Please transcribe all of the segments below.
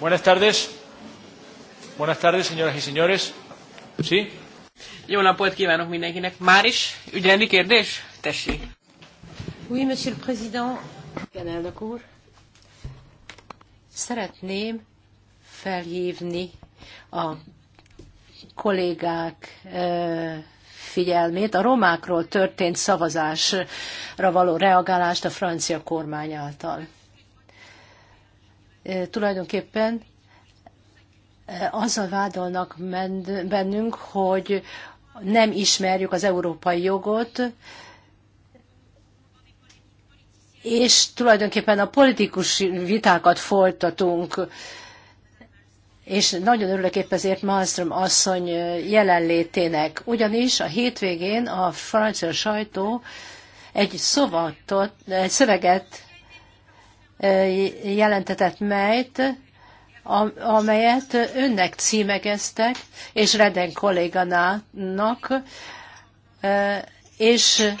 Buenas tardes. Buenas tardes, señoras y señores. Sí? Jó napot kívánok mindenkinek. Már is ügyrendi kérdés? Tessék. Oui, monsieur le président. Igen, elnök úr. Szeretném felhívni a kollégák figyelmét a romákról történt szavazásra való reagálást a francia kormány által tulajdonképpen azzal vádolnak bennünk, hogy nem ismerjük az európai jogot, és tulajdonképpen a politikus vitákat folytatunk, és nagyon örülök épp ezért Malmström asszony jelenlétének. Ugyanis a hétvégén a francia sajtó egy, szovatot, egy szöveget jelentetett melyt, amelyet önnek címegeztek, és Reden kolléganának, és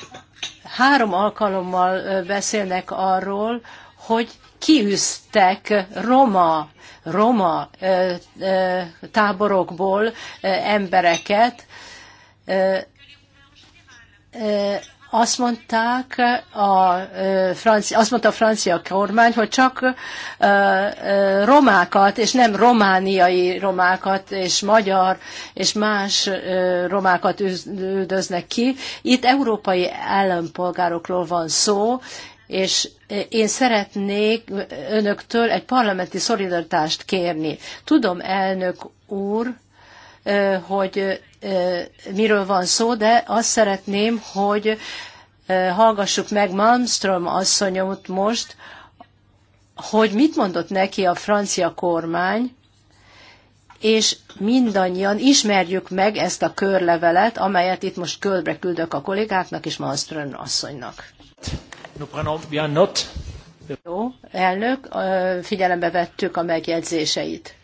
három alkalommal beszélnek arról, hogy kiűztek roma, roma táborokból embereket, azt mondták a francia, azt mondta a francia kormány, hogy csak romákat, és nem romániai romákat, és magyar, és más romákat üldöznek ki. Itt európai állampolgárokról van szó, és én szeretnék önöktől egy parlamenti szolidaritást kérni. Tudom, elnök úr, hogy miről van szó, de azt szeretném, hogy hallgassuk meg Malmström asszonyot most, hogy mit mondott neki a francia kormány, és mindannyian ismerjük meg ezt a körlevelet, amelyet itt most körbe küldök a kollégáknak és Malmström asszonynak. Jó, elnök, figyelembe vettük a megjegyzéseit.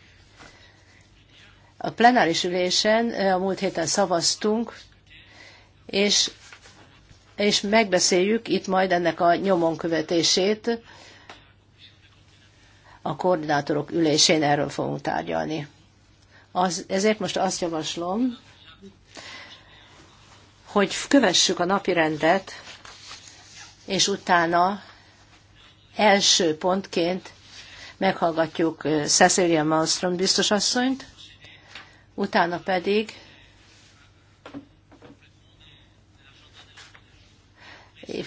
A plenáris ülésen eh, a múlt héten szavaztunk, és, és megbeszéljük itt majd ennek a nyomon követését A koordinátorok ülésén erről fogunk tárgyalni. Az, ezért most azt javaslom, hogy kövessük a napi rendet, és utána első pontként meghallgatjuk eh, Cecilia Malmström biztosasszonyt, utána pedig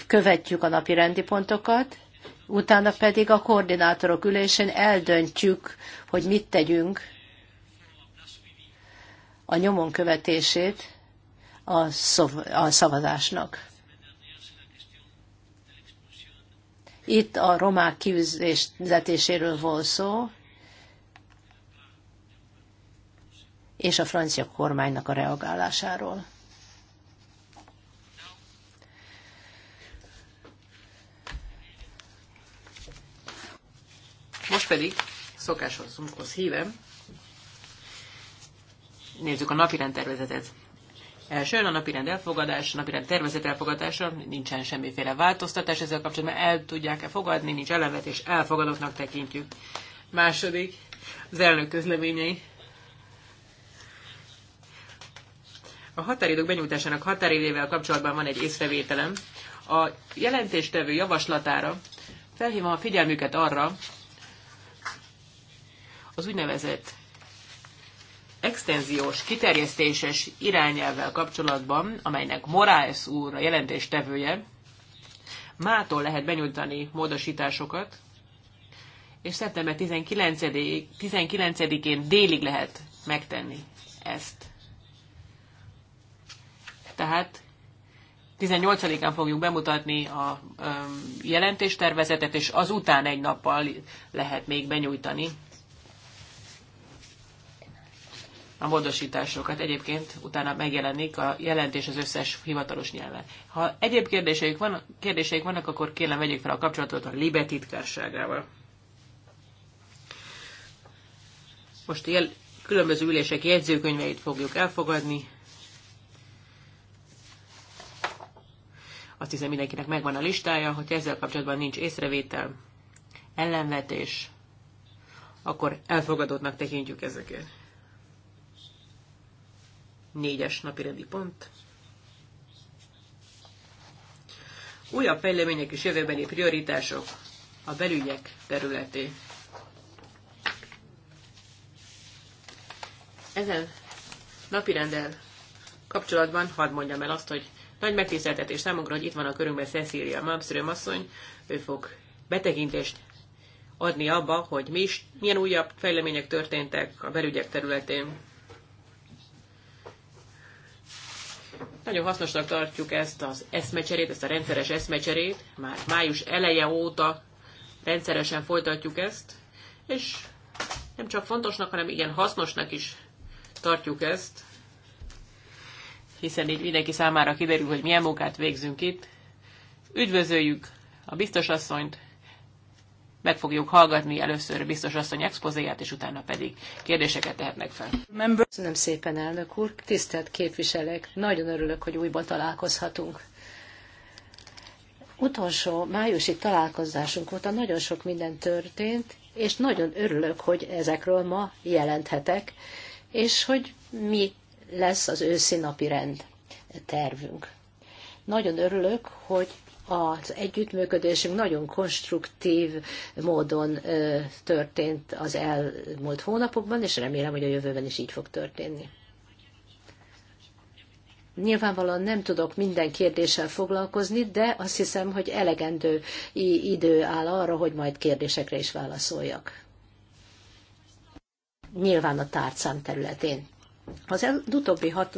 követjük a napi rendi pontokat, utána pedig a koordinátorok ülésén eldöntjük, hogy mit tegyünk a nyomon követését a, szav- a szavazásnak. Itt a romák kivizetéséről volt szó, és a francia kormánynak a reagálásáról. Most pedig szokásosunkhoz hívem. Nézzük a napirend tervezetet. Első a napirend elfogadás, a napirend tervezet elfogadása, nincsen semmiféle változtatás ezzel kapcsolatban, el tudják-e fogadni, nincs ellenvetés, elfogadottnak tekintjük. Második, az elnök közleményei. A határidők benyújtásának határidével kapcsolatban van egy észrevételem. A jelentéstevő javaslatára felhívom a figyelmüket arra, az úgynevezett extenziós, kiterjesztéses irányelvvel kapcsolatban, amelynek Morales úr a jelentéstevője, mától lehet benyújtani módosításokat, és szeptember 19-én délig lehet megtenni ezt tehát 18-án fogjuk bemutatni a jelentéstervezetet, és azután egy nappal lehet még benyújtani a módosításokat. Egyébként utána megjelenik a jelentés az összes hivatalos nyelven. Ha egyéb kérdéseik, van, kérdéseik vannak, akkor kérem vegyék fel a kapcsolatot a Libe titkárságával. Most jel, különböző ülések jegyzőkönyveit fogjuk elfogadni. Azt hiszem mindenkinek megvan a listája, hogy ezzel kapcsolatban nincs észrevétel, ellenvetés, akkor elfogadottnak tekintjük ezeket. Négyes napirendi pont. Újabb fejlemények és jövőbeni prioritások a belügyek területé. Ezen napirendel kapcsolatban hadd mondjam el azt, hogy nagy megtiszteltetés számunkra, hogy itt van a körünkben Cecília Malmström asszony, ő fog betekintést adni abba, hogy mi is, milyen újabb fejlemények történtek a belügyek területén. Nagyon hasznosnak tartjuk ezt az eszmecserét, ezt a rendszeres eszmecserét. Már május eleje óta rendszeresen folytatjuk ezt, és nem csak fontosnak, hanem igen hasznosnak is tartjuk ezt hiszen így mindenki számára kiderül, hogy milyen munkát végzünk itt. Üdvözöljük a biztosasszonyt, meg fogjuk hallgatni először a biztosasszony expozéját, és utána pedig kérdéseket tehetnek fel. Köszönöm szépen, elnök úr, tisztelt képviselek, nagyon örülök, hogy újban találkozhatunk. Utolsó májusi találkozásunk óta nagyon sok minden történt, és nagyon örülök, hogy ezekről ma jelenthetek, és hogy mi lesz az őszi napi rend tervünk. Nagyon örülök, hogy az együttműködésünk nagyon konstruktív módon történt az elmúlt hónapokban, és remélem, hogy a jövőben is így fog történni. Nyilvánvalóan nem tudok minden kérdéssel foglalkozni, de azt hiszem, hogy elegendő idő áll arra, hogy majd kérdésekre is válaszoljak. Nyilván a tárcám területén. Az utóbbi hat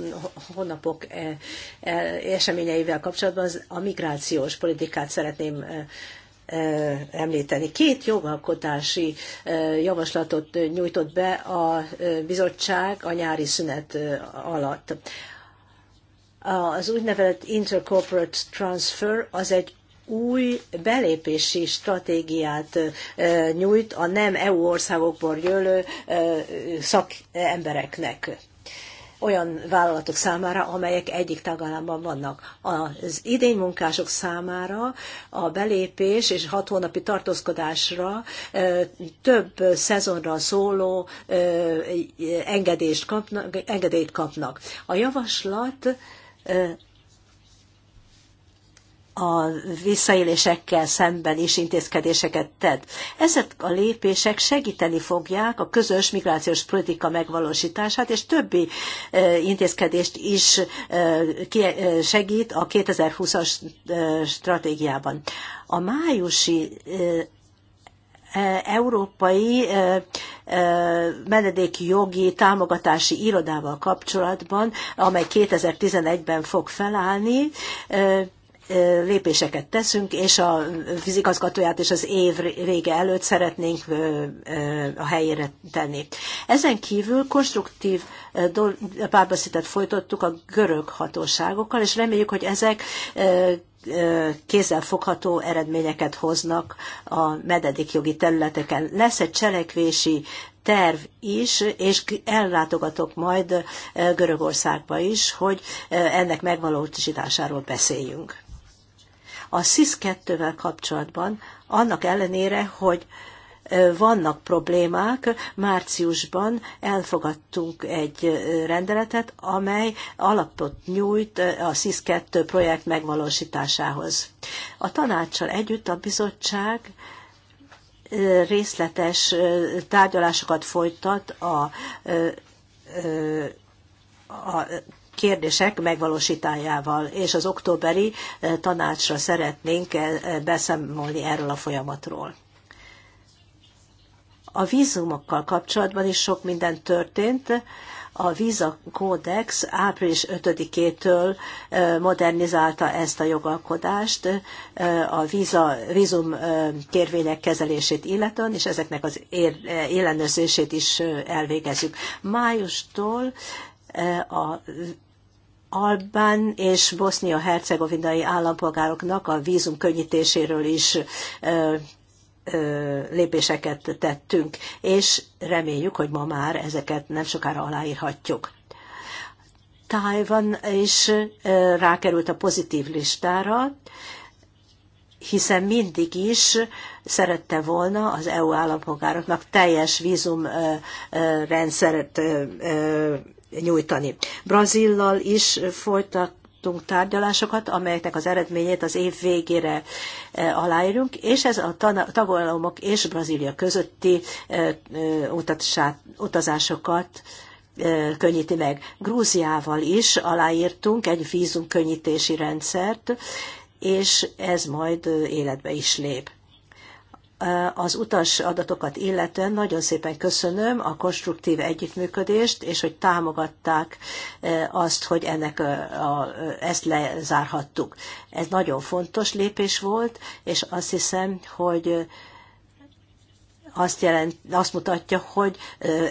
hónapok e, e, eseményeivel kapcsolatban az a migrációs politikát szeretném e, említeni. Két jogalkotási javaslatot nyújtott be a bizottság a nyári szünet alatt. Az úgynevezett intercorporate transfer az egy új belépési stratégiát nyújt a nem EU országokból jölő szakembereknek olyan vállalatok számára, amelyek egyik tagállamban vannak. Az idény munkások számára a belépés és hat hónapi tartózkodásra több szezonra szóló engedést kapnak, engedélyt kapnak. A javaslat a visszaélésekkel szemben is intézkedéseket tett. Ezek a lépések segíteni fogják a közös migrációs politika megvalósítását, és többi e, intézkedést is e, e, segít a 2020-as stratégiában. A májusi európai jogi támogatási irodával kapcsolatban, amely 2011-ben fog felállni, lépéseket teszünk, és a fizikazgatóját és az év vége előtt szeretnénk a helyére tenni. Ezen kívül konstruktív párbeszédet folytattuk a görög hatóságokkal, és reméljük, hogy ezek kézzelfogható eredményeket hoznak a mededik jogi területeken. Lesz egy cselekvési terv is, és ellátogatok majd Görögországba is, hogy ennek megvalósításáról beszéljünk. A SIS-2-vel kapcsolatban annak ellenére, hogy vannak problémák. Márciusban elfogadtunk egy rendeletet, amely alapot nyújt a sis 2 projekt megvalósításához. A tanácssal együtt a bizottság részletes tárgyalásokat folytat a a kérdések megvalósítájával, és az októberi tanácsra szeretnénk beszámolni erről a folyamatról. A vízumokkal kapcsolatban is sok minden történt. A Visa Kódex április 5-től modernizálta ezt a jogalkodást, a víza, vízum kérvények kezelését illetően, és ezeknek az ellenőrzését is elvégezzük. Májustól a Albán és bosznia-hercegovinai állampolgároknak a vízum könnyítéséről is ö, ö, lépéseket tettünk, és reméljük, hogy ma már ezeket nem sokára aláírhatjuk. Tájvan is ö, rákerült a pozitív listára, hiszen mindig is szerette volna az EU állampolgároknak teljes vízumrendszert nyújtani. Brazillal is folytat tárgyalásokat, amelyeknek az eredményét az év végére e, aláírunk, és ez a tagállamok és Brazília közötti e, e, utazásokat könnyíti meg. Grúziával is aláírtunk egy vízum könnyítési rendszert, és ez majd életbe is lép az utas adatokat illetően nagyon szépen köszönöm a konstruktív együttműködést, és hogy támogatták azt, hogy ennek a, a, ezt lezárhattuk. Ez nagyon fontos lépés volt, és azt hiszem, hogy azt, jelent, azt mutatja, hogy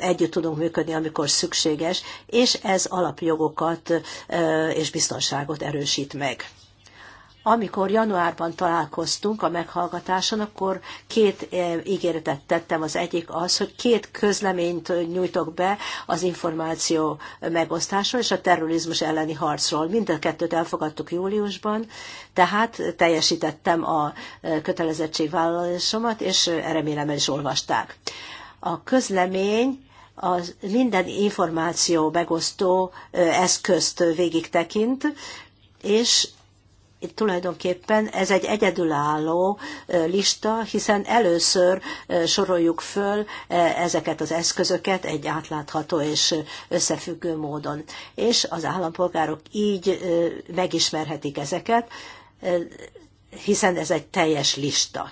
együtt tudunk működni, amikor szükséges, és ez alapjogokat és biztonságot erősít meg. Amikor januárban találkoztunk a meghallgatáson, akkor két eh, ígéretet tettem. Az egyik az, hogy két közleményt nyújtok be az információ megosztásról és a terrorizmus elleni harcról. Mind a kettőt elfogadtuk júliusban, tehát teljesítettem a eh, kötelezettségvállalásomat, és eh, remélem el is olvasták. A közlemény az minden információ megosztó eszközt végig tekint, és tulajdonképpen ez egy egyedülálló lista, hiszen először soroljuk föl ezeket az eszközöket egy átlátható és összefüggő módon. És az állampolgárok így megismerhetik ezeket, hiszen ez egy teljes lista.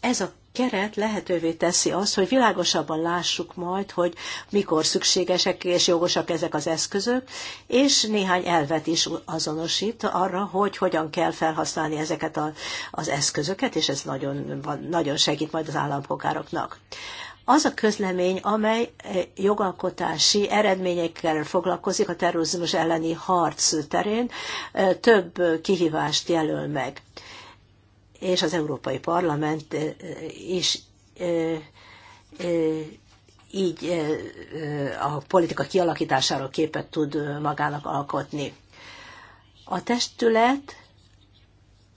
Ez a keret lehetővé teszi azt, hogy világosabban lássuk majd, hogy mikor szükségesek és jogosak ezek az eszközök, és néhány elvet is azonosít arra, hogy hogyan kell felhasználni ezeket a, az eszközöket, és ez nagyon, nagyon segít majd az állampolgároknak az a közlemény, amely eh, jogalkotási eredményekkel foglalkozik a terrorizmus elleni harc terén, eh, több eh, kihívást jelöl meg és az Európai Parlament is így a politika kialakításáról képet tud magának alkotni. A testület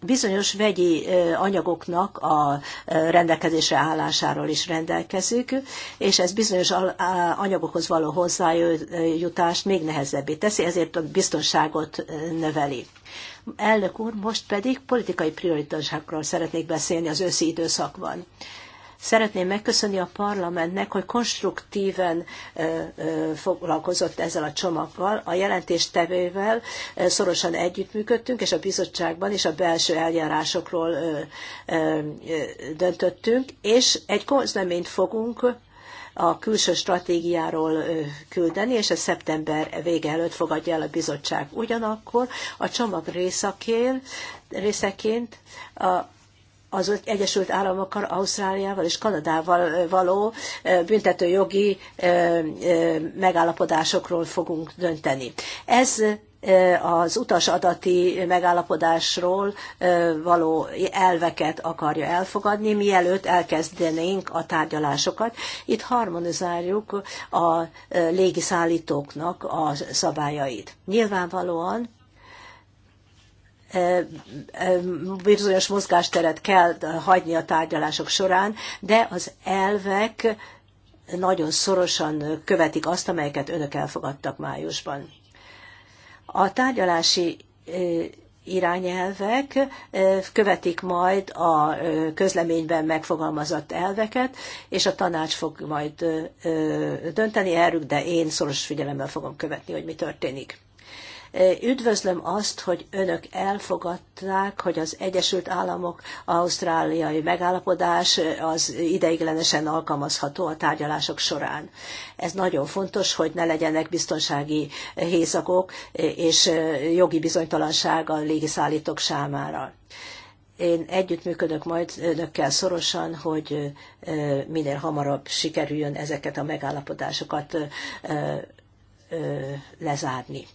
bizonyos vegyi anyagoknak a rendelkezésre állásáról is rendelkezik, és ez bizonyos anyagokhoz való hozzájutást még nehezebbé teszi, ezért a biztonságot növeli elnök úr, most pedig politikai prioritásokról szeretnék beszélni az őszi időszakban. Szeretném megköszönni a parlamentnek, hogy konstruktíven foglalkozott ezzel a csomaggal, a ö, szorosan együttműködtünk, és a bizottságban is a belső eljárásokról döntöttünk, és egy közleményt fogunk a külső stratégiáról küldeni, és a szeptember vége előtt fogadja el a bizottság. Ugyanakkor a csomag részeként, részeként a az Egyesült Államokkal, Ausztráliával és Kanadával való büntetőjogi megállapodásokról fogunk dönteni. Ez az utasadati megállapodásról való elveket akarja elfogadni, mielőtt elkezdenénk a tárgyalásokat. Itt harmonizáljuk a légiszállítóknak a szabályait. Nyilvánvalóan bizonyos mozgásteret kell hagyni a tárgyalások során, de az elvek nagyon szorosan követik azt, amelyeket önök elfogadtak májusban. A tárgyalási irányelvek követik majd a közleményben megfogalmazott elveket, és a tanács fog majd dönteni erről, de én szoros figyelemmel fogom követni, hogy mi történik. Üdvözlöm azt, hogy önök elfogadták, hogy az Egyesült Államok ausztráliai megállapodás az ideiglenesen alkalmazható a tárgyalások során. Ez nagyon fontos, hogy ne legyenek biztonsági hézakok és jogi bizonytalanság a légiszállítók számára én együttműködök majd önökkel szorosan, hogy minél hamarabb sikerüljön ezeket a megállapodásokat lezárni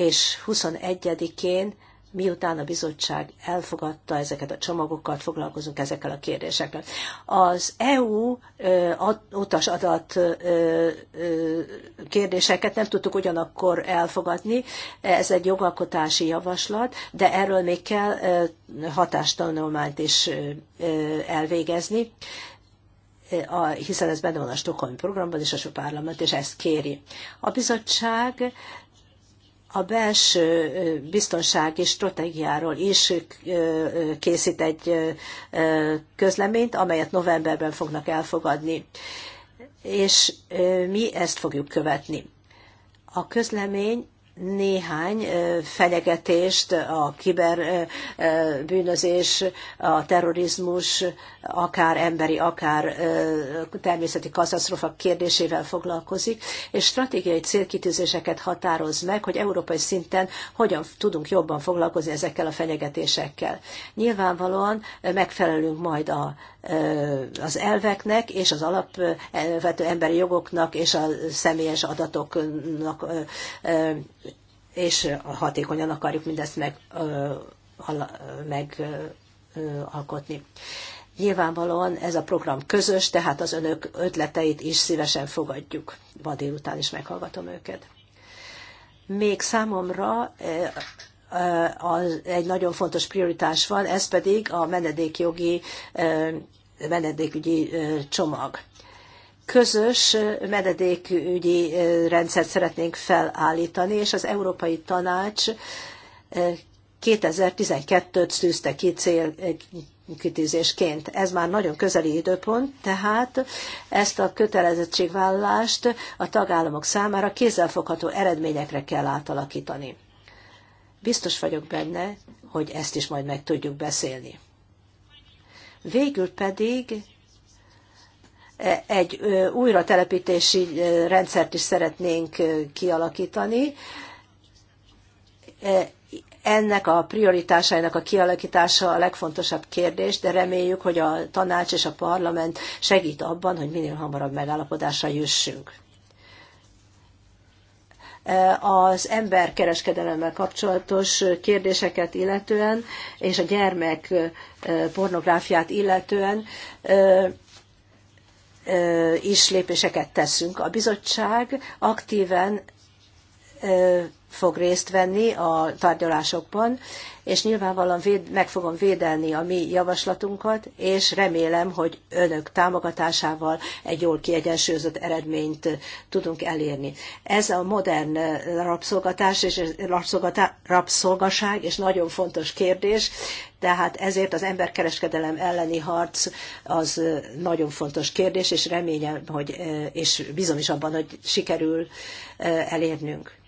és 21-én miután a bizottság elfogadta ezeket a csomagokat, foglalkozunk ezekkel a kérdésekkel. Az EU utas adat kérdéseket nem tudtuk ugyanakkor elfogadni, ez egy jogalkotási javaslat, de erről még kell hatástanulmányt is elvégezni, hiszen ez benne van a Stockholm programban, és a parlament, és ezt kéri. A bizottság a belső biztonsági stratégiáról is készít egy közleményt, amelyet novemberben fognak elfogadni. És mi ezt fogjuk követni. A közlemény néhány fenyegetést, a kiberbűnözés, a terrorizmus, akár emberi, akár természeti katasztrofa kérdésével foglalkozik, és stratégiai célkitűzéseket határoz meg, hogy európai szinten hogyan tudunk jobban foglalkozni ezekkel a fenyegetésekkel. Nyilvánvalóan megfelelünk majd a az elveknek és az alapvető emberi jogoknak és a személyes adatoknak és hatékonyan akarjuk mindezt meg, megalkotni. Nyilvánvalóan ez a program közös, tehát az önök ötleteit is szívesen fogadjuk. Ma délután is meghallgatom őket. Még számomra az egy nagyon fontos prioritás van, ez pedig a menedékjogi, menedékügyi csomag. Közös menedékügyi rendszert szeretnénk felállítani, és az Európai Tanács 2012-t szűzte ki cél kitűzésként. Ez már nagyon közeli időpont, tehát ezt a kötelezettségvállalást a tagállamok számára kézzelfogható eredményekre kell átalakítani. Biztos vagyok benne, hogy ezt is majd meg tudjuk beszélni. Végül pedig e, egy újra telepítési rendszert is szeretnénk kialakítani. E, ennek a prioritásainak a kialakítása a legfontosabb kérdés, de reméljük, hogy a tanács és a parlament segít abban, hogy minél hamarabb megállapodásra jussunk az emberkereskedelemmel kapcsolatos kérdéseket illetően, és a gyermek pornográfiát illetően is lépéseket teszünk. A bizottság aktíven fog részt venni a tárgyalásokban, és nyilvánvalóan véd, meg fogom védelni a mi javaslatunkat, és remélem, hogy önök támogatásával egy jól kiegyensúlyozott eredményt tudunk elérni. Ez a modern rabszolgatás és rabszolgaság, és nagyon fontos kérdés, tehát ezért az emberkereskedelem elleni harc az nagyon fontos kérdés, és reményem, hogy, és bizom is abban, hogy sikerül eh, elérnünk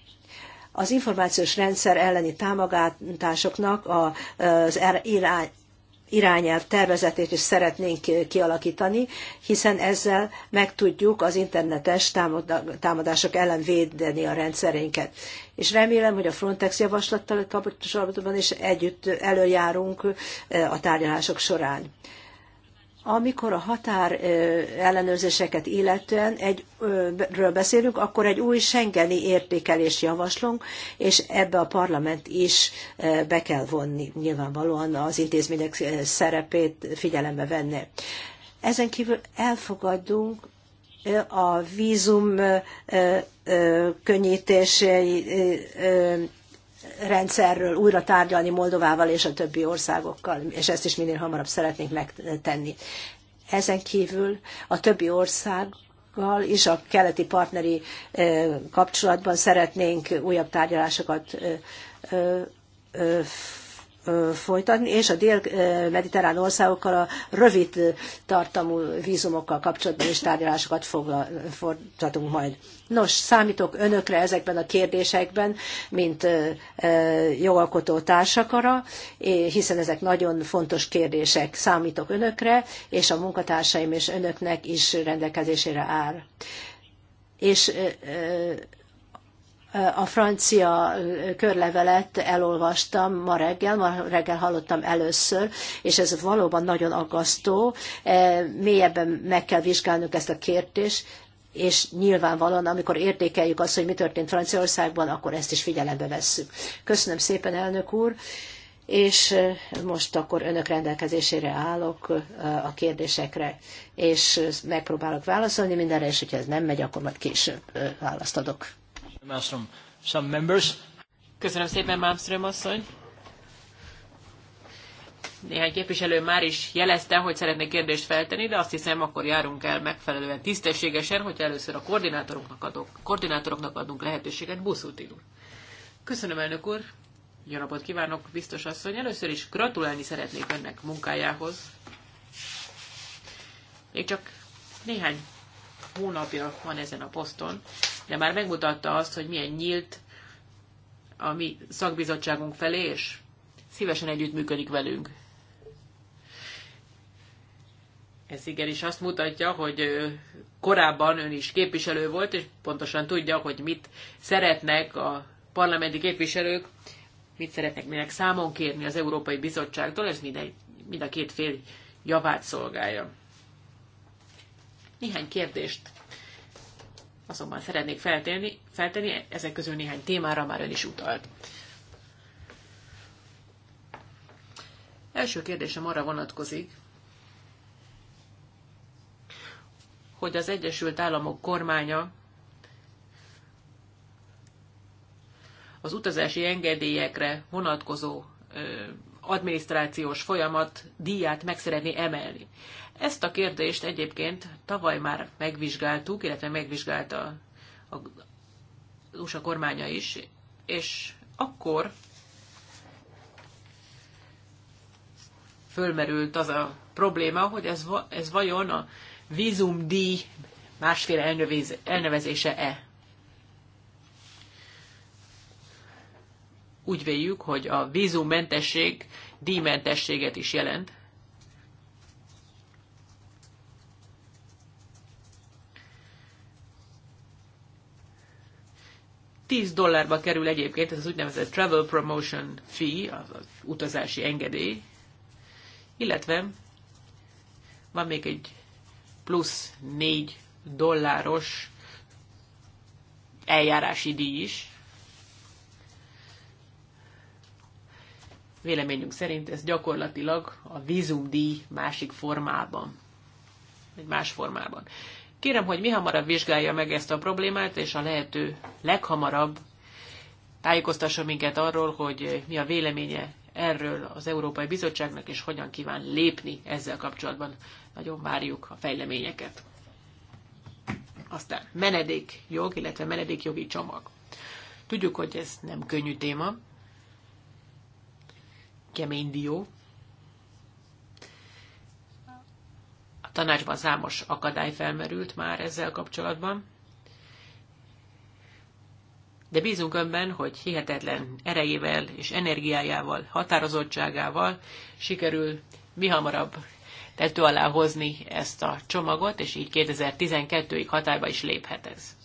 az információs rendszer elleni támogatásoknak az er, irány, irányelv tervezetét is szeretnénk kialakítani, hiszen ezzel meg tudjuk az internetes támadások ellen védeni a rendszereinket. És remélem, hogy a Frontex javaslattal kapcsolatban is együtt előjárunk eh, a tárgyalások során amikor a határ ellenőrzéseket illetően egy, ről beszélünk, akkor egy új Schengeni értékelés javaslunk, és ebbe a parlament is be kell vonni, nyilvánvalóan az intézmények szerepét figyelembe venni. Ezen kívül elfogadunk a vízum könnyítés rendszerről újra tárgyalni Moldovával és a többi országokkal, és ezt is minél hamarabb szeretnénk megtenni. Ezen kívül a többi országgal is a keleti partneri kapcsolatban szeretnénk újabb tárgyalásokat folytatni, és a dél-mediterrán országokkal a rövid tartamú vízumokkal kapcsolatban is tárgyalásokat folytatunk majd. Nos, számítok önökre ezekben a kérdésekben, mint jogalkotó társakara, hiszen ezek nagyon fontos kérdések. Számítok önökre, és a munkatársaim és önöknek is rendelkezésére áll. És a francia körlevelet elolvastam ma reggel, ma reggel hallottam először, és ez valóban nagyon aggasztó. E, mélyebben meg kell vizsgálnunk ezt a kérdést, és nyilvánvalóan, amikor értékeljük azt, hogy mi történt Franciaországban, akkor ezt is figyelembe vesszük. Köszönöm szépen, elnök úr, és most akkor önök rendelkezésére állok a kérdésekre, és megpróbálok válaszolni mindenre, és hogyha ez nem megy, akkor majd később választ adok. Malmström, some members. Köszönöm szépen, Malmström asszony. Néhány képviselő már is jelezte, hogy szeretne kérdést feltenni, de azt hiszem, akkor járunk el megfelelően tisztességesen, hogy először a koordinátoroknak, adok, koordinátoroknak adunk lehetőséget. Buszúti úr. Köszönöm, elnök úr. Jó napot kívánok, biztos asszony. Először is gratulálni szeretnék önnek munkájához. Még csak néhány hónapja van ezen a poszton, de már megmutatta azt, hogy milyen nyílt a mi szakbizottságunk felé, és szívesen együttműködik velünk. Ez igenis azt mutatja, hogy korábban ön is képviselő volt, és pontosan tudja, hogy mit szeretnek a parlamenti képviselők, mit szeretnek minek számon kérni az Európai Bizottságtól, ez mind, mind a két fél javát szolgálja. Néhány kérdést azonban szeretnék feltenni, feltenni ezek közül néhány témára már ön is utalt. Első kérdésem arra vonatkozik, hogy az Egyesült Államok kormánya az utazási engedélyekre vonatkozó ö, adminisztrációs folyamat díját meg szeretné emelni. Ezt a kérdést egyébként tavaly már megvizsgáltuk, illetve megvizsgálta a, az USA kormánya is, és akkor fölmerült az a probléma, hogy ez, ez vajon a vízumdíj másféle elnevezése-e. Úgy véljük, hogy a vízummentesség díjmentességet is jelent, 10 dollárba kerül egyébként ez az úgynevezett travel promotion fee, az, az utazási engedély, illetve van még egy plusz 4 dolláros eljárási díj is. Véleményünk szerint ez gyakorlatilag a vízumdíj másik formában, egy más formában. Kérem, hogy mi hamarabb vizsgálja meg ezt a problémát, és a lehető leghamarabb tájékoztassa minket arról, hogy mi a véleménye erről az Európai Bizottságnak, és hogyan kíván lépni ezzel kapcsolatban. Nagyon várjuk a fejleményeket. Aztán menedékjog, illetve menedékjogi csomag. Tudjuk, hogy ez nem könnyű téma, kemény dió, tanácsban számos akadály felmerült már ezzel kapcsolatban, de bízunk önben, hogy hihetetlen erejével és energiájával, határozottságával sikerül mi hamarabb tető alá hozni ezt a csomagot, és így 2012-ig hatályba is léphet ez.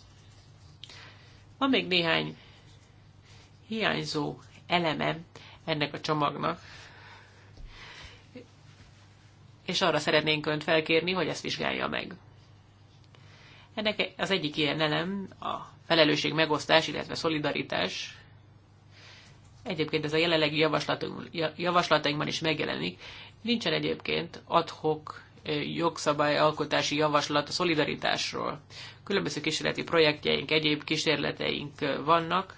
Van még néhány hiányzó eleme ennek a csomagnak, és arra szeretnénk önt felkérni, hogy ezt vizsgálja meg. Ennek az egyik ilyen elem a felelősség megosztás, illetve szolidaritás. Egyébként ez a jelenlegi javaslatainkban is megjelenik. Nincsen egyébként adhok jogszabályalkotási javaslat a szolidaritásról. Különböző kísérleti projektjeink, egyéb kísérleteink vannak,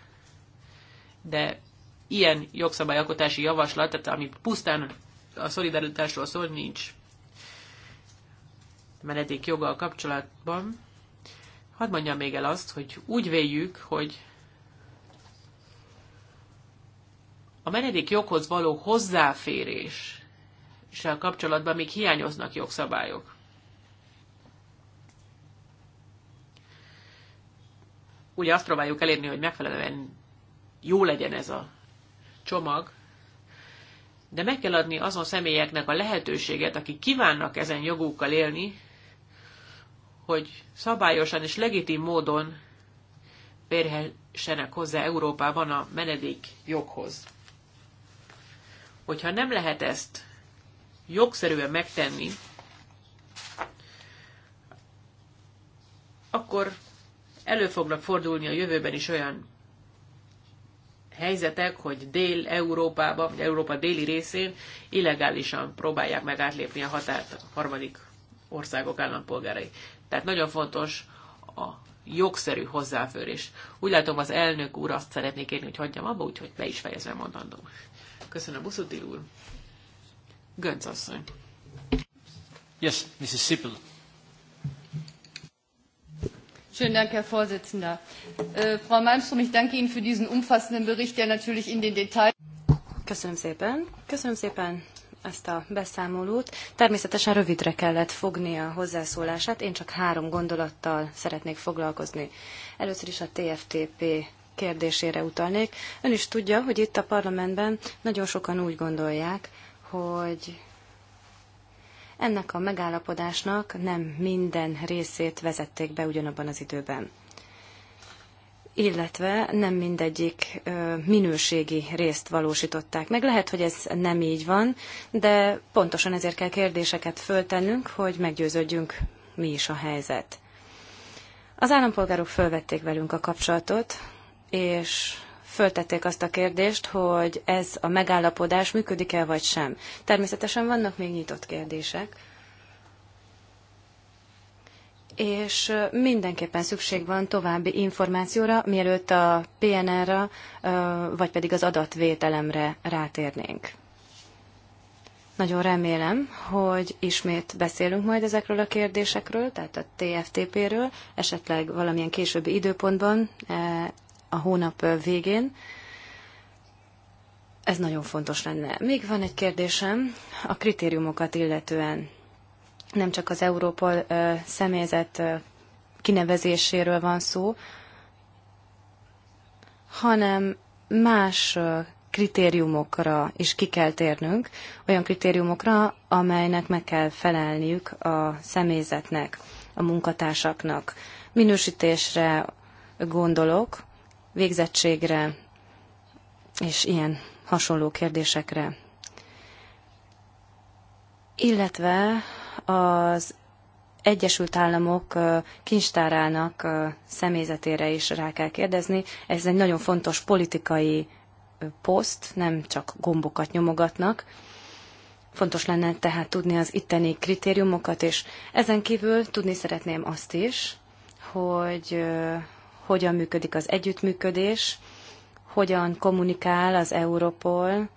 de ilyen jogszabályalkotási javaslat, tehát ami pusztán a szolidaritásról szól, nincs menedék joggal kapcsolatban, hadd mondjam még el azt, hogy úgy véljük, hogy a menedék joghoz való hozzáférés és a kapcsolatban még hiányoznak jogszabályok. Ugye azt próbáljuk elérni, hogy megfelelően jó legyen ez a csomag, de meg kell adni azon személyeknek a lehetőséget, akik kívánnak ezen jogukkal élni, hogy szabályosan és legitim módon férhessenek hozzá Európában a menedék joghoz. Hogyha nem lehet ezt jogszerűen megtenni, akkor elő fognak fordulni a jövőben is olyan helyzetek, hogy Dél-Európában, vagy Európa déli részén illegálisan próbálják meg átlépni a határt a harmadik országok állampolgárai. Tehát nagyon fontos a jogszerű hozzáférés. Úgy látom, az elnök úr azt szeretné kérni, hogy hagyjam abba, úgyhogy be is fejezem mondandó. Köszönöm, Buszuti úr. Gönc asszony. Yes, Mrs. Sippel. Schönen Dank, Herr Vorsitzender. Äh, Frau Malmström, ich danke Ihnen für diesen umfassenden Bericht, der natürlich in den Details. Köszönöm szépen. Köszönöm szépen ezt a beszámolót. Természetesen rövidre kellett fognia a hozzászólását, én csak három gondolattal szeretnék foglalkozni. Először is a TFTP kérdésére utalnék. Ön is tudja, hogy itt a parlamentben nagyon sokan úgy gondolják, hogy ennek a megállapodásnak nem minden részét vezették be ugyanabban az időben illetve nem mindegyik minőségi részt valósították meg. Lehet, hogy ez nem így van, de pontosan ezért kell kérdéseket föltennünk, hogy meggyőződjünk, mi is a helyzet. Az állampolgárok fölvették velünk a kapcsolatot, és föltették azt a kérdést, hogy ez a megállapodás működik-e vagy sem. Természetesen vannak még nyitott kérdések, és mindenképpen szükség van további információra, mielőtt a PNR-ra, vagy pedig az adatvételemre rátérnénk. Nagyon remélem, hogy ismét beszélünk majd ezekről a kérdésekről, tehát a TFTP-ről, esetleg valamilyen későbbi időpontban, e, a hónap végén. Ez nagyon fontos lenne. Még van egy kérdésem a kritériumokat illetően nem csak az Európol személyzet kinevezéséről van szó, hanem más kritériumokra is ki kell térnünk, olyan kritériumokra, amelynek meg kell felelniük a személyzetnek, a munkatársaknak. Minősítésre gondolok, végzettségre és ilyen hasonló kérdésekre. Illetve az Egyesült Államok kincstárának személyzetére is rá kell kérdezni. Ez egy nagyon fontos politikai poszt, nem csak gombokat nyomogatnak. Fontos lenne tehát tudni az itteni kritériumokat, és ezen kívül tudni szeretném azt is, hogy hogyan működik az együttműködés, hogyan kommunikál az Europol,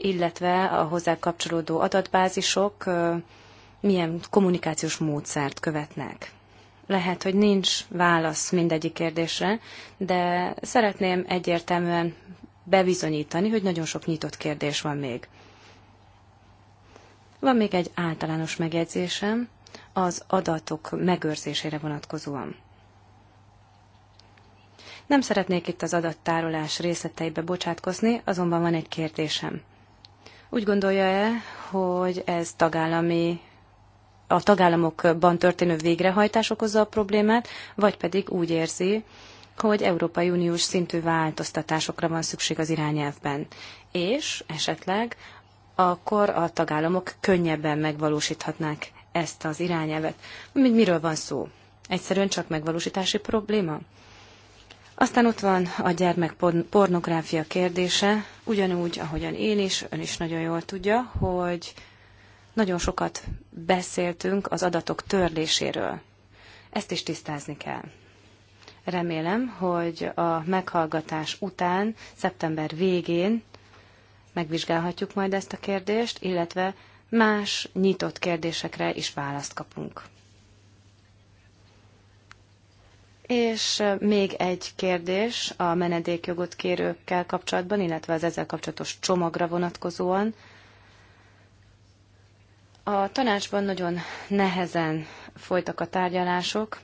illetve a hozzá kapcsolódó adatbázisok, milyen kommunikációs módszert követnek. Lehet, hogy nincs válasz mindegyik kérdésre, de szeretném egyértelműen bebizonyítani, hogy nagyon sok nyitott kérdés van még. Van még egy általános megjegyzésem az adatok megőrzésére vonatkozóan. Nem szeretnék itt az adattárolás részleteibe bocsátkozni, azonban van egy kérdésem. Úgy gondolja-e, hogy ez tagállami a tagállamokban történő végrehajtás okozza a problémát, vagy pedig úgy érzi, hogy Európai Uniós szintű változtatásokra van szükség az irányelvben. És esetleg akkor a tagállamok könnyebben megvalósíthatnák ezt az irányelvet. Miről van szó? Egyszerűen csak megvalósítási probléma? Aztán ott van a gyermekpornográfia kérdése, ugyanúgy, ahogyan én is, ön is nagyon jól tudja, hogy nagyon sokat beszéltünk az adatok törléséről. Ezt is tisztázni kell. Remélem, hogy a meghallgatás után, szeptember végén megvizsgálhatjuk majd ezt a kérdést, illetve más nyitott kérdésekre is választ kapunk. És még egy kérdés a menedékjogot kérőkkel kapcsolatban, illetve az ezzel kapcsolatos csomagra vonatkozóan. A tanácsban nagyon nehezen folytak a tárgyalások,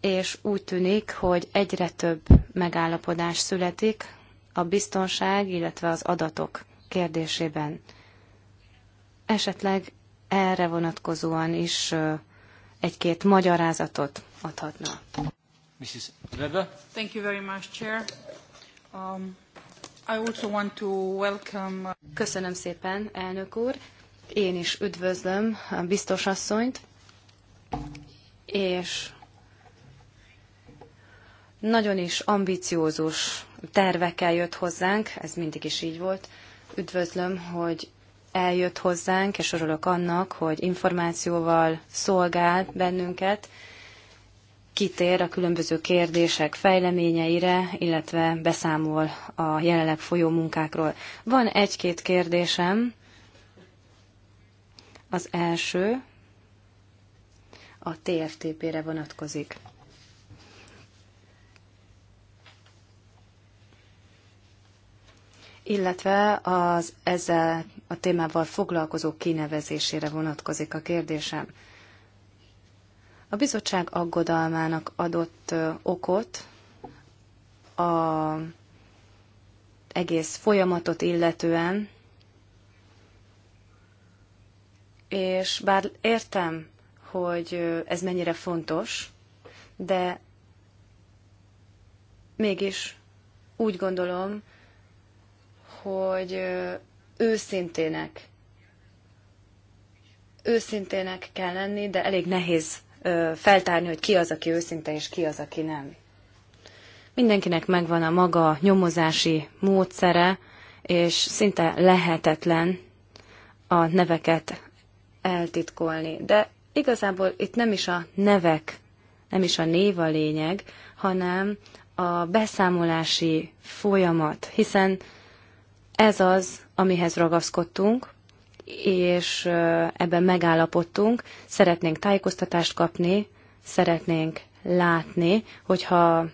és úgy tűnik, hogy egyre több megállapodás születik a biztonság, illetve az adatok kérdésében. Esetleg erre vonatkozóan is egy-két magyarázatot adhatna. Mrs. Weber. Thank you very much, Chair. Um, I also want to welcome... Uh, Köszönöm szépen, elnök úr. Én is üdvözlöm a biztos asszonyt, és nagyon is ambiciózus tervekkel jött hozzánk, ez mindig is így volt. Üdvözlöm, hogy eljött hozzánk, és örülök annak, hogy információval szolgál bennünket, kitér a különböző kérdések fejleményeire, illetve beszámol a jelenleg folyó munkákról. Van egy-két kérdésem, az első a TFTP-re vonatkozik. illetve az ezzel a témával foglalkozó kinevezésére vonatkozik a kérdésem. A bizottság aggodalmának adott okot a egész folyamatot illetően, és bár értem, hogy ez mennyire fontos, de mégis úgy gondolom, hogy őszintének, őszintének kell lenni, de elég nehéz feltárni, hogy ki az, aki őszinte, és ki az, aki nem. Mindenkinek megvan a maga nyomozási módszere, és szinte lehetetlen a neveket eltitkolni. De igazából itt nem is a nevek, nem is a név a lényeg, hanem a beszámolási folyamat, hiszen ez az, amihez ragaszkodtunk, és ebben megállapodtunk, szeretnénk tájékoztatást kapni, szeretnénk látni, hogyha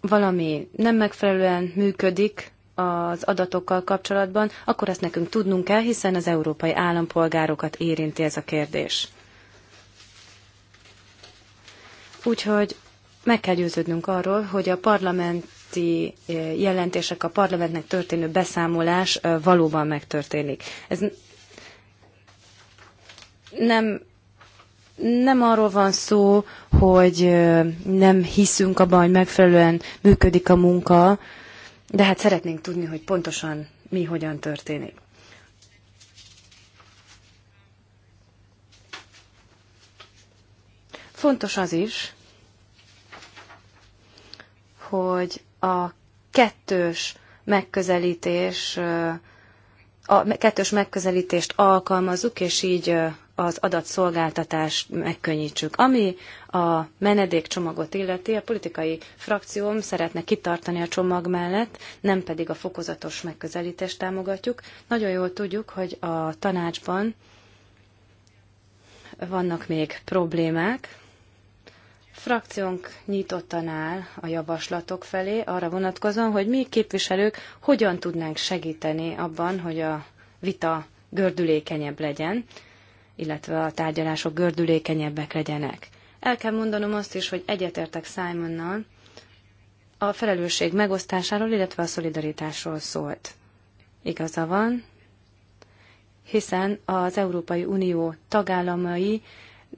valami nem megfelelően működik, az adatokkal kapcsolatban, akkor ezt nekünk tudnunk kell, hiszen az európai állampolgárokat érinti ez a kérdés. Úgyhogy meg kell győződnünk arról, hogy a parlamenti eh, jelentések, a parlamentnek történő beszámolás eh, valóban megtörténik. Ez nem, nem arról van szó, hogy eh, nem hiszünk abban, hogy megfelelően működik a munka, de hát szeretnénk tudni, hogy pontosan mi hogyan történik. Fontos az is, hogy a kettős megközelítés, a kettős megközelítést alkalmazzuk, és így az adatszolgáltatást megkönnyítsük. Ami a menedékcsomagot illeti, a politikai frakcióm szeretne kitartani a csomag mellett, nem pedig a fokozatos megközelítést támogatjuk. Nagyon jól tudjuk, hogy a tanácsban vannak még problémák, frakciónk nyitottan áll a javaslatok felé, arra vonatkozóan, hogy mi képviselők hogyan tudnánk segíteni abban, hogy a vita gördülékenyebb legyen illetve a tárgyalások gördülékenyebbek legyenek. El kell mondanom azt is, hogy egyetértek Simonnal, a felelősség megosztásáról, illetve a szolidaritásról szólt. Igaza van, hiszen az Európai Unió tagállamai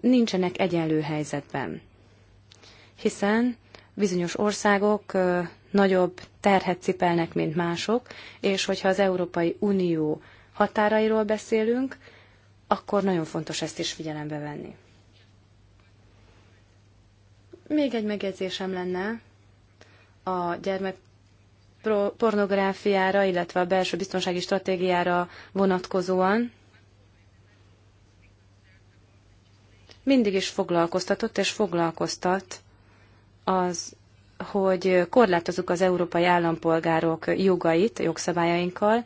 nincsenek egyenlő helyzetben. Hiszen bizonyos országok nagyobb terhet cipelnek, mint mások, és hogyha az Európai Unió határairól beszélünk, akkor nagyon fontos ezt is figyelembe venni. Még egy megjegyzésem lenne a gyermek pornográfiára, illetve a belső biztonsági stratégiára vonatkozóan. Mindig is foglalkoztatott és foglalkoztat az, hogy korlátozunk az európai állampolgárok jogait jogszabályainkkal,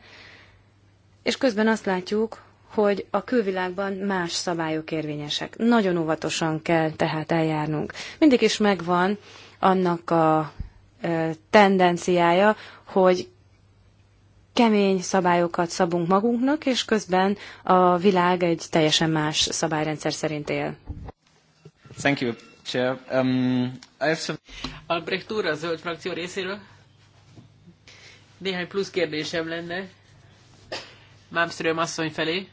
és közben azt látjuk, hogy a külvilágban más szabályok érvényesek. Nagyon óvatosan kell tehát eljárnunk. Mindig is megvan annak a tendenciája, hogy kemény szabályokat szabunk magunknak, és közben a világ egy teljesen más szabályrendszer szerint él. Thank you, Chair. Um, I have some... Albrecht úr, a zöld frakció részéről. Néhány plusz kérdésem lenne Mámström asszony felé.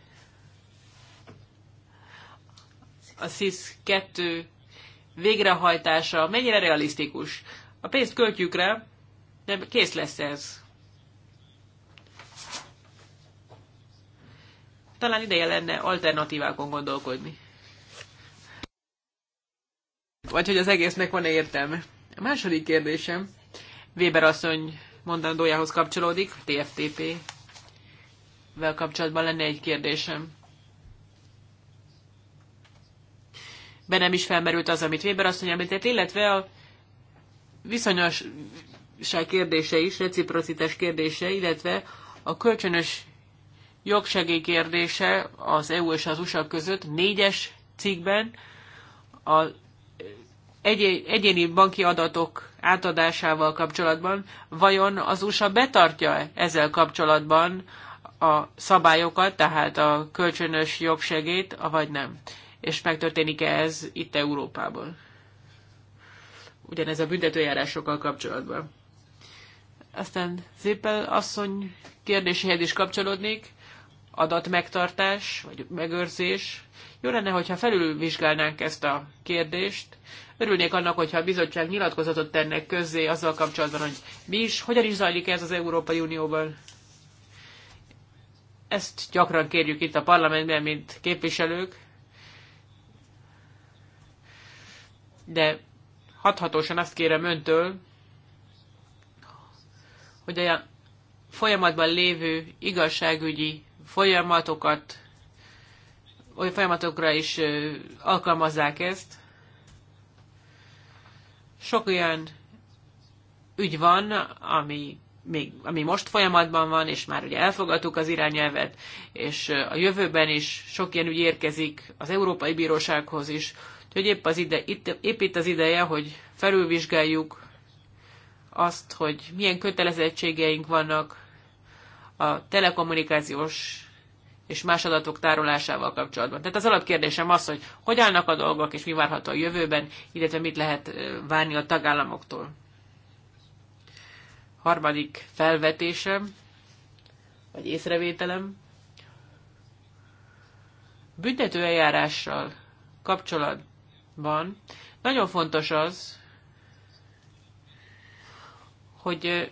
a SIS 2 végrehajtása mennyire realisztikus. A pénzt költjük rá, de kész lesz ez. Talán ideje lenne alternatívákon gondolkodni. Vagy hogy az egésznek van-e értelme. A második kérdésem Weber asszony mondandójához kapcsolódik, TFTP-vel kapcsolatban lenne egy kérdésem. be nem is felmerült az, amit Weber amit tett, illetve a viszonyosság kérdése is, reciprocitás kérdése, illetve a kölcsönös jogsegély kérdése az EU és az USA között négyes cikkben a egyéni banki adatok átadásával kapcsolatban, vajon az USA betartja -e ezzel kapcsolatban a szabályokat, tehát a kölcsönös jogsegét, vagy nem és megtörténik-e ez itt Európában. Ugyanez a büntetőjárásokkal kapcsolatban. Aztán szépen asszony kérdéséhez is kapcsolódnék, adatmegtartás, vagy megőrzés. Jó lenne, hogyha felülvizsgálnánk ezt a kérdést. Örülnék annak, hogyha a bizottság nyilatkozatot tenne közzé azzal kapcsolatban, hogy mi is, hogyan is zajlik ez az Európai Unióban. Ezt gyakran kérjük itt a parlamentben, mint képviselők. de hathatósan azt kérem öntől, hogy olyan folyamatban lévő igazságügyi folyamatokat, olyan folyamatokra is alkalmazzák ezt. Sok olyan ügy van, ami még, ami most folyamatban van, és már ugye elfogadtuk az irányelvet, és a jövőben is sok ilyen ügy érkezik az Európai Bírósághoz is, Úgyhogy épp, az ide, itt, épp itt az ideje, hogy felülvizsgáljuk azt, hogy milyen kötelezettségeink vannak a telekommunikációs és más adatok tárolásával kapcsolatban. Tehát az alapkérdésem az, hogy hogy állnak a dolgok, és mi várható a jövőben, illetve mit lehet várni a tagállamoktól. Harmadik felvetésem, vagy észrevételem, büntetőeljárással kapcsolat, van. Nagyon fontos az, hogy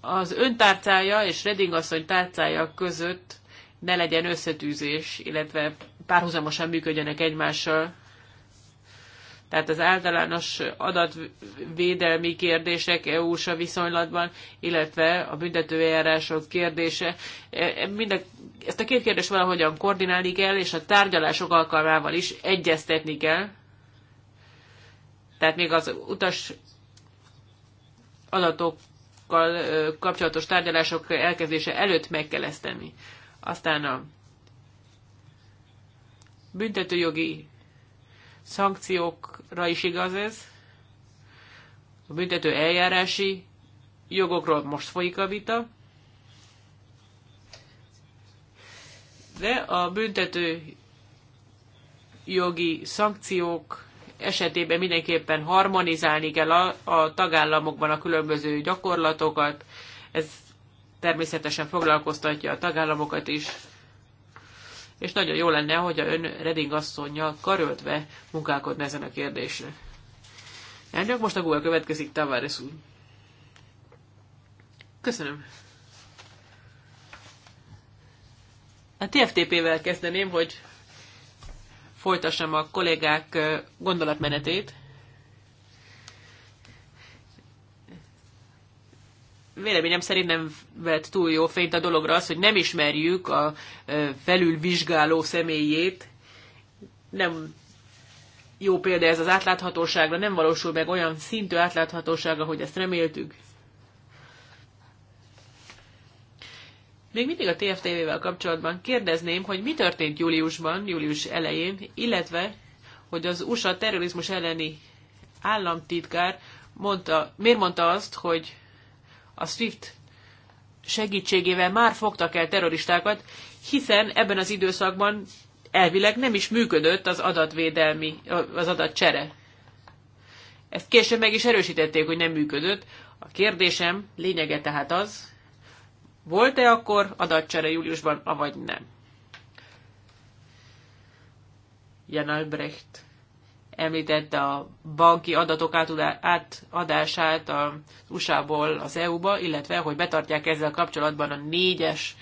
az öntárcája és Redding asszony tárcája között ne legyen összetűzés, illetve párhuzamosan működjenek egymással tehát az általános adatvédelmi kérdések EU-sa viszonylatban, illetve a büntetőjárások kérdése. E, e, mind a, ezt a két kérdést valahogyan koordinálni kell, és a tárgyalások alkalmával is egyeztetni kell. Tehát még az utas adatokkal kapcsolatos tárgyalások elkezdése előtt meg kell ezt tenni. Aztán a büntetőjogi szankciókra is igaz ez. A büntető eljárási jogokról most folyik a vita, de a büntető jogi szankciók esetében mindenképpen harmonizálni kell a, a tagállamokban a különböző gyakorlatokat. Ez természetesen foglalkoztatja a tagállamokat is és nagyon jó lenne, hogy a ön Reding asszonynal karöltve munkálkodna ezen a kérdésre. Elnök, most a Google következik, Tavares úr. Köszönöm. A TFTP-vel kezdeném, hogy folytassam a kollégák gondolatmenetét. véleményem szerint nem vett túl jó fényt a dologra az, hogy nem ismerjük a felülvizsgáló személyét. Nem jó példa ez az átláthatóságra, nem valósul meg olyan szintű átláthatósága, hogy ezt reméltük. Még mindig a TFTV-vel kapcsolatban kérdezném, hogy mi történt júliusban, július elején, illetve, hogy az USA terrorizmus elleni államtitkár mondta, miért mondta azt, hogy a SWIFT segítségével már fogtak el terroristákat, hiszen ebben az időszakban elvileg nem is működött az adatvédelmi, az adatcsere. Ezt később meg is erősítették, hogy nem működött. A kérdésem lényege tehát az, volt-e akkor adatcsere júliusban, avagy nem? Jan Albrecht említette a banki adatok átadását az USA-ból az EU-ba, illetve hogy betartják ezzel kapcsolatban a négyes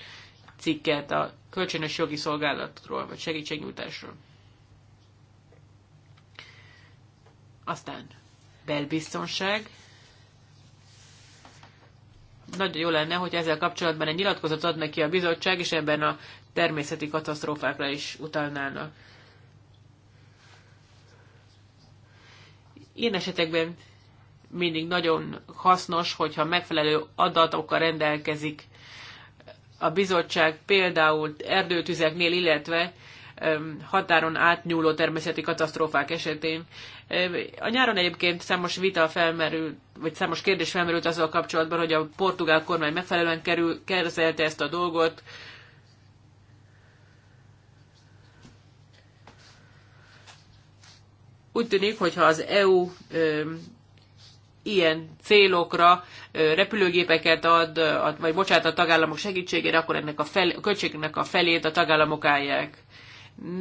cikket a kölcsönös jogi szolgálatról, vagy segítségnyújtásról. Aztán belbiztonság. Nagyon jó lenne, hogy ezzel kapcsolatban egy nyilatkozatot ad neki a bizottság, és ebben a természeti katasztrófákra is utalnának. Ilyen esetekben mindig nagyon hasznos, hogyha megfelelő adatokkal rendelkezik a bizottság, például erdőtüzeknél, illetve határon átnyúló természeti katasztrófák esetén. A nyáron egyébként számos vita felmerült, vagy számos kérdés felmerült azzal kapcsolatban, hogy a portugál kormány megfelelően kerül, kezelte ezt a dolgot, Úgy tűnik, hogyha az EU ilyen célokra repülőgépeket ad, vagy bocsát a tagállamok segítségére, akkor ennek a, fel, a költségnek a felét a tagállamok állják.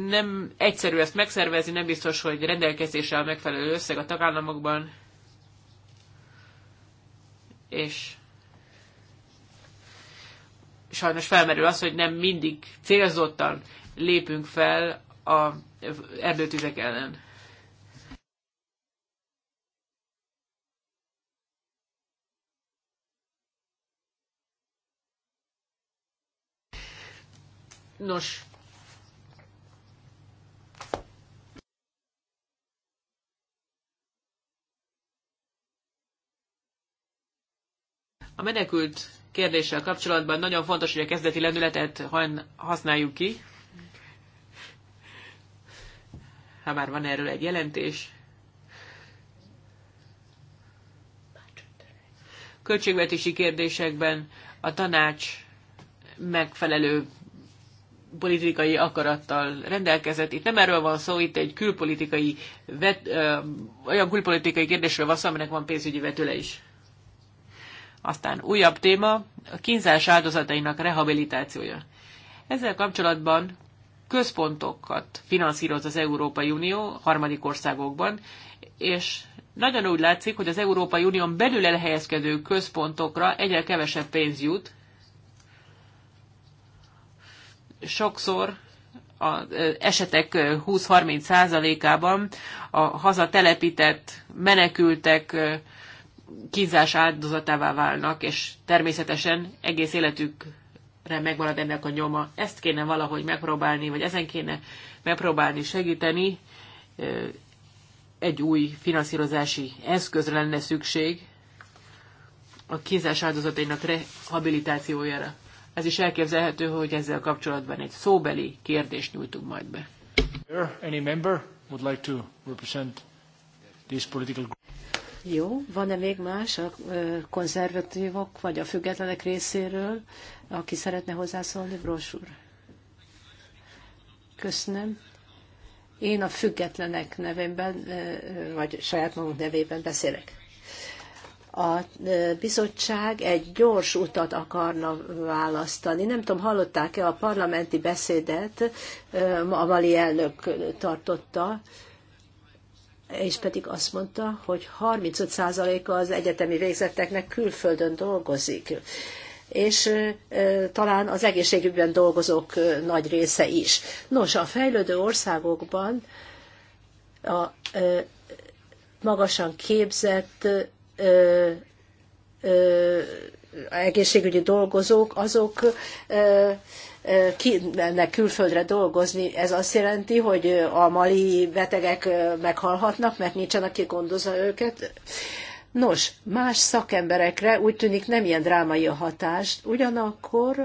Nem egyszerű ezt megszervezni, nem biztos, hogy rendelkezésre a megfelelő összeg a tagállamokban. És sajnos felmerül az, hogy nem mindig célzottan lépünk fel a erdőtüzek ellen. Nos, A menekült kérdéssel kapcsolatban nagyon fontos, hogy a kezdeti lendületet használjuk ki. Ha már van erről egy jelentés. Költségvetési kérdésekben a tanács megfelelő politikai akarattal rendelkezett. Itt nem erről van szó, itt egy külpolitikai vet, ö, olyan külpolitikai kérdésről van szó, aminek van pénzügyi vetőle is. Aztán újabb téma, a kínzás áldozatainak rehabilitációja. Ezzel kapcsolatban központokat finanszíroz az Európai Unió harmadik országokban, és nagyon úgy látszik, hogy az Európai Unión belül elhelyezkedő központokra egyre kevesebb pénz jut, sokszor az esetek 20-30 százalékában a haza telepített menekültek kínzás áldozatává válnak, és természetesen egész életükre megmarad ennek a nyoma. Ezt kéne valahogy megpróbálni, vagy ezen kéne megpróbálni segíteni. Egy új finanszírozási eszközre lenne szükség a kínzás áldozatainak rehabilitációjára ez is elképzelhető, hogy ezzel kapcsolatban egy szóbeli kérdést nyújtunk majd be. Any member would like to represent this political group? Jó, van-e még más a konzervatívok vagy a függetlenek részéről, aki szeretne hozzászólni, brosúr? Köszönöm. Én a függetlenek nevében, vagy saját magunk nevében beszélek a e, bizottság egy gyors utat akarna választani. Nem tudom, hallották-e a parlamenti beszédet, e, a Mali elnök tartotta, és pedig azt mondta, hogy 35%-a az egyetemi végzetteknek külföldön dolgozik és e, talán az egészségügyben dolgozók nagy része is. Nos, a fejlődő országokban a magasan képzett ö, ö, egészségügyi dolgozók, azok ö, ki mennek külföldre dolgozni. Ez azt jelenti, hogy a mali betegek meghalhatnak, mert nincsen, aki gondozza őket. Nos, más szakemberekre úgy tűnik nem ilyen drámai a hatást. ugyanakkor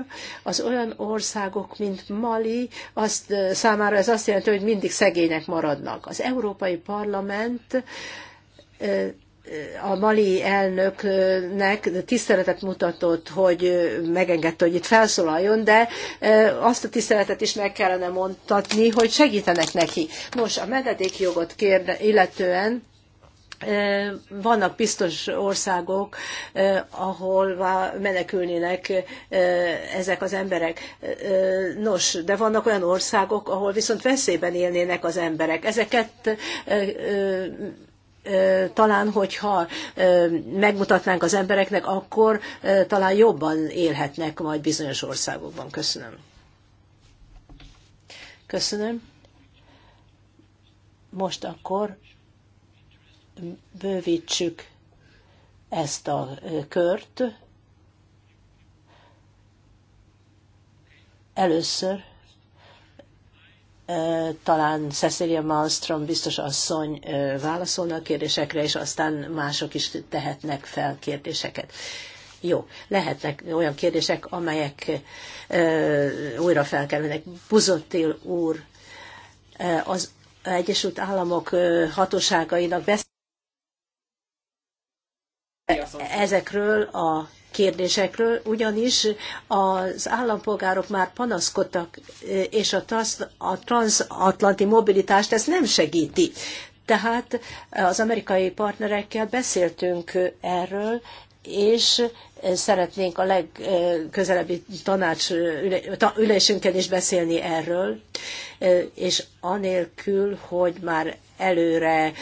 az olyan országok, mint Mali, azt, számára ez azt jelenti, hogy mindig szegények maradnak. Az Európai Parlament a mali elnöknek tiszteletet mutatott, hogy megengedte, hogy itt felszólaljon, de azt a tiszteletet is meg kellene mondtatni, hogy segítenek neki. Nos, a menedékjogot kérde, illetően vannak biztos országok, ahol menekülnének ezek az emberek. Nos, de vannak olyan országok, ahol viszont veszélyben élnének az emberek. Ezeket talán, hogyha megmutatnánk az embereknek, akkor talán jobban élhetnek majd bizonyos országokban. Köszönöm. Köszönöm. Most akkor bővítsük ezt a kört. Először talán Cecilia Malmström biztos asszony válaszolna a kérdésekre, és aztán mások is tehetnek fel kérdéseket. Jó, lehetnek olyan kérdések, amelyek ö, újra felkerülnek. Buzottil úr az Egyesült Államok hatóságainak beszél ezekről a kérdésekről, ugyanis az állampolgárok már panaszkodtak, és a, transatlanti mobilitást ez nem segíti. Tehát az amerikai partnerekkel beszéltünk erről, és szeretnénk a legközelebbi tanács ülésünkön is beszélni erről, és anélkül, hogy már előre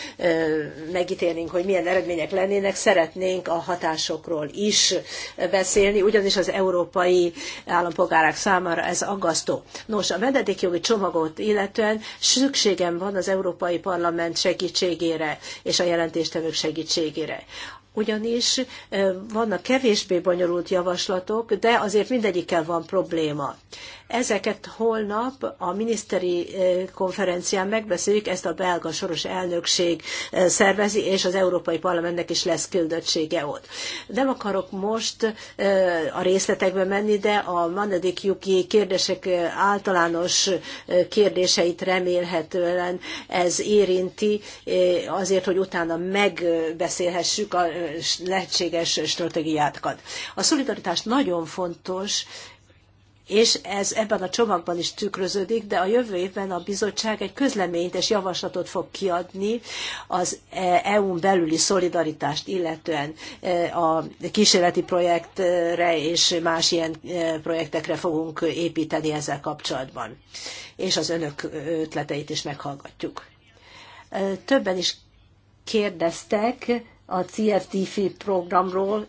megítélnénk, hogy milyen eredmények lennének, szeretnénk a hatásokról is beszélni, ugyanis az európai állampolgárok számára ez aggasztó. Nos, a menedékjogi csomagot illetően szükségem van az Európai Parlament segítségére és a jelentéstevők segítségére ugyanis vannak kevésbé bonyolult javaslatok, de azért mindegyikkel van probléma. Ezeket holnap a miniszteri konferencián megbeszéljük, ezt a belga soros elnökség szervezi, és az Európai Parlamentnek is lesz küldöttsége ott. Nem akarok most a részletekbe menni, de a manedik juki kérdések általános kérdéseit remélhetően ez érinti, azért, hogy utána megbeszélhessük a lehetséges stratégiákat. A szolidaritás nagyon fontos, és ez ebben a csomagban is tükröződik, de a jövő évben a bizottság egy közleményt és javaslatot fog kiadni az EU-n belüli szolidaritást, illetően a kísérleti projektre és más ilyen projektekre fogunk építeni ezzel kapcsolatban. És az önök ötleteit is meghallgatjuk. Többen is kérdeztek, a CFDF programról.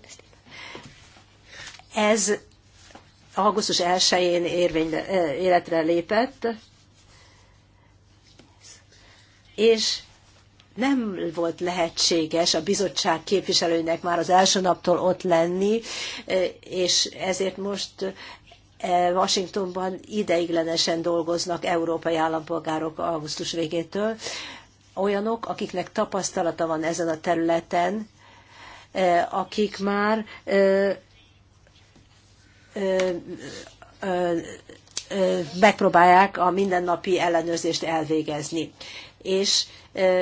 Ez augusztus 1-én eh, életre lépett, és nem volt lehetséges a bizottság képviselőinek már az első naptól ott lenni, eh, és ezért most eh, Washingtonban ideiglenesen dolgoznak európai állampolgárok augusztus végétől, olyanok, akiknek tapasztalata van ezen a területen, eh, akik már eh, eh, megpróbálják a mindennapi ellenőrzést elvégezni. És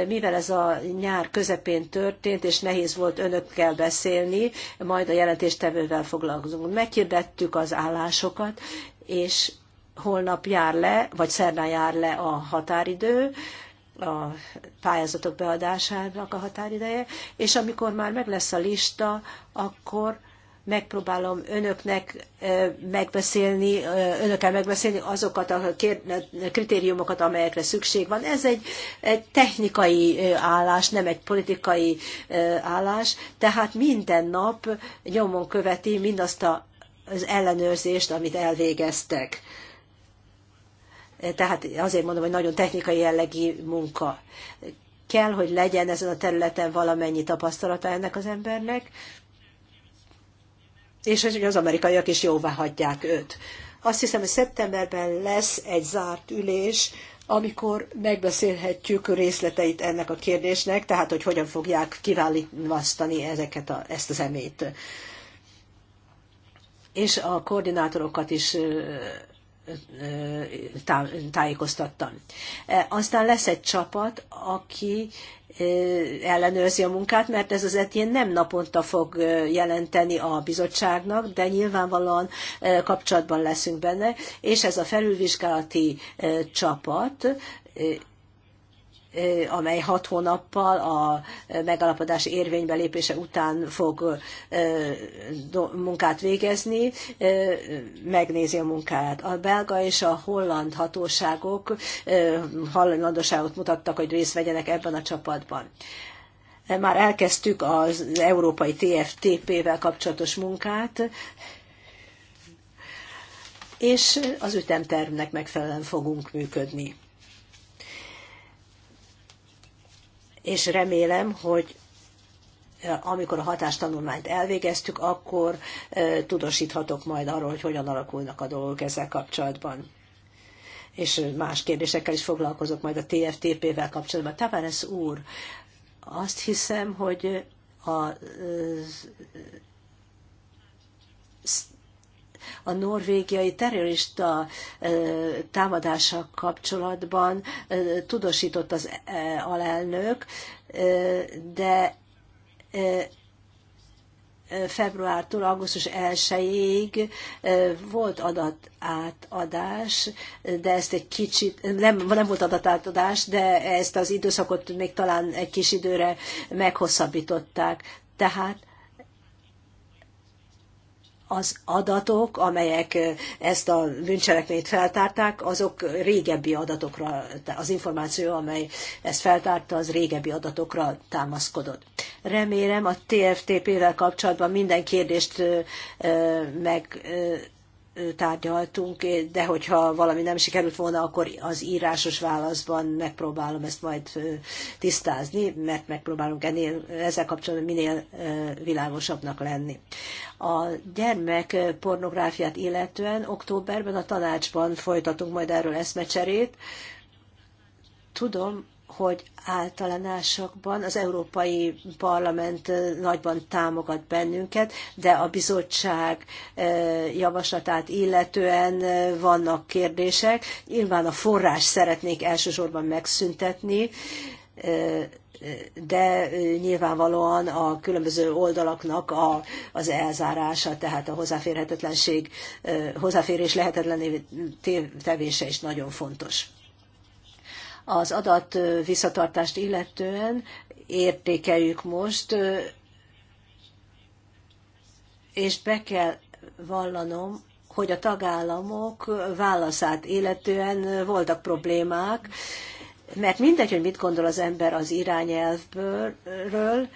mivel ez a nyár közepén történt, és nehéz volt önökkel beszélni, majd a jelentéstevővel foglalkozunk. Meghirdettük az állásokat, és holnap jár le, vagy szerdán jár le a határidő, a pályázatok beadásának a határideje, és amikor már meg lesz a lista, akkor megpróbálom önöknek megbeszélni, önökkel megbeszélni azokat a kritériumokat, amelyekre szükség van. Ez egy, egy technikai állás, nem egy politikai állás, tehát minden nap nyomon követi mindazt az ellenőrzést, amit elvégeztek tehát azért mondom, hogy nagyon technikai jellegi munka. Kell, hogy legyen ezen a területen valamennyi tapasztalata ennek az embernek, és hogy az amerikaiak is jóvá hagyják őt. Azt hiszem, hogy szeptemberben lesz egy zárt ülés, amikor megbeszélhetjük részleteit ennek a kérdésnek, tehát hogy hogyan fogják kiválasztani ezeket a, ezt az emét. És a koordinátorokat is tájékoztattam. E, aztán lesz egy csapat, aki e, ellenőrzi a munkát, mert ez az etén nem naponta fog e, jelenteni a bizottságnak, de nyilvánvalóan kapcsolatban leszünk benne, és ez a felülvizsgálati csapat amely hat hónappal a megalapodás érvénybe lépése után fog munkát végezni, megnézi a munkáját. A belga és a holland hatóságok hajlandóságot mutattak, hogy részt vegyenek ebben a csapatban. Már elkezdtük az európai TFTP-vel kapcsolatos munkát, és az ütemtervnek megfelelően fogunk működni. és remélem, hogy amikor a hatástanulmányt elvégeztük, akkor tudósíthatok majd arról, hogy hogyan alakulnak a dolgok ezzel kapcsolatban. És más kérdésekkel is foglalkozok majd a TFTP-vel kapcsolatban. Tavares úr, azt hiszem, hogy a a norvégiai terrorista támadással kapcsolatban tudósított az alelnök, de februártól augusztus 1-ig volt adatátadás, de ezt egy kicsit, nem, nem volt adatátadás, de ezt az időszakot még talán egy kis időre meghosszabbították. Tehát az adatok, amelyek eh, ezt a bűncselekményt feltárták, azok régebbi adatokra, az információ, amely ezt feltárta, az régebbi adatokra támaszkodott. Remélem a TFTP-vel kapcsolatban minden kérdést eh, eh, meg tárgyaltunk, de hogyha valami nem sikerült volna, akkor az írásos válaszban megpróbálom ezt majd tisztázni, mert megpróbálunk ennél, ezzel kapcsolatban minél világosabbnak lenni. A gyermek pornográfiát illetően októberben a tanácsban folytatunk majd erről eszmecserét. Tudom, hogy általánásokban az Európai Parlament nagyban támogat bennünket, de a bizottság javaslatát illetően vannak kérdések. Nyilván a forrás szeretnék elsősorban megszüntetni, de nyilvánvalóan a különböző oldalaknak a, az elzárása, tehát a hozzáférhetetlenség, hozzáférés lehetetlené tevése is nagyon fontos az adat visszatartást illetően értékeljük most, és be kell vallanom, hogy a tagállamok válaszát illetően voltak problémák, mert mindegy, hogy mit gondol az ember az irányelvről,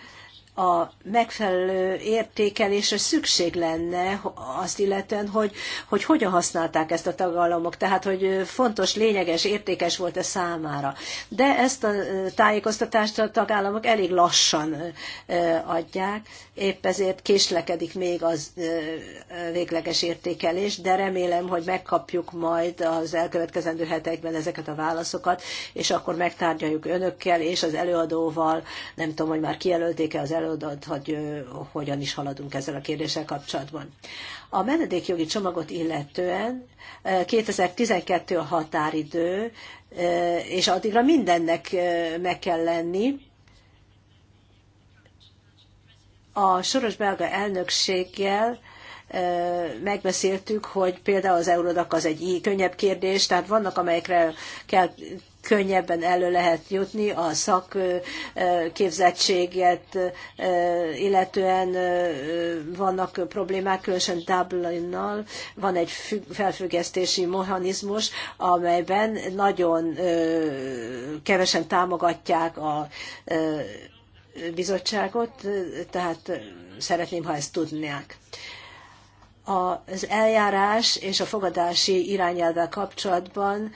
a megfelelő értékelésre szükség lenne azt illetően, hogy, hogy hogyan használták ezt a tagállamok, tehát hogy fontos, lényeges, értékes volt a számára. De ezt a tájékoztatást a tagállamok elég lassan adják, épp ezért késlekedik még az végleges értékelés, de remélem, hogy megkapjuk majd az elkövetkezendő hetekben ezeket a válaszokat, és akkor megtárgyaljuk önökkel és az előadóval, nem tudom, hogy már kijelölték-e az előadóval, vizsgálódott, hogy hogyan is haladunk ezzel a kérdéssel kapcsolatban. A menedékjogi csomagot illetően 2012 a határidő, és addigra mindennek meg kell lenni. A soros belga elnökséggel megbeszéltük, hogy például az eurodak az egy könnyebb kérdés, tehát vannak, amelyekre kell könnyebben elő lehet jutni a szakképzettséget, illetően vannak problémák, különösen Dublinnal van egy felfüggesztési mechanizmus, amelyben nagyon kevesen támogatják a bizottságot, tehát szeretném, ha ezt tudnák az eljárás és a fogadási irányelvvel kapcsolatban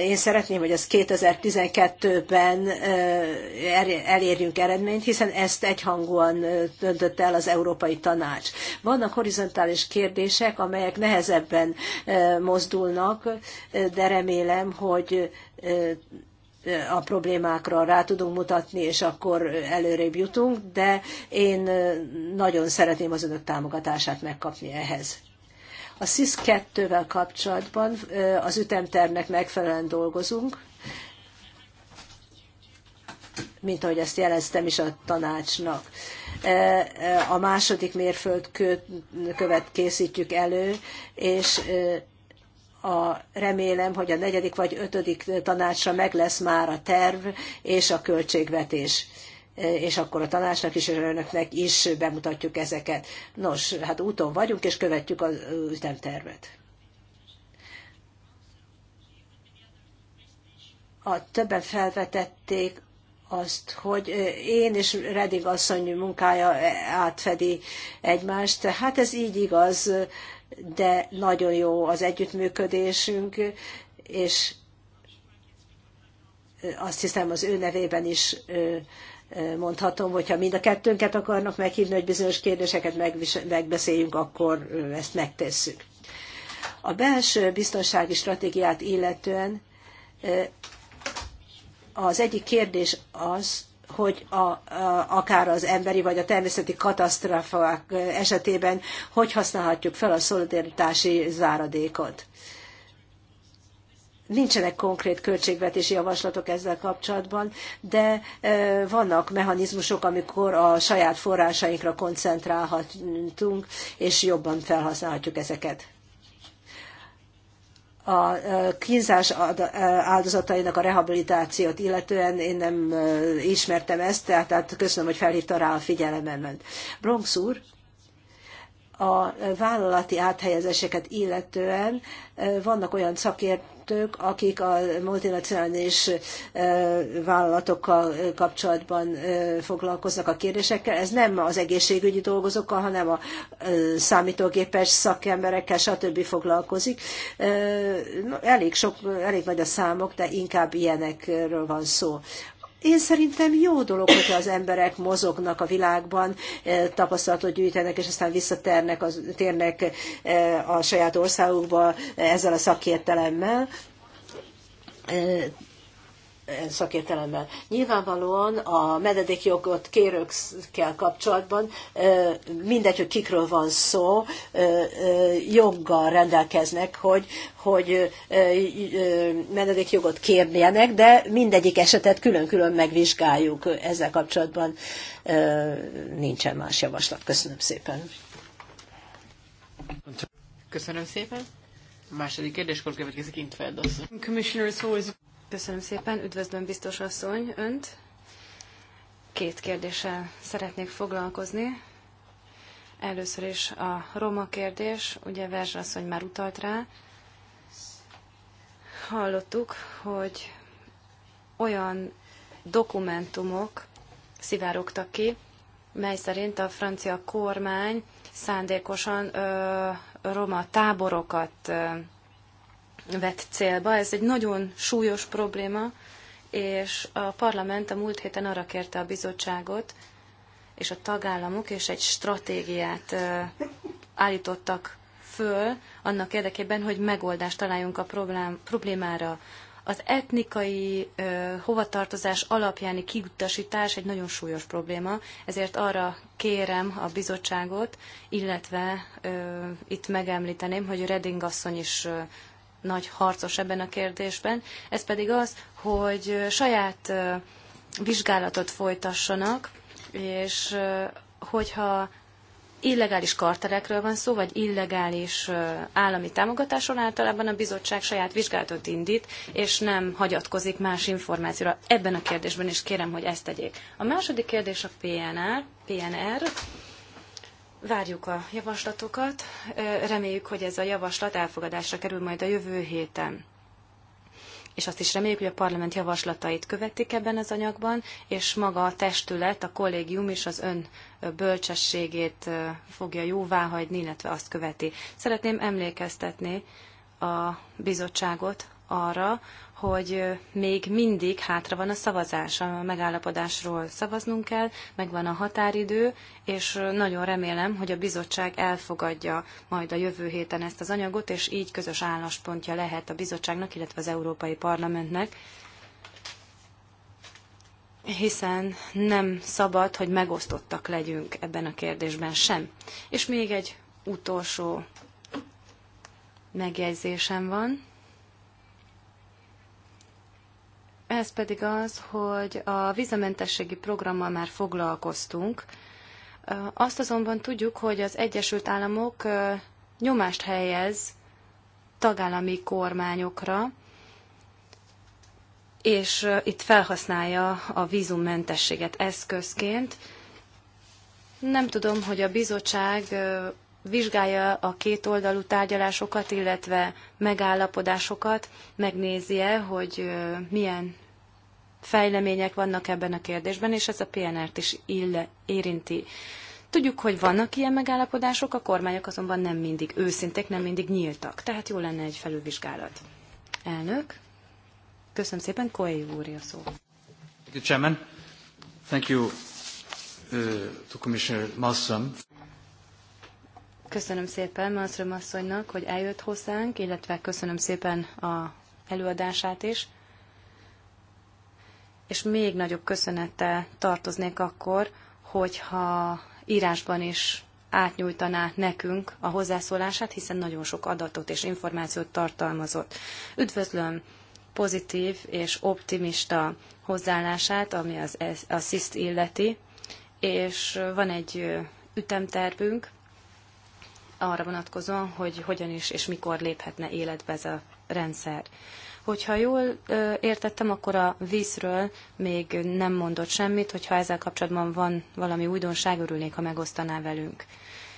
én szeretném, hogy az 2012-ben er-, elérjünk eredményt, hiszen ezt egyhangúan döntött el az Európai Tanács. Vannak horizontális kérdések, amelyek nehezebben mozdulnak, de remélem, hogy a problémákra rá tudunk mutatni, és akkor előrébb jutunk, de én nagyon szeretném az önök támogatását megkapni ehhez. A SIS-2-vel kapcsolatban az ütemtervnek megfelelően dolgozunk, mint ahogy ezt jeleztem is a tanácsnak. A második mérföldkövet készítjük elő, és a, remélem, hogy a negyedik vagy ötödik tanácsra meg lesz már a terv és a költségvetés és akkor a tanácsnak is, és önöknek is bemutatjuk ezeket. Nos, hát úton vagyunk, és követjük az ütemtervet. A többen felvetették azt, hogy én és Redding asszony munkája átfedi egymást. Hát ez így igaz, de nagyon jó az együttműködésünk, és azt hiszem az ő nevében is mondhatom, hogyha mind a kettőnket akarnak meghívni, hogy bizonyos kérdéseket megbeszéljünk, akkor ezt megtesszük. A belső biztonsági stratégiát illetően az egyik kérdés az, hogy a, a, akár az emberi vagy a természeti katasztrófák esetében hogy használhatjuk fel a szolidaritási záradékot. Nincsenek konkrét költségvetési javaslatok ezzel kapcsolatban, de e, vannak mechanizmusok, amikor a saját forrásainkra koncentrálhatunk, és jobban felhasználhatjuk ezeket a kínzás áldozatainak a rehabilitációt illetően én nem ismertem ezt, tehát köszönöm, hogy felhívta rá a figyelememet. Bronx úr, a vállalati áthelyezéseket illetően vannak olyan szakért szakértők, akik a multinacionális vállalatokkal kapcsolatban foglalkoznak a kérdésekkel. Ez nem az egészségügyi dolgozókkal, hanem a számítógépes szakemberekkel, stb. foglalkozik. Elég, sok, elég nagy a számok, de inkább ilyenekről van szó. Én szerintem jó dolog, hogyha az emberek mozognak a világban, eh, tapasztalatot gyűjtenek, és aztán visszatérnek az, térnek eh, a saját országukba ezzel a szakértelemmel eh, szakértelemmel. Nyilvánvalóan a menedékjogot kérőkkel kapcsolatban mindegy, hogy kikről van szó, joggal rendelkeznek, hogy, hogy menedékjogot kérnének, de mindegyik esetet külön-külön megvizsgáljuk. Ezzel kapcsolatban nincsen más javaslat. Köszönöm szépen. Köszönöm szépen. A második kérdéskor következik Intfeld asszony. Köszönöm szépen, üdvözlöm biztos asszony, önt. Két kérdéssel szeretnék foglalkozni. Először is a roma kérdés, ugye Verzsa asszony már utalt rá. Hallottuk, hogy olyan dokumentumok szivárogtak ki, mely szerint a francia kormány szándékosan ö, roma táborokat ö, vett célba. Ez egy nagyon súlyos probléma, és a parlament a múlt héten arra kérte a bizottságot és a tagállamok, és egy stratégiát állítottak föl annak érdekében, hogy megoldást találjunk a problémára. Az etnikai ö, hovatartozás alapjáni kiutasítás egy nagyon súlyos probléma, ezért arra kérem a bizottságot, illetve ö, itt megemlíteném, hogy Reding asszony is ö, nagy harcos ebben a kérdésben, ez pedig az, hogy saját vizsgálatot folytassanak, és hogyha illegális karterekről van szó, vagy illegális állami támogatáson általában a bizottság saját vizsgálatot indít, és nem hagyatkozik más információra. Ebben a kérdésben is kérem, hogy ezt tegyék. A második kérdés a PNR. PNR Várjuk a javaslatokat. Reméljük, hogy ez a javaslat elfogadásra kerül majd a jövő héten. És azt is reméljük, hogy a parlament javaslatait követik ebben az anyagban, és maga a testület, a kollégium is az ön bölcsességét fogja jóváhagyni, illetve azt követi. Szeretném emlékeztetni a bizottságot arra, hogy még mindig hátra van a szavazás, a megállapodásról szavaznunk kell, megvan a határidő, és nagyon remélem, hogy a bizottság elfogadja majd a jövő héten ezt az anyagot, és így közös álláspontja lehet a bizottságnak, illetve az Európai Parlamentnek, hiszen nem szabad, hogy megosztottak legyünk ebben a kérdésben sem. És még egy utolsó megjegyzésem van. Ez pedig az, hogy a vízamentességi programmal már foglalkoztunk. Azt azonban tudjuk, hogy az Egyesült Államok nyomást helyez tagállami kormányokra, és itt felhasználja a vízummentességet eszközként. Nem tudom, hogy a bizottság vizsgálja a kétoldalú tárgyalásokat, illetve megállapodásokat, megnézi-e, hogy milyen fejlemények vannak ebben a kérdésben, és ez a PNR-t is ille, érinti. Tudjuk, hogy vannak ilyen megállapodások, a kormányok azonban nem mindig őszinték, nem mindig nyíltak. Tehát jó lenne egy felülvizsgálat. Elnök, köszönöm szépen, Koei úr a szó. Thank you, Chairman. Thank you uh, to Commissioner Malmström. Köszönöm szépen Malmström asszonynak, hogy eljött hozzánk, illetve köszönöm szépen a előadását is. És még nagyobb köszönettel tartoznék akkor, hogyha írásban is átnyújtaná nekünk a hozzászólását, hiszen nagyon sok adatot és információt tartalmazott. Üdvözlöm pozitív és optimista hozzáállását, ami az, assist illeti, és van egy ütemtervünk, arra vonatkozóan, hogy hogyan is és mikor léphetne életbe ez a rendszer. Hogyha jól értettem, akkor a vízről még nem mondott semmit, hogyha ezzel kapcsolatban van valami újdonság, örülnék, ha megosztaná velünk.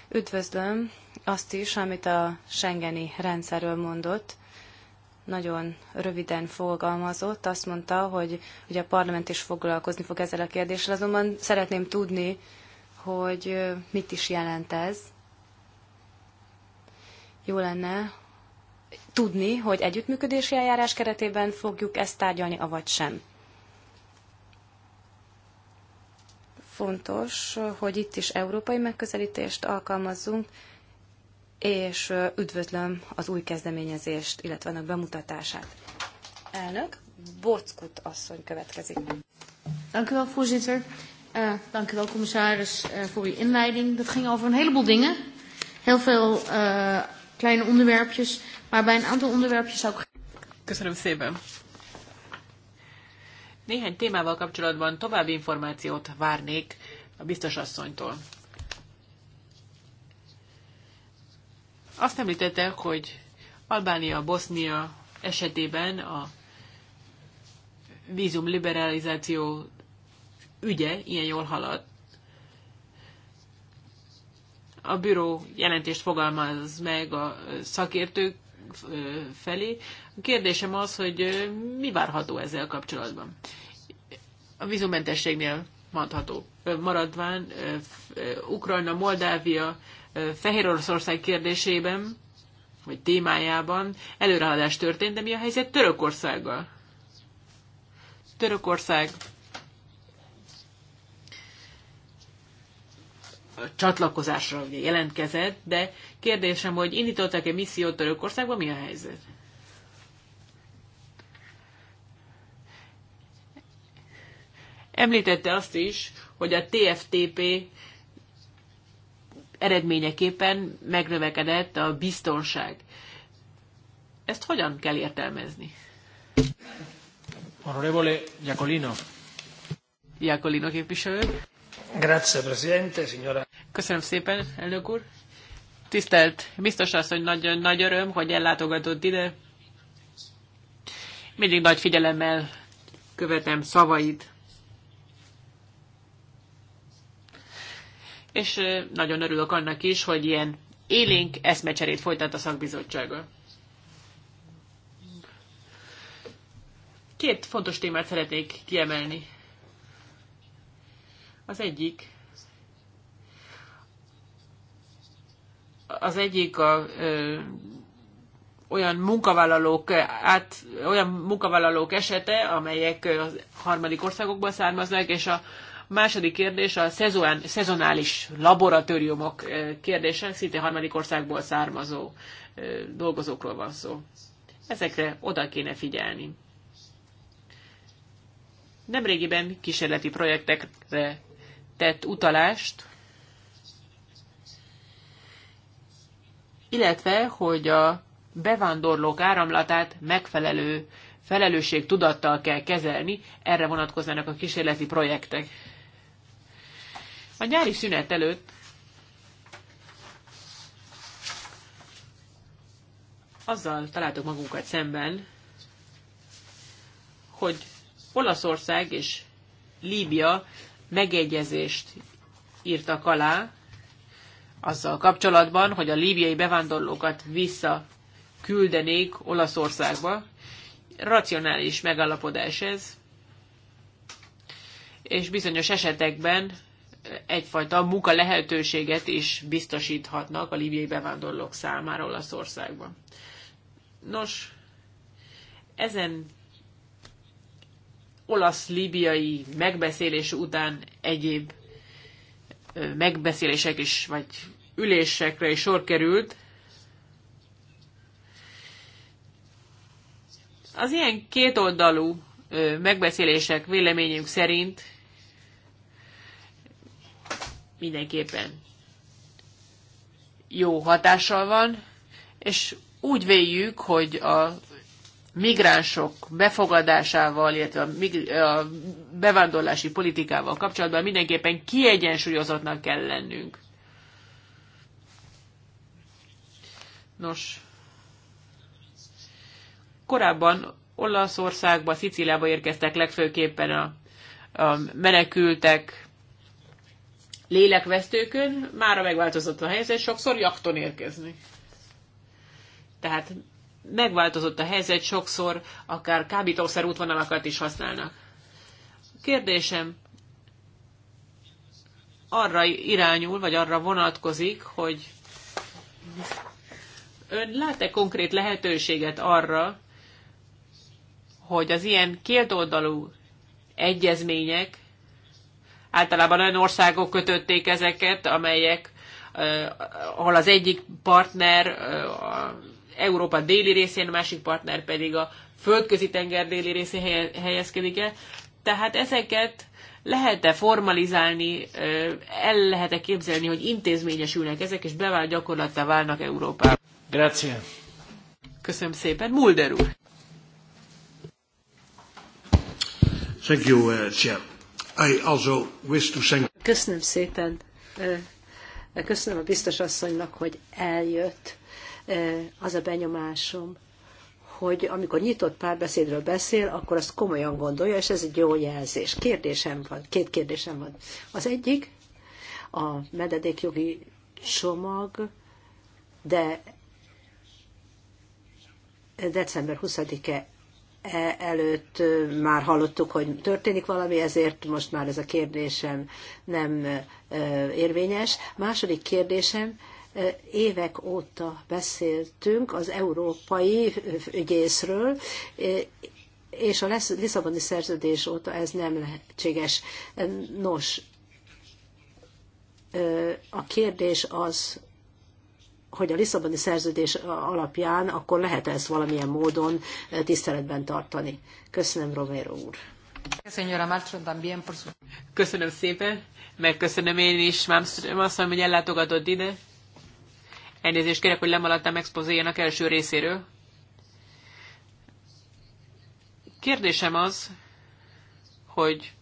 Üdvözlöm azt is, amit a Schengeni rendszerről mondott. Nagyon röviden fogalmazott, azt mondta, hogy, hogy a parlament is foglalkozni fog ezzel a kérdéssel, azonban szeretném tudni, hogy mit is jelent ez, jó lenne tudni, hogy együttműködési eljárás keretében fogjuk ezt tárgyalni, avagy sem. Fontos, hogy itt is európai megközelítést alkalmazzunk, és üdvözlöm az új kezdeményezést, illetve annak bemutatását. Elnök, Bockut asszony következik. Dank u wel, voorzitter. Uh, dank u wel, commissaris, uh, voor uw inleiding. Dat ging over een heleboel dingen. Heel veel uh, kleine onderwerpjes. Maar bij een aantal onderwerpjes zou ik... Köszönöm szépen. Néhány témával kapcsolatban további információt várnék a biztos asszonytól. Azt említette, hogy Albánia, Bosznia esetében a vízum liberalizáció ügye ilyen jól haladt a büró jelentést fogalmaz meg a szakértők felé. A kérdésem az, hogy mi várható ezzel kapcsolatban? A vízumentességnél mondható. Maradván Ukrajna, Moldávia, Fehér Oroszország kérdésében, vagy témájában előrehaladás történt, de mi a helyzet Törökországgal? Törökország csatlakozásra ugye jelentkezett, de kérdésem, hogy indítottak-e missziót Törökországban, mi a helyzet? Említette azt is, hogy a TFTP eredményeképpen megnövekedett a biztonság. Ezt hogyan kell értelmezni? Honorevole Jacolino. Jacolino képviselő. Grazie, Presidente, signora. Köszönöm szépen, elnök úr. Tisztelt biztos az, hogy nagyon nagy öröm, hogy ellátogatott ide. Mindig nagy figyelemmel követem szavaid. És nagyon örülök annak is, hogy ilyen élénk eszmecserét folytat a szakbizottsága. Két fontos témát szeretnék kiemelni. Az egyik Az egyik a ö, olyan munkavállalók, át, olyan munkavállalók esete, amelyek a harmadik országokból származnak, és a második kérdés a szezon, szezonális laboratóriumok kérdése, szintén harmadik országból származó dolgozókról van szó. Ezekre oda kéne figyelni. Nemrégiben kísérleti projektekre tett utalást illetve hogy a bevándorlók áramlatát megfelelő felelősség tudattal kell kezelni, erre vonatkoznának a kísérleti projektek. A nyári szünet előtt azzal találtuk magunkat szemben, hogy Olaszország és Líbia megegyezést írtak alá azzal kapcsolatban, hogy a líbiai bevándorlókat vissza küldenék Olaszországba. Racionális megállapodás ez, és bizonyos esetekben egyfajta munka lehetőséget is biztosíthatnak a líbiai bevándorlók számára Olaszországban. Nos, ezen olasz-líbiai megbeszélés után egyéb megbeszélések is, vagy ülésekre is sor került. Az ilyen kétoldalú megbeszélések véleményünk szerint mindenképpen jó hatással van, és úgy véljük, hogy a migránsok befogadásával, illetve a, mig- a bevándorlási politikával kapcsolatban mindenképpen kiegyensúlyozottnak kell lennünk. Nos, korábban Olaszországba, Sziciliába érkeztek legfőképpen a, a menekültek lélekvesztőkön, mára megváltozott a helyzet, sokszor jakton érkezni. Tehát megváltozott a helyzet, sokszor akár kábítószer útvonalakat is használnak. Kérdésem arra irányul, vagy arra vonatkozik, hogy ön lát-e konkrét lehetőséget arra, hogy az ilyen kétoldalú egyezmények, általában olyan országok kötötték ezeket, amelyek, eh, ahol az egyik partner eh, a Európa déli részén, a másik partner pedig a földközi tenger déli részén helyezkedik el. Tehát ezeket lehet-e formalizálni, el lehet-e képzelni, hogy intézményesülnek ezek, és bevált gyakorlattá válnak Európában? Grazie. Köszönöm szépen. Mulder úr. Thank you, uh, Chair. I also wish to thank... Köszönöm szépen. Köszönöm a biztos asszonynak, hogy eljött E, az a benyomásom, hogy amikor nyitott párbeszédről beszél, akkor azt komolyan gondolja, és ez egy jó jelzés. Kérdésem van, két kérdésem van. Az egyik a mededékjogi csomag, de december 20-e e előtt már hallottuk, hogy történik valami, ezért most már ez a kérdésem nem e, érvényes. Második kérdésem, évek óta beszéltünk az európai ügyészről, és a Lisszaboni szerződés óta ez nem lehetséges. Nos, a kérdés az, hogy a Lisszaboni szerződés alapján akkor lehet e ezt valamilyen módon tiszteletben tartani. Köszönöm, Romero úr. Köszönöm szépen, megköszönöm én is, Mámström azt mondom, hogy ellátogatott ide. Elnézést kérek, hogy lemaradtam expozéjának első részéről. Kérdésem az, hogy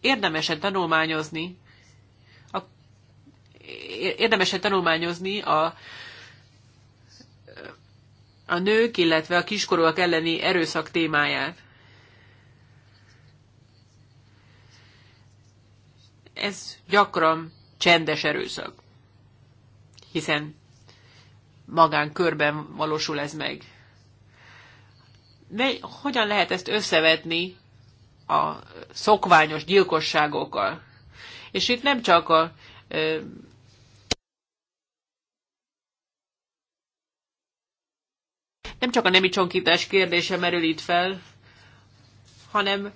érdemesen tanulmányozni, a, érdemesen tanulmányozni a, a nők, illetve a kiskorúak elleni erőszak témáját. Ez gyakran csendes erőszak hiszen magán körben valósul ez meg. De hogyan lehet ezt összevetni a szokványos gyilkosságokkal? És itt nem csak a nem csak a nemi csonkítás kérdése merül itt fel, hanem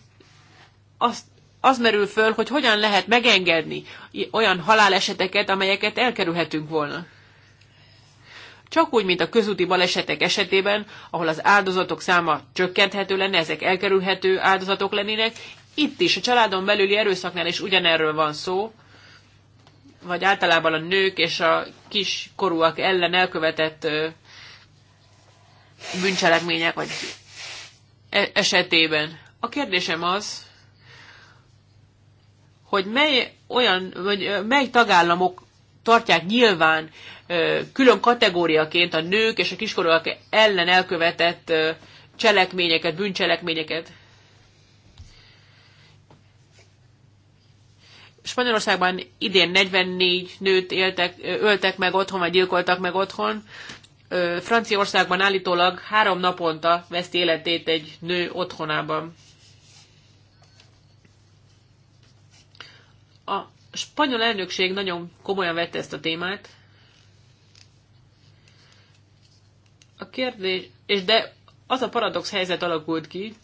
azt, az merül föl, hogy hogyan lehet megengedni olyan haláleseteket, amelyeket elkerülhetünk volna. Csak úgy, mint a közúti balesetek esetében, ahol az áldozatok száma csökkenthető lenne, ezek elkerülhető áldozatok lennének, itt is a családon belüli erőszaknál is ugyanerről van szó, vagy általában a nők és a kiskorúak ellen elkövetett bűncselekmények vagy e-, esetében. A kérdésem az, hogy mely olyan, vagy mely tagállamok tartják nyilván külön kategóriaként a nők és a kiskorúak ellen elkövetett cselekményeket, bűncselekményeket. Spanyolországban idén 44 nőt éltek, öltek meg otthon, vagy gyilkoltak meg otthon. Franciaországban állítólag három naponta veszti életét egy nő otthonában. A spanyol elnökség nagyon komolyan vette ezt a témát, kérdés, és de az a paradox helyzet alakult ki,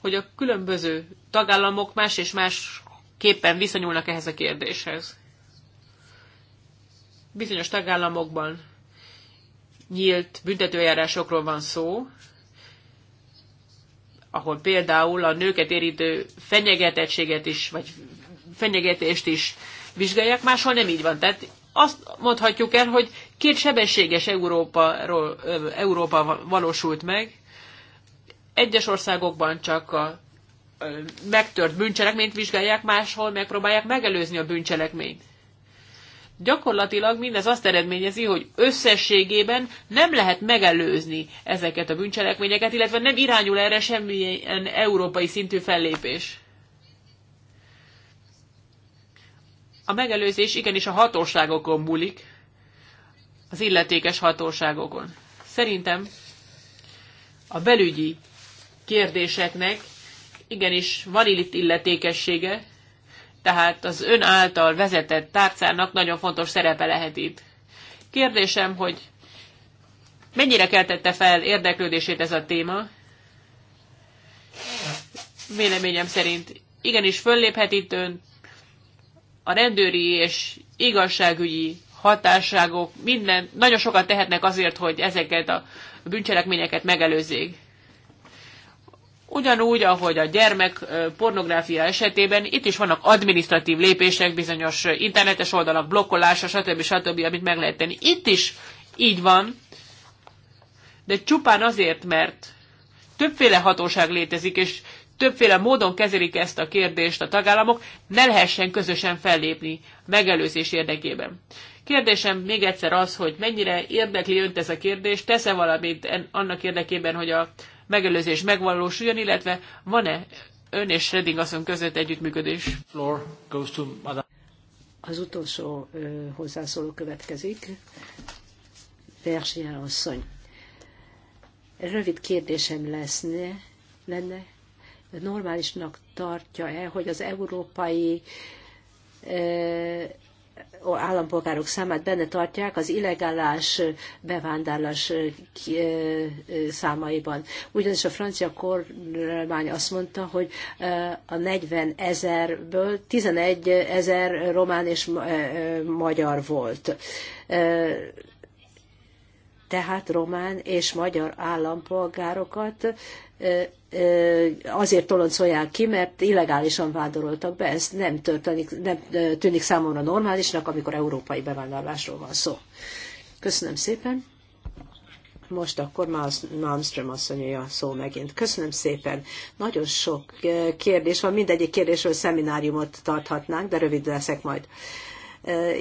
hogy a különböző tagállamok más és más képpen viszonyulnak ehhez a kérdéshez. Bizonyos tagállamokban nyílt büntetőjárásokról van szó, ahol például a nőket érintő fenyegetettséget is, vagy fenyegetést is vizsgálják, máshol nem így van. Tehát azt mondhatjuk el, hogy Két sebességes Európa, Európa valósult meg, egyes országokban csak a megtört bűncselekményt vizsgálják, máshol megpróbálják megelőzni a bűncselekményt. Gyakorlatilag mindez azt eredményezi, hogy összességében nem lehet megelőzni ezeket a bűncselekményeket, illetve nem irányul erre semmilyen európai szintű fellépés. A megelőzés igenis a hatóságokon múlik, az illetékes hatóságokon. Szerintem a belügyi kérdéseknek igenis van itt illetékessége, tehát az ön által vezetett tárcának nagyon fontos szerepe lehet itt. Kérdésem, hogy mennyire keltette fel érdeklődését ez a téma? Véleményem szerint igenis fölléphet itt ön, a rendőri és igazságügyi hatásságok, minden, nagyon sokat tehetnek azért, hogy ezeket a bűncselekményeket megelőzzék. Ugyanúgy, ahogy a gyermek pornográfia esetében, itt is vannak adminisztratív lépések, bizonyos internetes oldalak blokkolása, stb. stb., amit meg lehet tenni. Itt is így van, de csupán azért, mert többféle hatóság létezik, és többféle módon kezelik ezt a kérdést a tagállamok, ne lehessen közösen fellépni megelőzés érdekében. Kérdésem még egyszer az, hogy mennyire érdekli önt ez a kérdés, tesz-e valamit annak érdekében, hogy a megelőzés megvalósuljon, illetve van-e ön és Redding asszony között együttműködés? az utolsó ö, hozzászóló következik. Versia asszony. Rövid kérdésem ne? lenne. Normálisnak tartja-e, hogy az európai állampolgárok számát benne tartják az illegális bevándárlás számaiban. Ugyanis a francia kormány azt mondta, hogy a 40 ezerből 11 ezer román és magyar volt tehát román és magyar állampolgárokat azért toloncolják ki, mert illegálisan vándoroltak be. Ez nem, történik, nem tűnik számomra normálisnak, amikor európai bevándorlásról van szó. Köszönöm szépen. Most akkor Malmström asszonyja a szó megint. Köszönöm szépen. Nagyon sok kérdés van, mindegyik kérdésről szemináriumot tarthatnánk, de rövid leszek majd.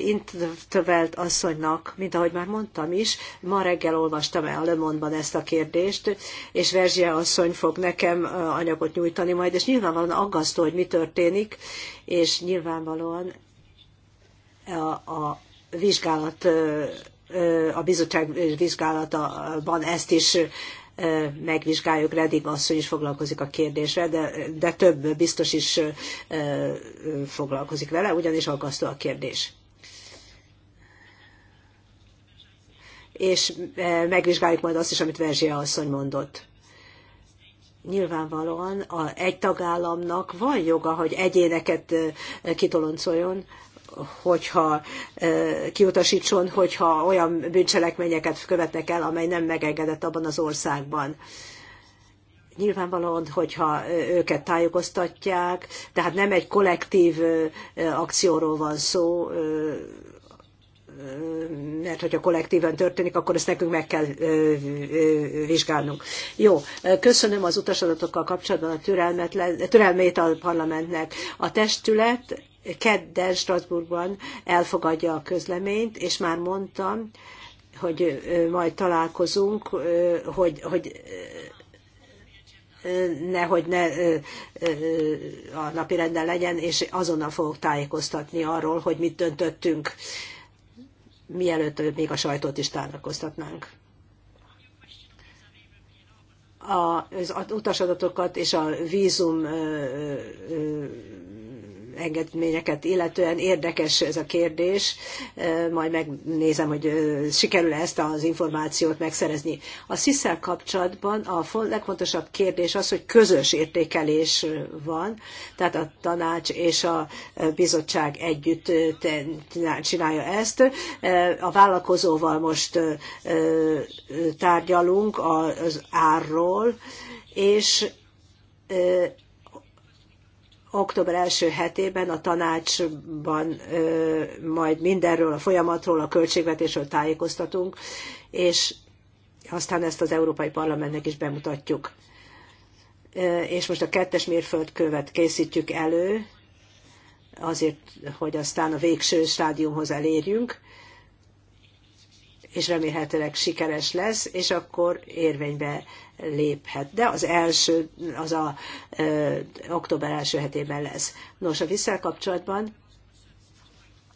Intövelt asszonynak, mint ahogy már mondtam is, ma reggel olvastam el a Le Monde-ban ezt a kérdést, és Verzsia asszony fog nekem anyagot nyújtani majd, és nyilvánvalóan aggasztó, hogy mi történik, és nyilvánvalóan a, a vizsgálat a bizottság vizsgálataban ezt is megvizsgáljuk. Redding asszony is foglalkozik a kérdésre, de, de több biztos is foglalkozik vele, ugyanis aggasztó a kérdés. És megvizsgáljuk majd azt is, amit Verzsia asszony mondott nyilvánvalóan a, egy tagállamnak van joga, hogy egyéneket kitoloncoljon, hogyha kiutasítson, hogyha olyan bűncselekményeket követnek el, amely nem megengedett abban az országban nyilvánvalóan, hogyha őket tájékoztatják, tehát nem egy kollektív akcióról van szó, mert hogyha kollektíven történik, akkor ezt nekünk meg kell vizsgálnunk. Jó, köszönöm az utasadatokkal kapcsolatban a türelmet, türelmét a parlamentnek. A testület kedden Strasbourgban elfogadja a közleményt, és már mondtam, hogy majd találkozunk, hogy, hogy nehogy ne a napi renden legyen, és azonnal fogok tájékoztatni arról, hogy mit döntöttünk, mielőtt még a sajtót is tájékoztatnánk. A, az utasadatokat és a vízum engedményeket illetően érdekes ez a kérdés, majd megnézem, hogy sikerül -e ezt az információt megszerezni. A sis kapcsolatban a legfontosabb kérdés az, hogy közös értékelés van, tehát a tanács és a bizottság együtt csinálja ezt. A vállalkozóval most tárgyalunk az árról, és október első hetében a tanácsban majd mindenről, a folyamatról, a költségvetésről tájékoztatunk, és aztán ezt az Európai Parlamentnek is bemutatjuk. És most a kettes mérföldkövet készítjük elő, azért, hogy aztán a végső stádiumhoz elérjünk és remélhetőleg sikeres lesz, és akkor érvénybe léphet. De az első, az a ö, október első hetében lesz. Nos, a visszel kapcsolatban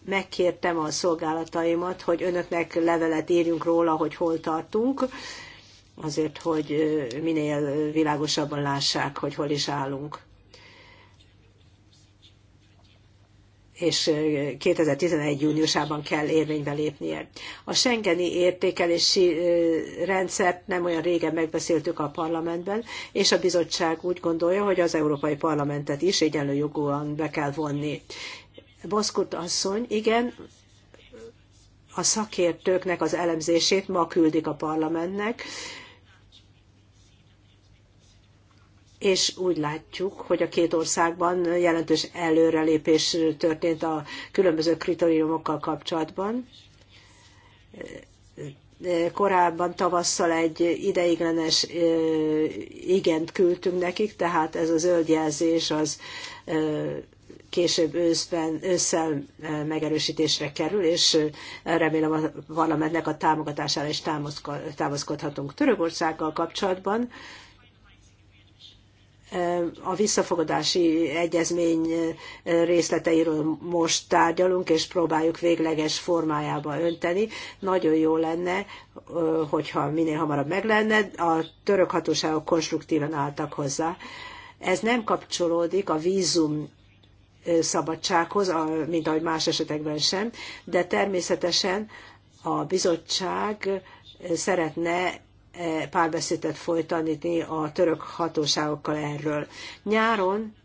megkértem a szolgálataimat, hogy önöknek levelet írjunk róla, hogy hol tartunk, azért, hogy minél világosabban lássák, hogy hol is állunk. és 2011. júniusában kell érvénybe lépnie. A Schengeni értékelési rendszert nem olyan régen megbeszéltük a parlamentben, és a bizottság úgy gondolja, hogy az Európai Parlamentet is egyenlő jogúan be kell vonni. Boszkut asszony, igen, a szakértőknek az elemzését ma küldik a parlamentnek, és úgy látjuk, hogy a két országban jelentős előrelépés történt a különböző kritériumokkal kapcsolatban. Korábban tavasszal egy ideiglenes igent küldtünk nekik, tehát ez a jelzés az később őszben, ősszel megerősítésre kerül, és remélem a parlamentnek a támogatására is támaszkodhatunk Törökországgal kapcsolatban a visszafogadási egyezmény részleteiről most tárgyalunk, és próbáljuk végleges formájába önteni. Nagyon jó lenne, hogyha minél hamarabb meg lenne. A török hatóságok konstruktíven álltak hozzá. Ez nem kapcsolódik a vízum szabadsághoz, mint ahogy más esetekben sem, de természetesen a bizottság szeretne párbeszédet folytatni a török hatóságokkal erről. Nyáron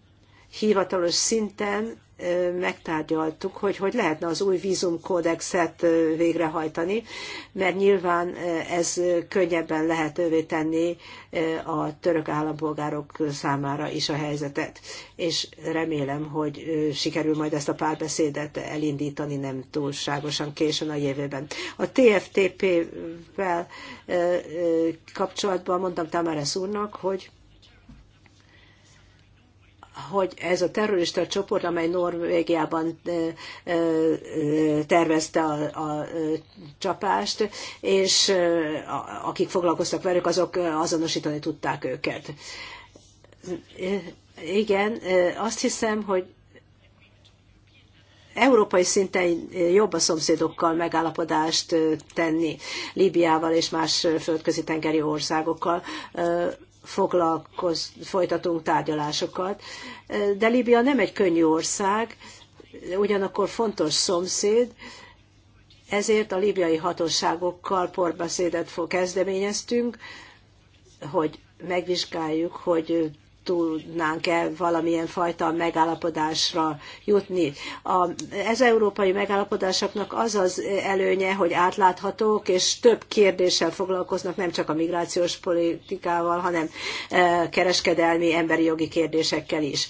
hivatalos szinten megtárgyaltuk, hogy hogy lehetne az új vízumkódexet végrehajtani, mert nyilván ez könnyebben lehetővé tenni a török állampolgárok számára is a helyzetet. És remélem, hogy sikerül majd ezt a párbeszédet elindítani nem túlságosan későn a jövőben. A TFTP-vel kapcsolatban mondtam Tamares úrnak, hogy hogy ez a terrorista csoport, amely Norvégiában tervezte a, a csapást, és akik foglalkoztak velük, azok azonosítani tudták őket. Igen, azt hiszem, hogy európai szinten jobb a szomszédokkal megállapodást tenni, Líbiával és más földközi tengeri országokkal, foglalkoz, folytatunk tárgyalásokat. De Líbia nem egy könnyű ország, ugyanakkor fontos szomszéd, ezért a líbiai hatóságokkal porbeszédet kezdeményeztünk, hogy megvizsgáljuk, hogy tudnánk-e valamilyen fajta megállapodásra jutni. A, ez európai megállapodásoknak az az előnye, hogy átláthatók, és több kérdéssel foglalkoznak, nem csak a migrációs politikával, hanem e, kereskedelmi, emberi jogi kérdésekkel is.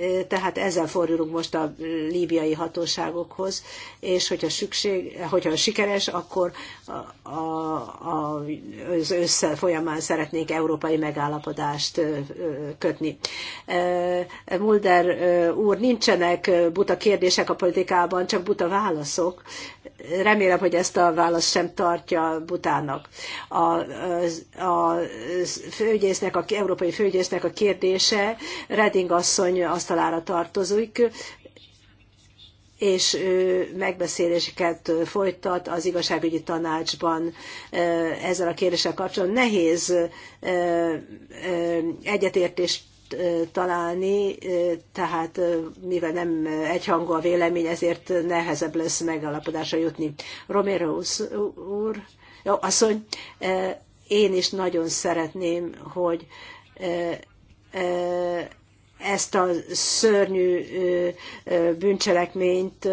E, tehát ezzel fordulunk most a líbiai hatóságokhoz, és hogyha, szükség, hogyha sikeres, akkor a, a, az össze folyamán szeretnék európai megállapodást kötni. Mulder úr, nincsenek buta kérdések a politikában, csak buta válaszok. Remélem, hogy ezt a választ sem tartja butának. A, a főgyésznek, a európai főgyésznek a kérdése Reding asszony asztalára tartozik, és megbeszéléseket folytat az igazságügyi tanácsban ezzel a kérdéssel kapcsolatban. Nehéz egyetértést találni, tehát mivel nem egyhangú a vélemény, ezért nehezebb lesz megalapodásra jutni. Romero úr, jó, asszony, én is nagyon szeretném, hogy ezt a szörnyű bűncselekményt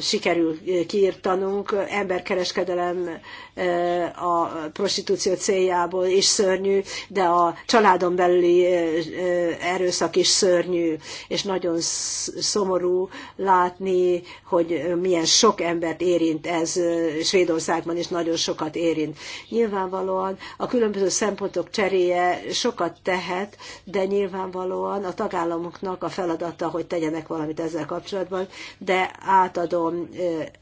sikerül kiirtanunk, emberkereskedelem a prostitúció céljából is szörnyű, de a családon belüli erőszak is szörnyű, és nagyon szomorú látni, hogy milyen sok embert érint ez Svédországban és nagyon sokat érint. Nyilvánvalóan a különböző szempontok cseréje sokat tehet, de nyilvánvalóan a tagállamoknak a feladata, hogy tegyenek valamit ezzel kapcsolatban, de átadom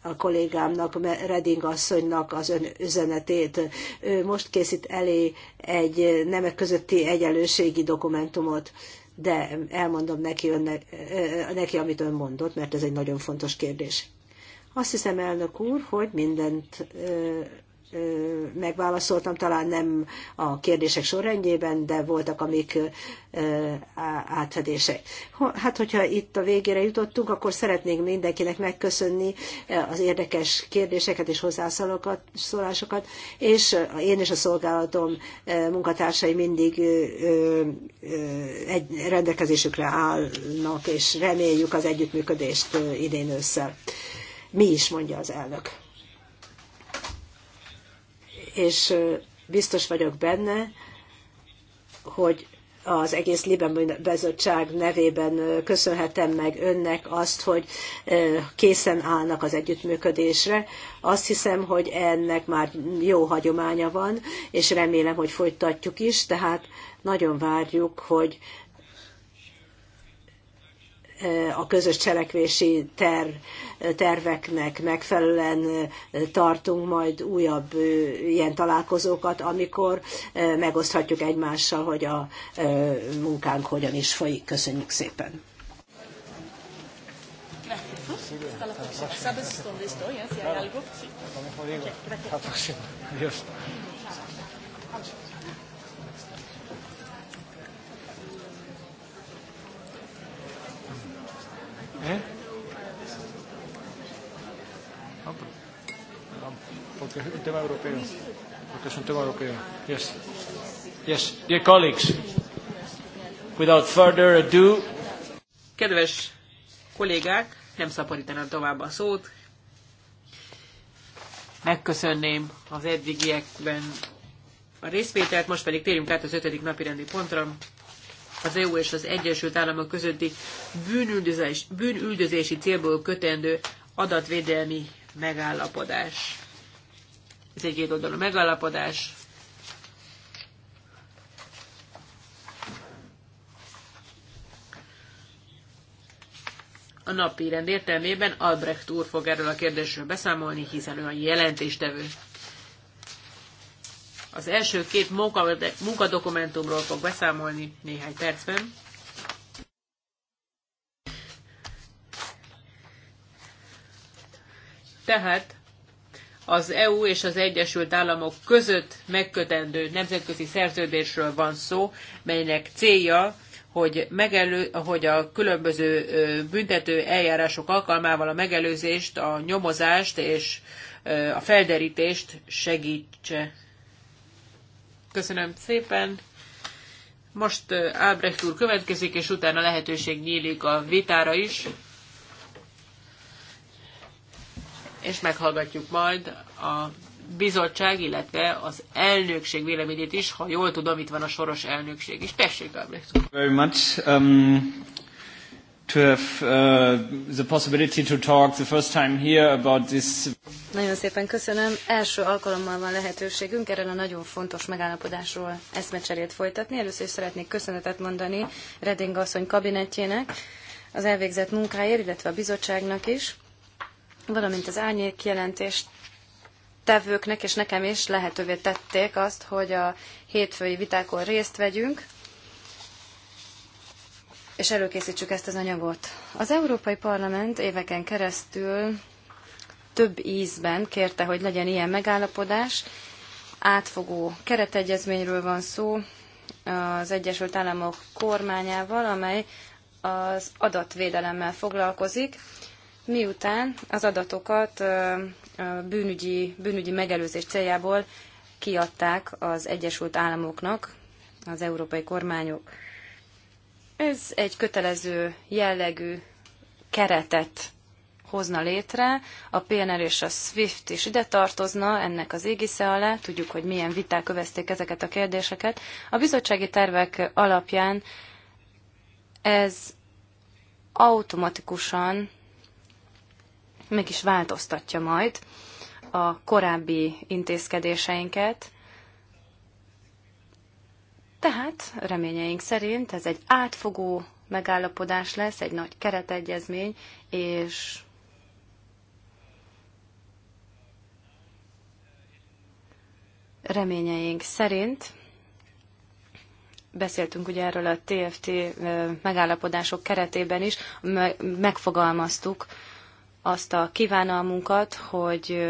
a kollégámnak, Reding asszonynak az ön üzenetét. Ő most készít elé egy nemek közötti egyenlőségi dokumentumot, de elmondom neki, önnek, neki, amit ön mondott, mert ez egy nagyon fontos kérdés. Azt hiszem, elnök úr, hogy mindent megválaszoltam, talán nem a kérdések sorrendjében, de voltak, amik átfedések. Hát, hogyha itt a végére jutottunk, akkor szeretnék mindenkinek megköszönni az érdekes kérdéseket és hozzászólásokat, és én és a szolgálatom munkatársai mindig egy rendelkezésükre állnak, és reméljük az együttműködést idén ősszel. Mi is, mondja az elnök és biztos vagyok benne, hogy az egész Liben bizottság nevében köszönhetem meg önnek azt, hogy készen állnak az együttműködésre. Azt hiszem, hogy ennek már jó hagyománya van, és remélem, hogy folytatjuk is, tehát nagyon várjuk, hogy a közös cselekvési terv, terveknek megfelelően tartunk majd újabb ilyen találkozókat, amikor megoszthatjuk egymással, hogy a munkánk hogyan is folyik. Köszönjük szépen! Hasta Sabes dónde estoy, hay algo. Sí. Lo digo. la próxima. Adiós. ¿Eh? No, porque es un tema europeo. Porque es un tema europeo. Yes. Yes. Dear colleagues, without further ado. Kedves kollégák, nem szaporítanám tovább a szót. Megköszönném az eddigiekben a részvételt, most pedig térjünk át az ötödik napi rendi pontra az EU és az Egyesült Államok közötti bűnüldözés, bűnüldözési célból kötendő adatvédelmi megállapodás. Ez egy oldalú megállapodás. A napi rend értelmében Albrecht úr fog erről a kérdésről beszámolni, hiszen ő a jelentéstevő. Az első két munkadokumentumról fog beszámolni néhány percben. Tehát az EU és az Egyesült Államok között megkötendő nemzetközi szerződésről van szó, melynek célja, hogy, megelő, hogy a különböző büntető eljárások alkalmával a megelőzést, a nyomozást és a felderítést segítse. Köszönöm szépen. Most Ábrecht úr következik, és utána lehetőség nyílik a vitára is. És meghallgatjuk majd a bizottság, illetve az elnökség véleményét is, ha jól tudom, itt van a soros elnökség is. Tessék, Ábrecht úr! Very much. Um, to have uh, the possibility to talk the first time here about this. Nagyon szépen köszönöm. Első alkalommal van lehetőségünk erről a nagyon fontos megállapodásról eszmecserét folytatni. Először is szeretnék köszönetet mondani Reding asszony kabinetjének az elvégzett munkáért, illetve a bizottságnak is, valamint az árnyék jelentést tevőknek és nekem is lehetővé tették azt, hogy a hétfői vitákon részt vegyünk és előkészítsük ezt az anyagot. Az Európai Parlament éveken keresztül több ízben kérte, hogy legyen ilyen megállapodás. Átfogó keretegyezményről van szó az Egyesült Államok kormányával, amely az adatvédelemmel foglalkozik, miután az adatokat bűnügyi, bűnügyi megelőzés céljából kiadták az Egyesült Államoknak az európai kormányok. Ez egy kötelező jellegű keretet hozna létre, a PNR és a SWIFT is ide tartozna ennek az égisze alá, tudjuk, hogy milyen viták övezték ezeket a kérdéseket. A bizottsági tervek alapján ez automatikusan meg is változtatja majd a korábbi intézkedéseinket, tehát reményeink szerint ez egy átfogó megállapodás lesz, egy nagy keretegyezmény, és reményeink szerint beszéltünk ugye erről a TFT megállapodások keretében is, megfogalmaztuk azt a kívánalmunkat, hogy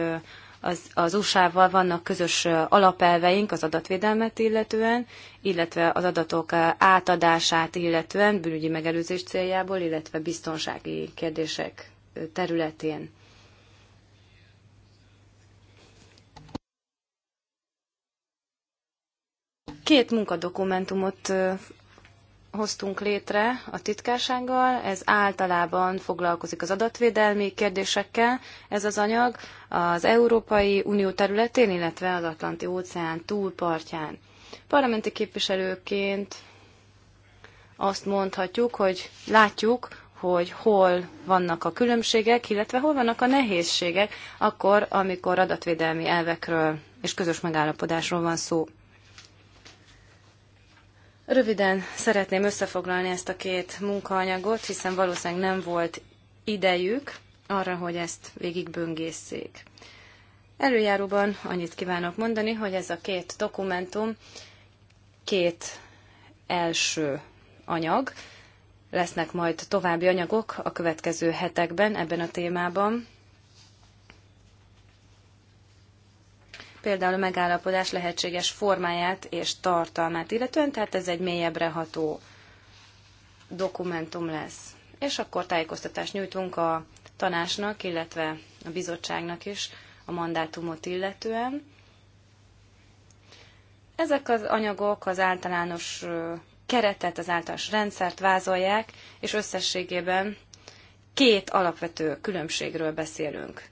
az, az USA-val vannak közös alapelveink az adatvédelmet illetően, illetve az adatok átadását illetően, bűnügyi megelőzés céljából, illetve biztonsági kérdések területén. Két munkadokumentumot hoztunk létre a titkársággal, ez általában foglalkozik az adatvédelmi kérdésekkel, ez az anyag az Európai Unió területén, illetve az Atlanti óceán túlpartján. Parlamenti képviselőként azt mondhatjuk, hogy látjuk, hogy hol vannak a különbségek, illetve hol vannak a nehézségek, akkor, amikor adatvédelmi elvekről és közös megállapodásról van szó. Röviden szeretném összefoglalni ezt a két munkaanyagot, hiszen valószínűleg nem volt idejük arra, hogy ezt végigböngészszék. Előjáróban annyit kívánok mondani, hogy ez a két dokumentum két első anyag. Lesznek majd további anyagok a következő hetekben ebben a témában. például a megállapodás lehetséges formáját és tartalmát illetően, tehát ez egy mélyebbre ható dokumentum lesz. És akkor tájékoztatást nyújtunk a tanásnak, illetve a bizottságnak is a mandátumot illetően. Ezek az anyagok az általános keretet, az általános rendszert vázolják, és összességében két alapvető különbségről beszélünk.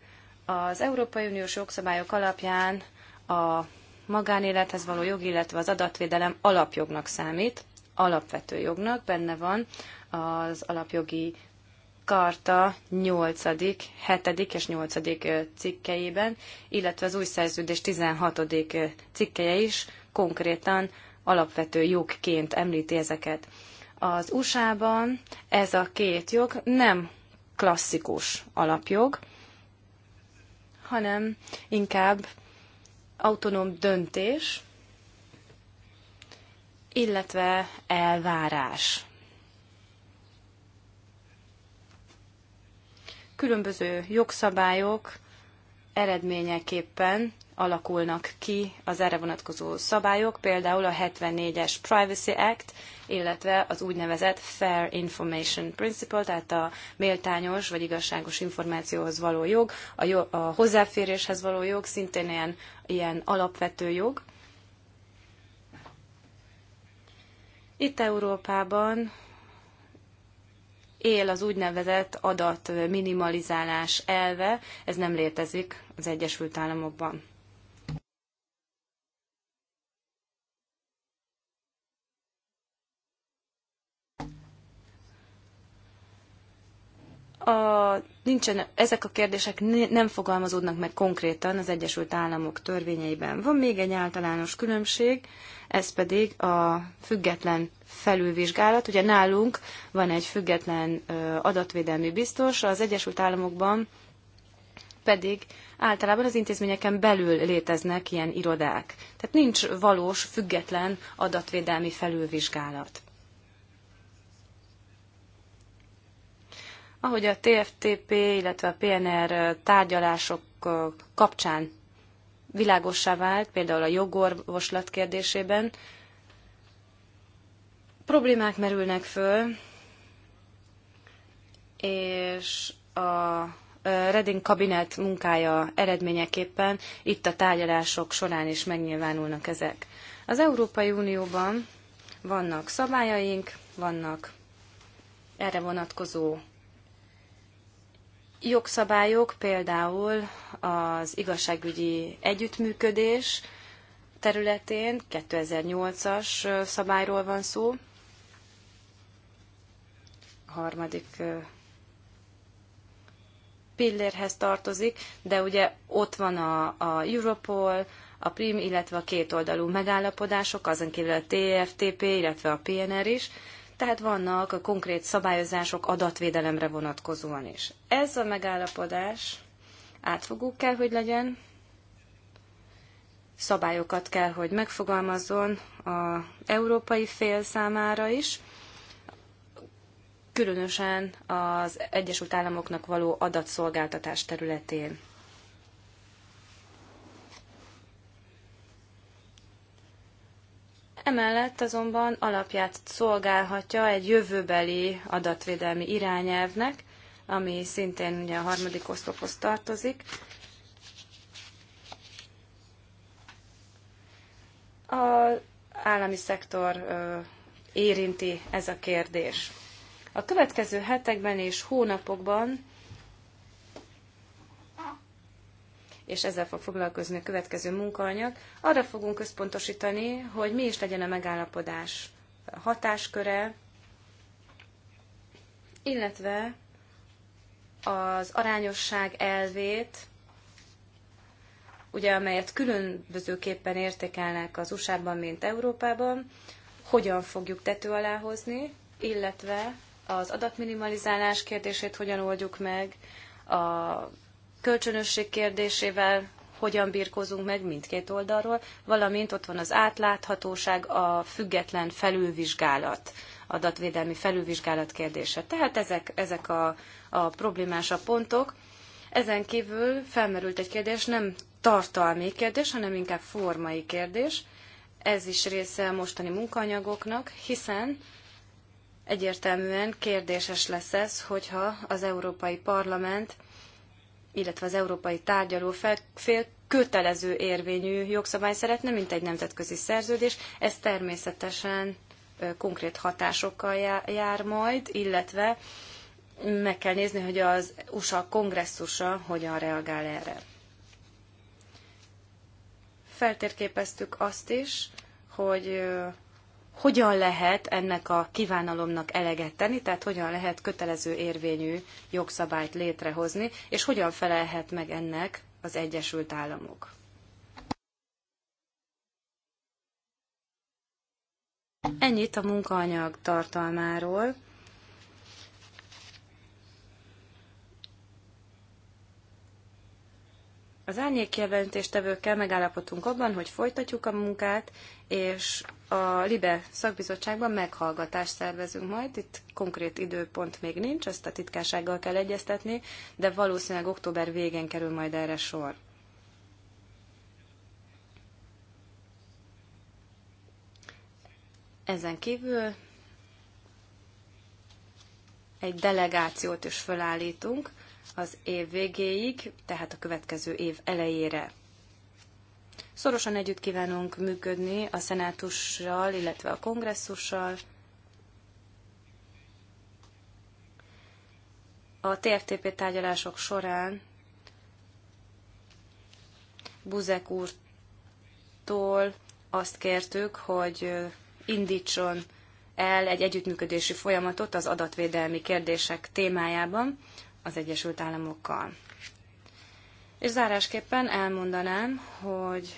Az Európai Uniós jogszabályok alapján a magánélethez való jog, illetve az adatvédelem alapjognak számít, alapvető jognak, benne van az alapjogi karta 8., 7. és 8. cikkeiben, illetve az új szerződés 16. cikkeje is konkrétan alapvető jogként említi ezeket. Az USA-ban ez a két jog nem klasszikus alapjog, hanem inkább autonóm döntés, illetve elvárás. Különböző jogszabályok eredményeképpen alakulnak ki az erre vonatkozó szabályok, például a 74-es Privacy Act, illetve az úgynevezett Fair Information Principle, tehát a méltányos vagy igazságos információhoz való jog, a, jog, a hozzáféréshez való jog, szintén ilyen, ilyen alapvető jog. Itt Európában él az úgynevezett adat minimalizálás elve, ez nem létezik az Egyesült Államokban. a, nincsen, ezek a kérdések nem fogalmazódnak meg konkrétan az Egyesült Államok törvényeiben. Van még egy általános különbség, ez pedig a független felülvizsgálat. Ugye nálunk van egy független adatvédelmi biztos, az Egyesült Államokban pedig általában az intézményeken belül léteznek ilyen irodák. Tehát nincs valós, független adatvédelmi felülvizsgálat. Ahogy a TFTP, illetve a PNR tárgyalások kapcsán világossá vált, például a jogorvoslat kérdésében, problémák merülnek föl, és a Reding kabinet munkája eredményeképpen itt a tárgyalások során is megnyilvánulnak ezek. Az Európai Unióban vannak szabályaink, vannak erre vonatkozó jogszabályok, például az igazságügyi együttműködés területén 2008-as szabályról van szó, a harmadik pillérhez tartozik, de ugye ott van a, a Europol, a PRIM, illetve a kétoldalú megállapodások, azon kívül a TFTP, illetve a PNR is, tehát vannak a konkrét szabályozások adatvédelemre vonatkozóan is. Ez a megállapodás átfogó kell, hogy legyen, szabályokat kell, hogy megfogalmazzon az európai fél számára is, különösen az Egyesült Államoknak való adatszolgáltatás területén. Emellett azonban alapját szolgálhatja egy jövőbeli adatvédelmi irányelvnek, ami szintén ugye a harmadik oszlophoz tartozik. A állami szektor érinti ez a kérdés. A következő hetekben és hónapokban és ezzel fog foglalkozni a következő munkaanyag. Arra fogunk központosítani, hogy mi is legyen a megállapodás hatásköre, illetve az arányosság elvét, ugye amelyet különbözőképpen értékelnek az USA-ban, mint Európában, hogyan fogjuk tető alá hozni, illetve az adatminimalizálás kérdését hogyan oldjuk meg, a kölcsönösség kérdésével hogyan birkózunk meg mindkét oldalról, valamint ott van az átláthatóság, a független felülvizsgálat, adatvédelmi felülvizsgálat kérdése. Tehát ezek, ezek a, a problémásabb pontok. Ezen kívül felmerült egy kérdés, nem tartalmi kérdés, hanem inkább formai kérdés. Ez is része a mostani munkaanyagoknak, hiszen egyértelműen kérdéses lesz ez, hogyha az Európai Parlament illetve az európai tárgyaló fél kötelező érvényű jogszabály szeretne, mint egy nemzetközi szerződés. Ez természetesen konkrét hatásokkal jár majd, illetve meg kell nézni, hogy az USA kongresszusa hogyan reagál erre. Feltérképeztük azt is, hogy hogyan lehet ennek a kívánalomnak eleget tenni, tehát hogyan lehet kötelező érvényű jogszabályt létrehozni, és hogyan felelhet meg ennek az Egyesült Államok. Ennyit a munkaanyag tartalmáról. Az kell megállapodtunk abban, hogy folytatjuk a munkát, és a LIBE szakbizottságban meghallgatást szervezünk majd. Itt konkrét időpont még nincs, ezt a titkársággal kell egyeztetni, de valószínűleg október végén kerül majd erre sor. Ezen kívül egy delegációt is felállítunk az év végéig, tehát a következő év elejére. Szorosan együtt kívánunk működni a szenátussal, illetve a kongresszussal. A TFTP tárgyalások során Buzek úrtól azt kértük, hogy indítson el egy együttműködési folyamatot az adatvédelmi kérdések témájában az Egyesült Államokkal. És zárásképpen elmondanám, hogy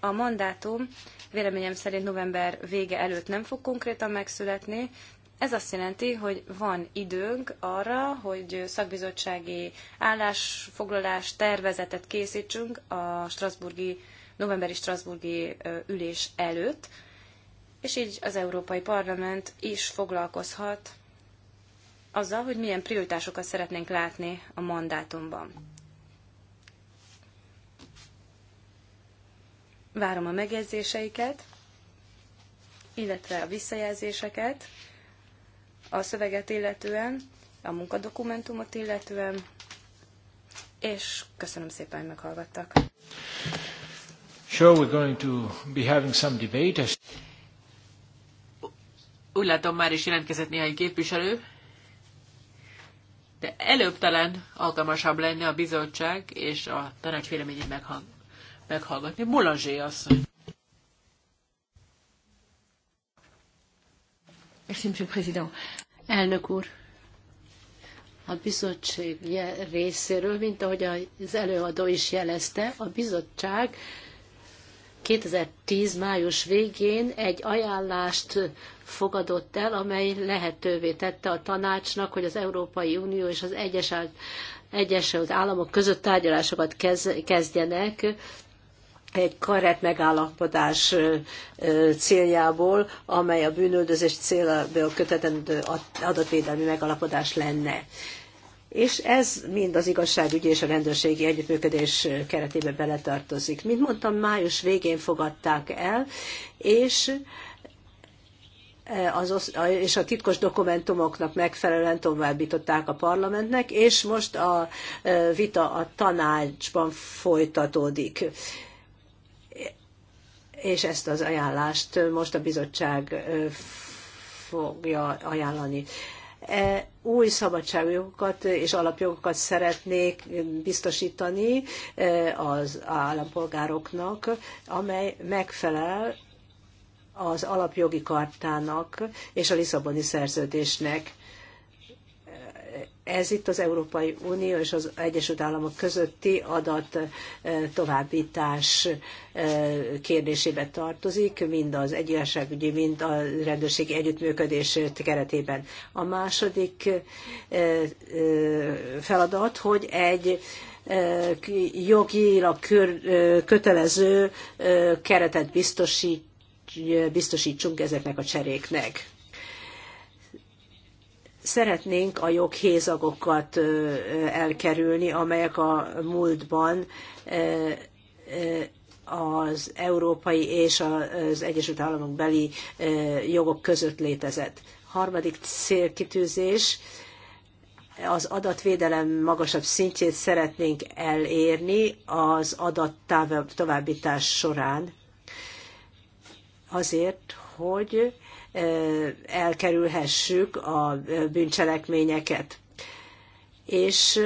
a mandátum véleményem szerint november vége előtt nem fog konkrétan megszületni. Ez azt jelenti, hogy van időnk arra, hogy szakbizottsági állásfoglalás tervezetet készítsünk a Strasburgi, novemberi Strasburgi ülés előtt, és így az Európai Parlament is foglalkozhat azzal, hogy milyen prioritásokat szeretnénk látni a mandátumban. Várom a megjegyzéseiket, illetve a visszajelzéseket a szöveget illetően, a munkadokumentumot illetően, és köszönöm szépen, hogy meghallgattak. Sure, we're going to be having some debate. Úgy látom, már is jelentkezett néhány képviselő, de előbb talán alkalmasabb lenne a bizottság és a tanács véleményét meghallgatni meghallgatni. Bolazsé asszony. Merci, Monsieur le Président. Elnök úr, a bizottság részéről, mint ahogy az előadó is jelezte, a bizottság 2010. május végén egy ajánlást fogadott el, amely lehetővé tette a tanácsnak, hogy az Európai Unió és az Egyesült Államok között tárgyalásokat kezdjenek egy karet megállapodás céljából, amely a bűnöldözés céljából kötetlenül adatvédelmi megállapodás lenne. És ez mind az igazságügyi és a rendőrségi együttműködés keretébe beletartozik. Mint mondtam, május végén fogadták el, és az, és a titkos dokumentumoknak megfelelően továbbították a parlamentnek, és most a vita a tanácsban folytatódik és ezt az ajánlást most a bizottság fogja ajánlani. E, új szabadságjogokat és alapjogokat szeretnék biztosítani e, az állampolgároknak, amely megfelel az alapjogi kartának és a Lisszaboni szerződésnek ez itt az Európai Unió és az Egyesült Államok közötti adat továbbítás kérdésébe tartozik, mind az egyenságügyi, mind a rendőrségi együttműködés keretében. A második feladat, hogy egy jogilag kötelező keretet biztosít, biztosítsunk ezeknek a cseréknek szeretnénk a joghézagokat elkerülni, amelyek a múltban az európai és az Egyesült Államok beli jogok között létezett. Harmadik célkitűzés, az adatvédelem magasabb szintjét szeretnénk elérni az adat továbbítás során, azért, hogy elkerülhessük a bűncselekményeket. És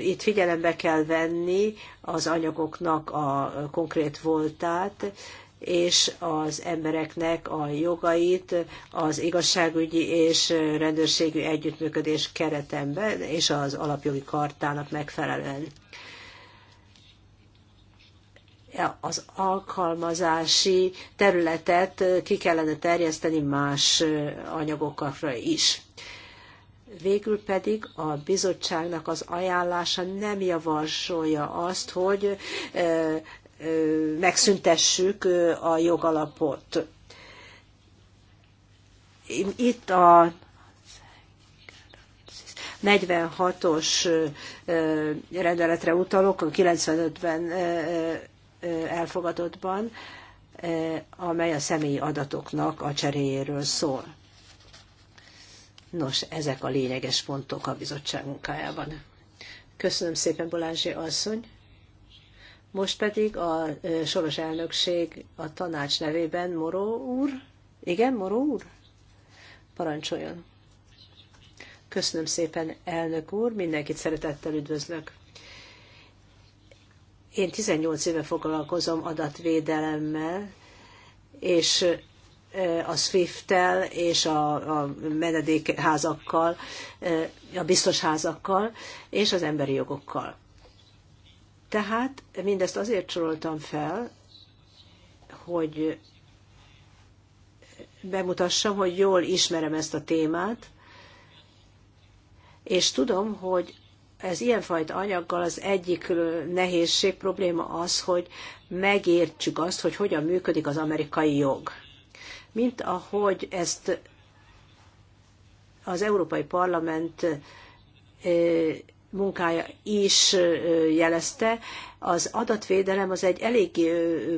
itt figyelembe kell venni az anyagoknak a konkrét voltát, és az embereknek a jogait az igazságügyi és rendőrségi együttműködés keretemben és az alapjogi kartának megfelelően az alkalmazási területet ki kellene terjeszteni más anyagokra is. Végül pedig a bizottságnak az ajánlása nem javasolja azt, hogy megszüntessük a jogalapot. Itt a 46-os rendeletre utalok, a 95 elfogadottban, amely a személyi adatoknak a cseréjéről szól. Nos, ezek a lényeges pontok a bizottság munkájában. Köszönöm szépen, Bolázsi asszony. Most pedig a soros elnökség a tanács nevében Moró úr. Igen, Moró úr? Parancsoljon. Köszönöm szépen, elnök úr, mindenkit szeretettel üdvözlök. Én 18 éve foglalkozom adatvédelemmel, és a SWIFT-tel és a, a menedékházakkal, a biztos házakkal és az emberi jogokkal. Tehát mindezt azért csoroltam fel, hogy bemutassam, hogy jól ismerem ezt a témát, és tudom, hogy az ilyenfajta anyaggal az egyik nehézség, probléma az, hogy megértsük azt, hogy hogyan működik az amerikai jog. Mint ahogy ezt az Európai Parlament munkája is jelezte, az adatvédelem az egy elég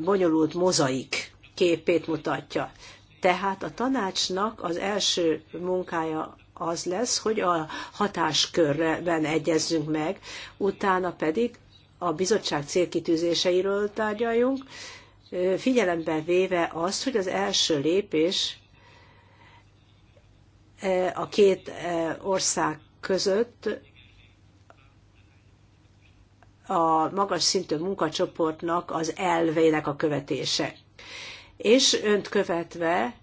bonyolult mozaik képét mutatja. Tehát a tanácsnak az első munkája az lesz, hogy a hatáskörben egyezzünk meg, utána pedig a bizottság célkitűzéseiről tárgyaljunk, figyelembe véve azt, hogy az első lépés a két ország között a magas szintű munkacsoportnak az elvének a követése. És önt követve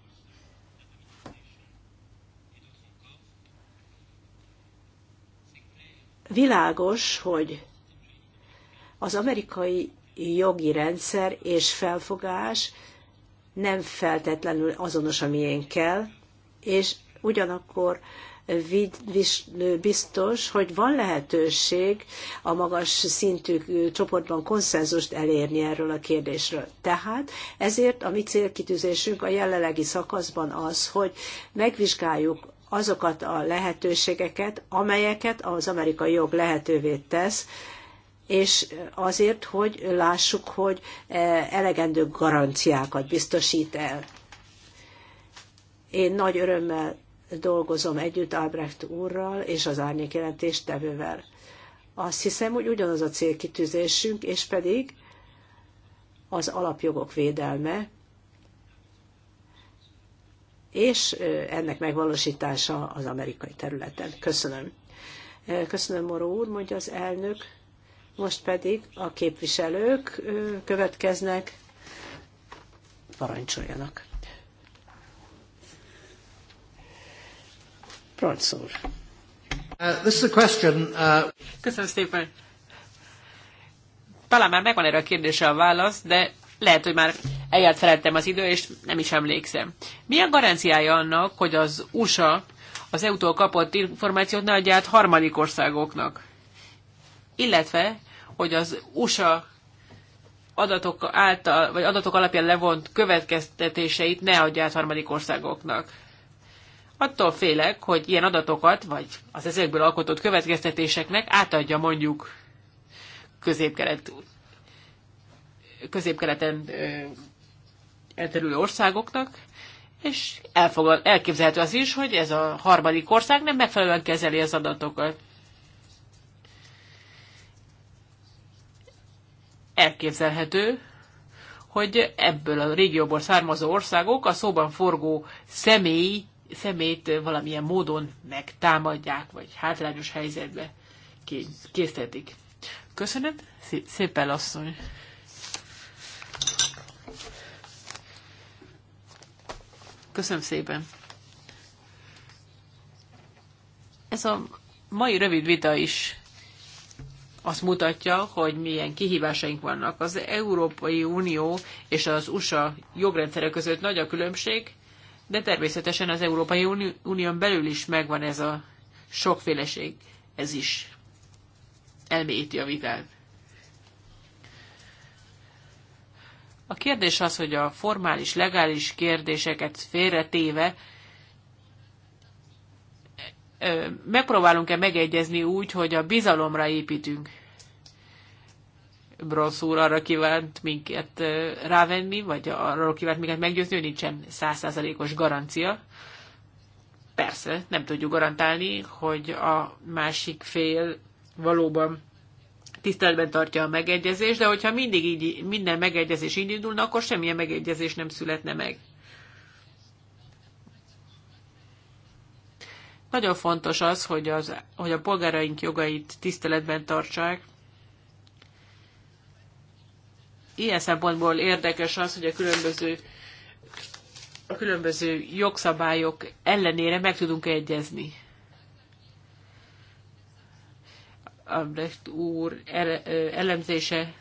Világos, hogy az amerikai jogi rendszer és felfogás nem feltétlenül azonos a miénkkel, és ugyanakkor biztos, hogy van lehetőség a magas szintű csoportban konszenzust elérni erről a kérdésről. Tehát ezért a mi célkitűzésünk a jelenlegi szakaszban az, hogy megvizsgáljuk azokat a lehetőségeket, amelyeket az amerikai jog lehetővé tesz, és azért, hogy lássuk, hogy e, elegendő garanciákat biztosít el. Én nagy örömmel dolgozom együtt Albrecht úrral és az árnyékjelentés tevővel. Azt hiszem, hogy ugyanaz a célkitűzésünk, és pedig az alapjogok védelme, és ennek megvalósítása az amerikai területen. Köszönöm. Köszönöm, Moró úr, mondja az elnök. Most pedig a képviselők következnek. Parancsoljanak. Pronszúr. Uh, uh, Köszönöm szépen. Talán már megvan erre a kérdése a válasz, de lehet, hogy már eljárt felettem az idő, és nem is emlékszem. Mi a garanciája annak, hogy az USA az EU-tól kapott információt ne adja át harmadik országoknak? Illetve, hogy az USA adatok által, vagy adatok alapján levont következtetéseit ne adja át harmadik országoknak. Attól félek, hogy ilyen adatokat, vagy az ezekből alkotott következtetéseknek átadja mondjuk középkelet középkeleten elterülő országoknak, és elfogad, elképzelhető az is, hogy ez a harmadik ország nem megfelelően kezeli az adatokat. Elképzelhető, hogy ebből a régióból származó országok a szóban forgó személy, szemét valamilyen módon megtámadják, vagy hátrányos helyzetbe készítik. Köszönöm, szépen asszony! Köszönöm szépen. Ez a mai rövid vita is azt mutatja, hogy milyen kihívásaink vannak. Az Európai Unió és az USA jogrendszere között nagy a különbség, de természetesen az Európai Unión belül is megvan ez a sokféleség. Ez is elmélyíti a vitát. A kérdés az, hogy a formális, legális kérdéseket félretéve megpróbálunk-e megegyezni úgy, hogy a bizalomra építünk. Bronsz úr arra kívánt minket rávenni, vagy arról kívánt minket meggyőzni, hogy nincsen százszázalékos garancia. Persze, nem tudjuk garantálni, hogy a másik fél valóban tiszteletben tartja a megegyezést, de hogyha mindig így, minden megegyezés így indulna, akkor semmilyen megegyezés nem születne meg. Nagyon fontos az, hogy, az, hogy a polgáraink jogait tiszteletben tartsák. Ilyen szempontból érdekes az, hogy a különböző, a különböző jogszabályok ellenére meg tudunk egyezni. Albrecht úr elemzése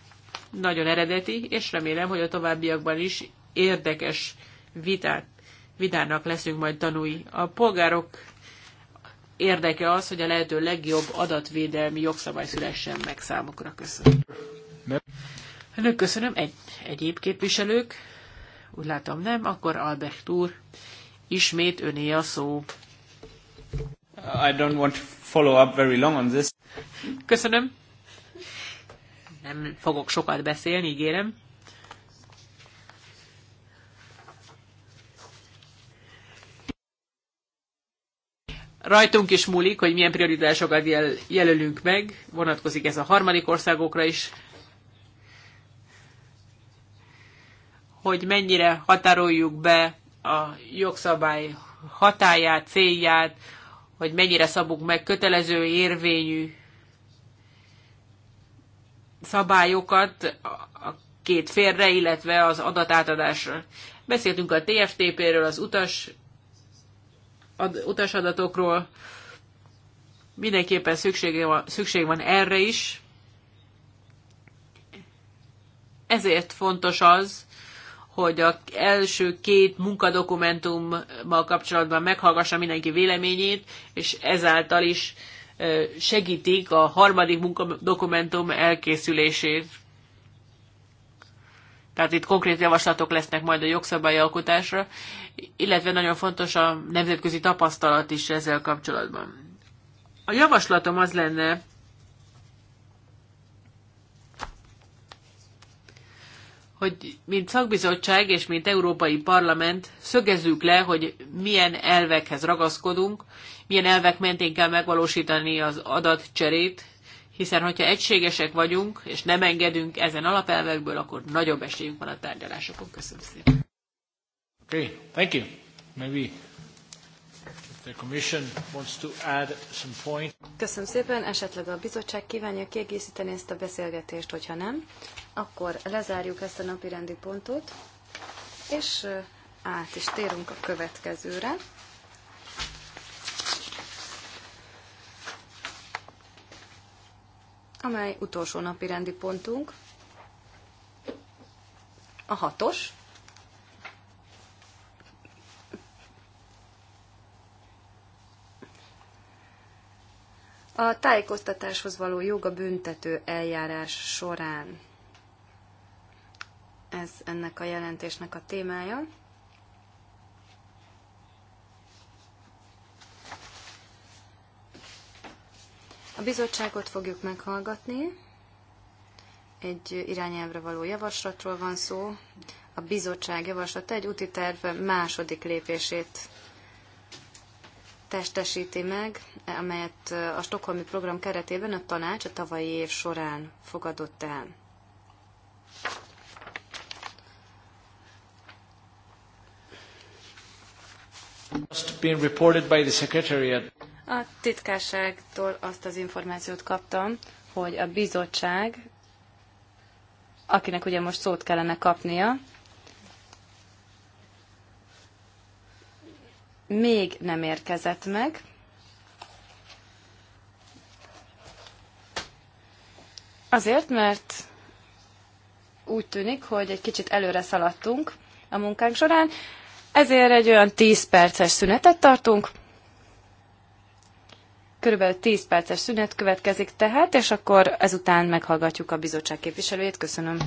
nagyon eredeti, és remélem, hogy a továbbiakban is érdekes vitát, vitának leszünk majd tanúi. A polgárok érdeke az, hogy a lehető legjobb adatvédelmi jogszabály szülessen meg számukra. Köszönöm. Önök köszönöm. Egy, egyéb képviselők? Úgy látom nem, akkor Albert úr, ismét öné a szó. I don't want follow up very long on this. Köszönöm. Nem fogok sokat beszélni, ígérem. Rajtunk is múlik, hogy milyen prioritásokat jel- jelölünk meg, vonatkozik ez a harmadik országokra is, hogy mennyire határoljuk be a jogszabály hatáját, célját, hogy mennyire szabuk meg kötelező érvényű szabályokat a két félre, illetve az adatátadásra. Beszéltünk a TFTP-ről, az utas, ad, utasadatokról. Mindenképpen szükség van, szükség van erre is. Ezért fontos az, hogy a első két munkadokumentummal kapcsolatban meghallgassa mindenki véleményét, és ezáltal is segítik a harmadik munkadokumentum elkészülését. Tehát itt konkrét javaslatok lesznek majd a jogszabályalkotásra, illetve nagyon fontos a nemzetközi tapasztalat is ezzel kapcsolatban. A javaslatom az lenne, hogy mint szakbizottság és mint Európai Parlament szögezzük le, hogy milyen elvekhez ragaszkodunk, milyen elvek mentén kell megvalósítani az adatcserét, hiszen hogyha egységesek vagyunk, és nem engedünk ezen alapelvekből, akkor nagyobb esélyünk van a tárgyalásokon. Köszönöm szépen. Okay, thank you. Maybe Köszönöm szépen, esetleg a bizottság kívánja kiegészíteni ezt a beszélgetést, hogyha nem, akkor lezárjuk ezt a napi rendi pontot, és át is térünk a következőre. amely utolsó napi rendi pontunk, a hatos, a tájékoztatáshoz való jog a büntető eljárás során. Ez ennek a jelentésnek a témája. A bizottságot fogjuk meghallgatni. Egy irányelvre való javaslatról van szó. A bizottság javaslata egy úti terv második lépését testesíti meg, amelyet eh, a Stockholmi program keretében a tanács a tavalyi év során fogadott el. A titkárságtól azt az információt kaptam, hogy a bizottság, akinek ugye most szót kellene kapnia, még nem érkezett meg. Azért, mert úgy tűnik, hogy egy kicsit előre szaladtunk a munkánk során, ezért egy olyan 10 perces szünetet tartunk. Körülbelül 10 perces szünet következik tehát, és akkor ezután meghallgatjuk a bizottság képviselőjét. Köszönöm.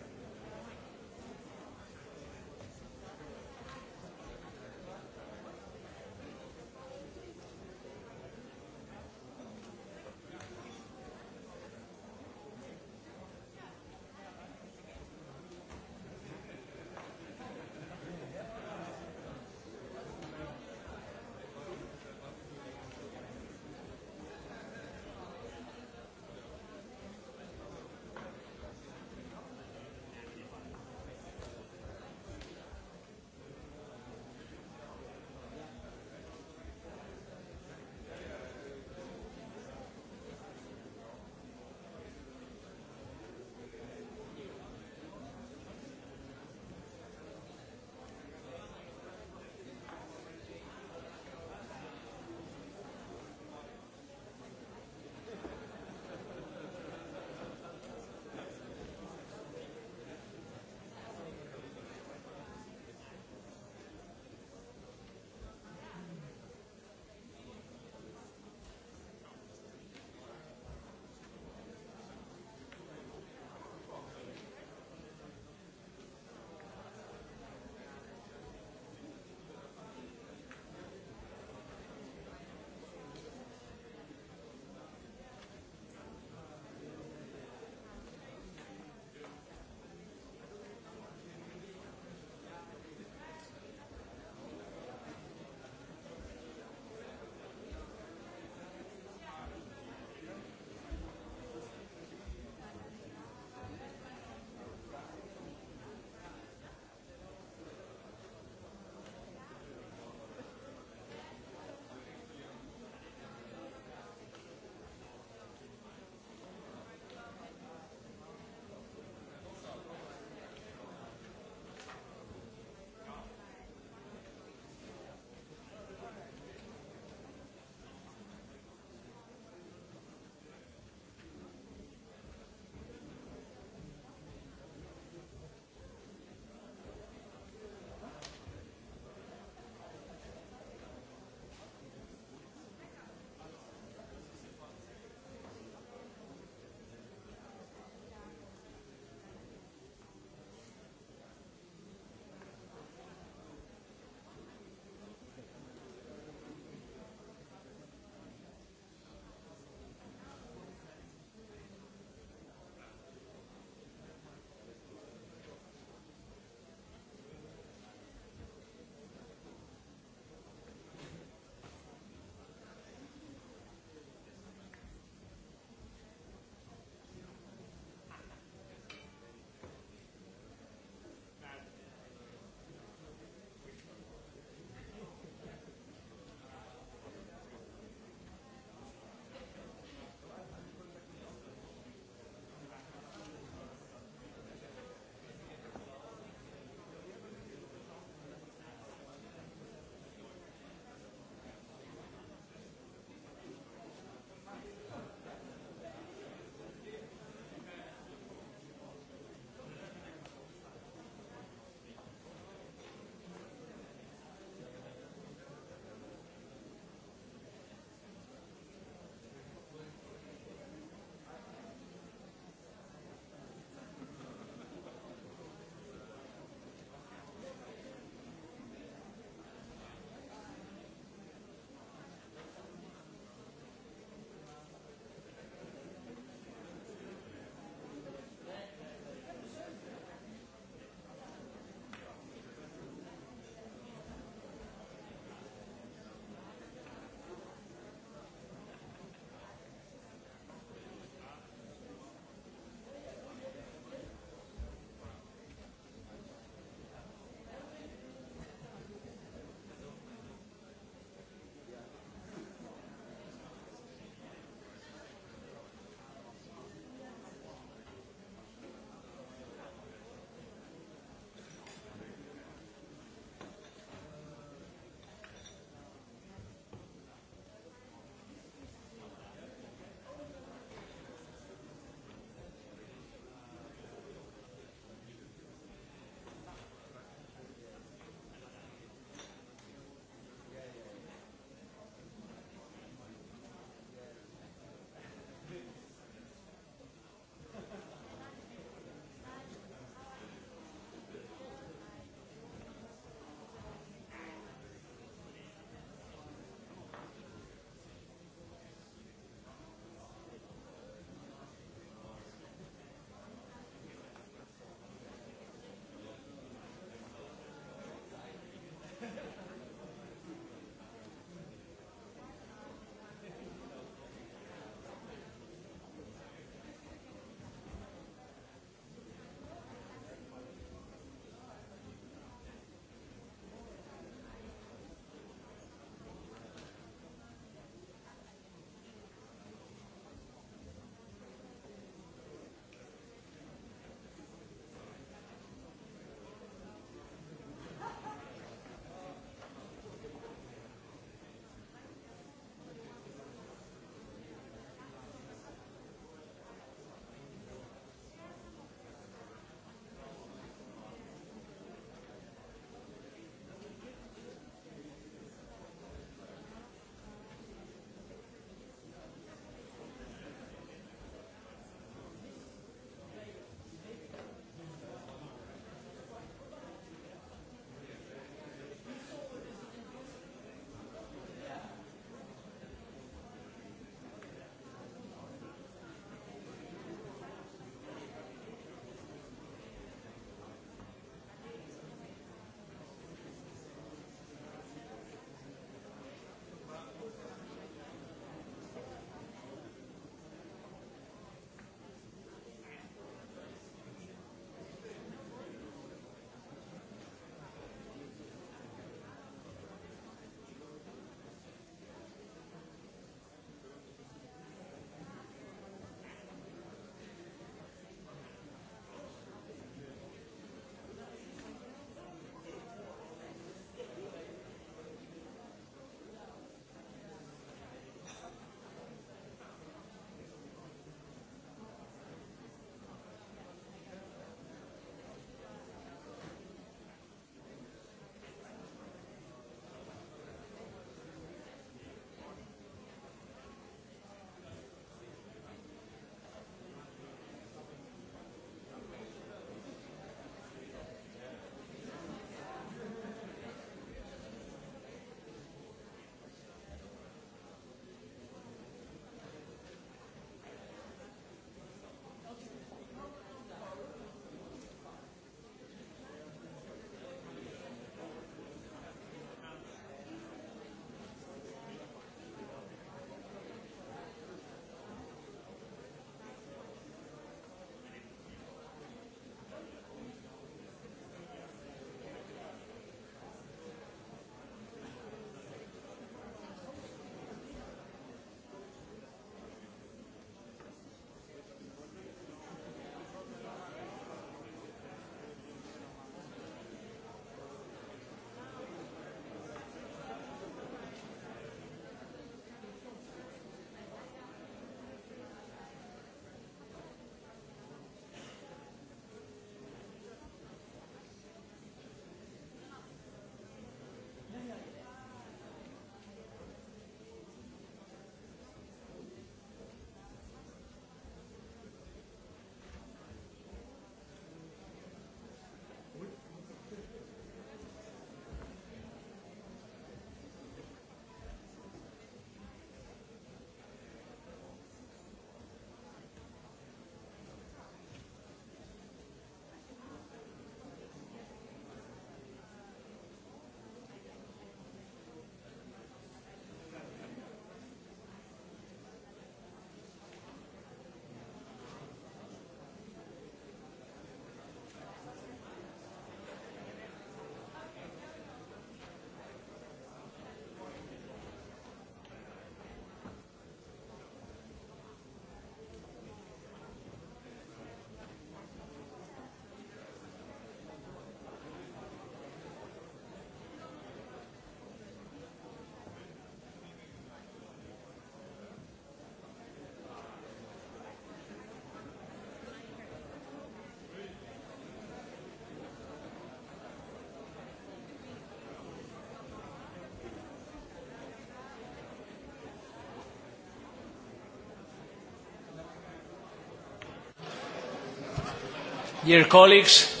Dear colleagues,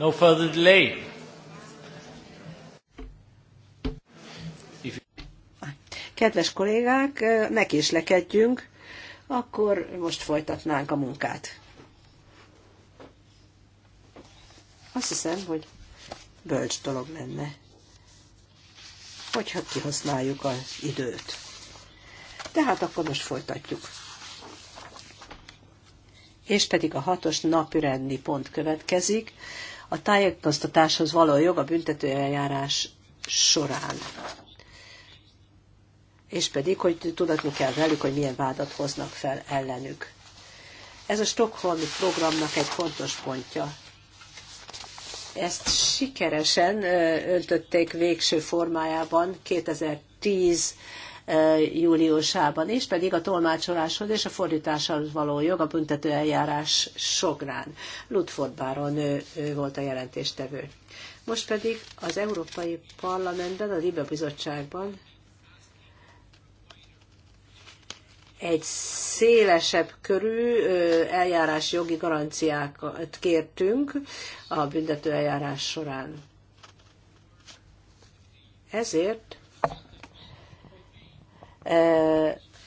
no further delay. Kedves kollégák, ne késlekedjünk, akkor most folytatnánk a munkát. Azt hiszem, hogy bölcs dolog lenne, hogyha kihasználjuk az időt. Tehát akkor most folytatjuk és pedig a hatos napirendi pont következik, a tájékoztatáshoz való jog a büntetőeljárás során. És pedig, hogy tudatni kell velük, hogy milyen vádat hoznak fel ellenük. Ez a Stockholmi programnak egy fontos pontja. Ezt sikeresen öntötték végső formájában 2010 júliusában is, pedig a tolmácsoláshoz és a fordításhoz való jog a büntető eljárás sográn. Ludford Báron ő, ő volt a jelentéstevő. Most pedig az Európai Parlamentben, a Libe Bizottságban egy szélesebb körű eljárás jogi garanciákat kértünk a büntető eljárás során. Ezért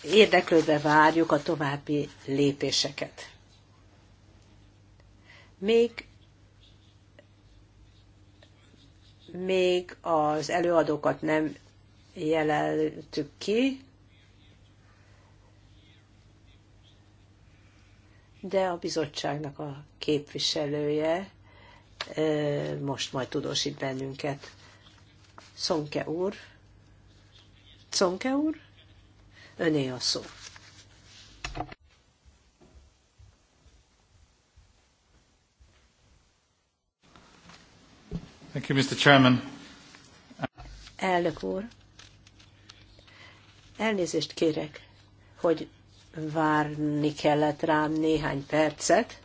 érdeklődve várjuk a további lépéseket. Még még az előadókat nem jelöltük ki, de a bizottságnak a képviselője most majd tudósít bennünket. Szonke úr. Szonke úr? Öné a szó. Thank you, Mr. Chairman. Elnök úr, elnézést kérek, hogy várni kellett rám néhány percet.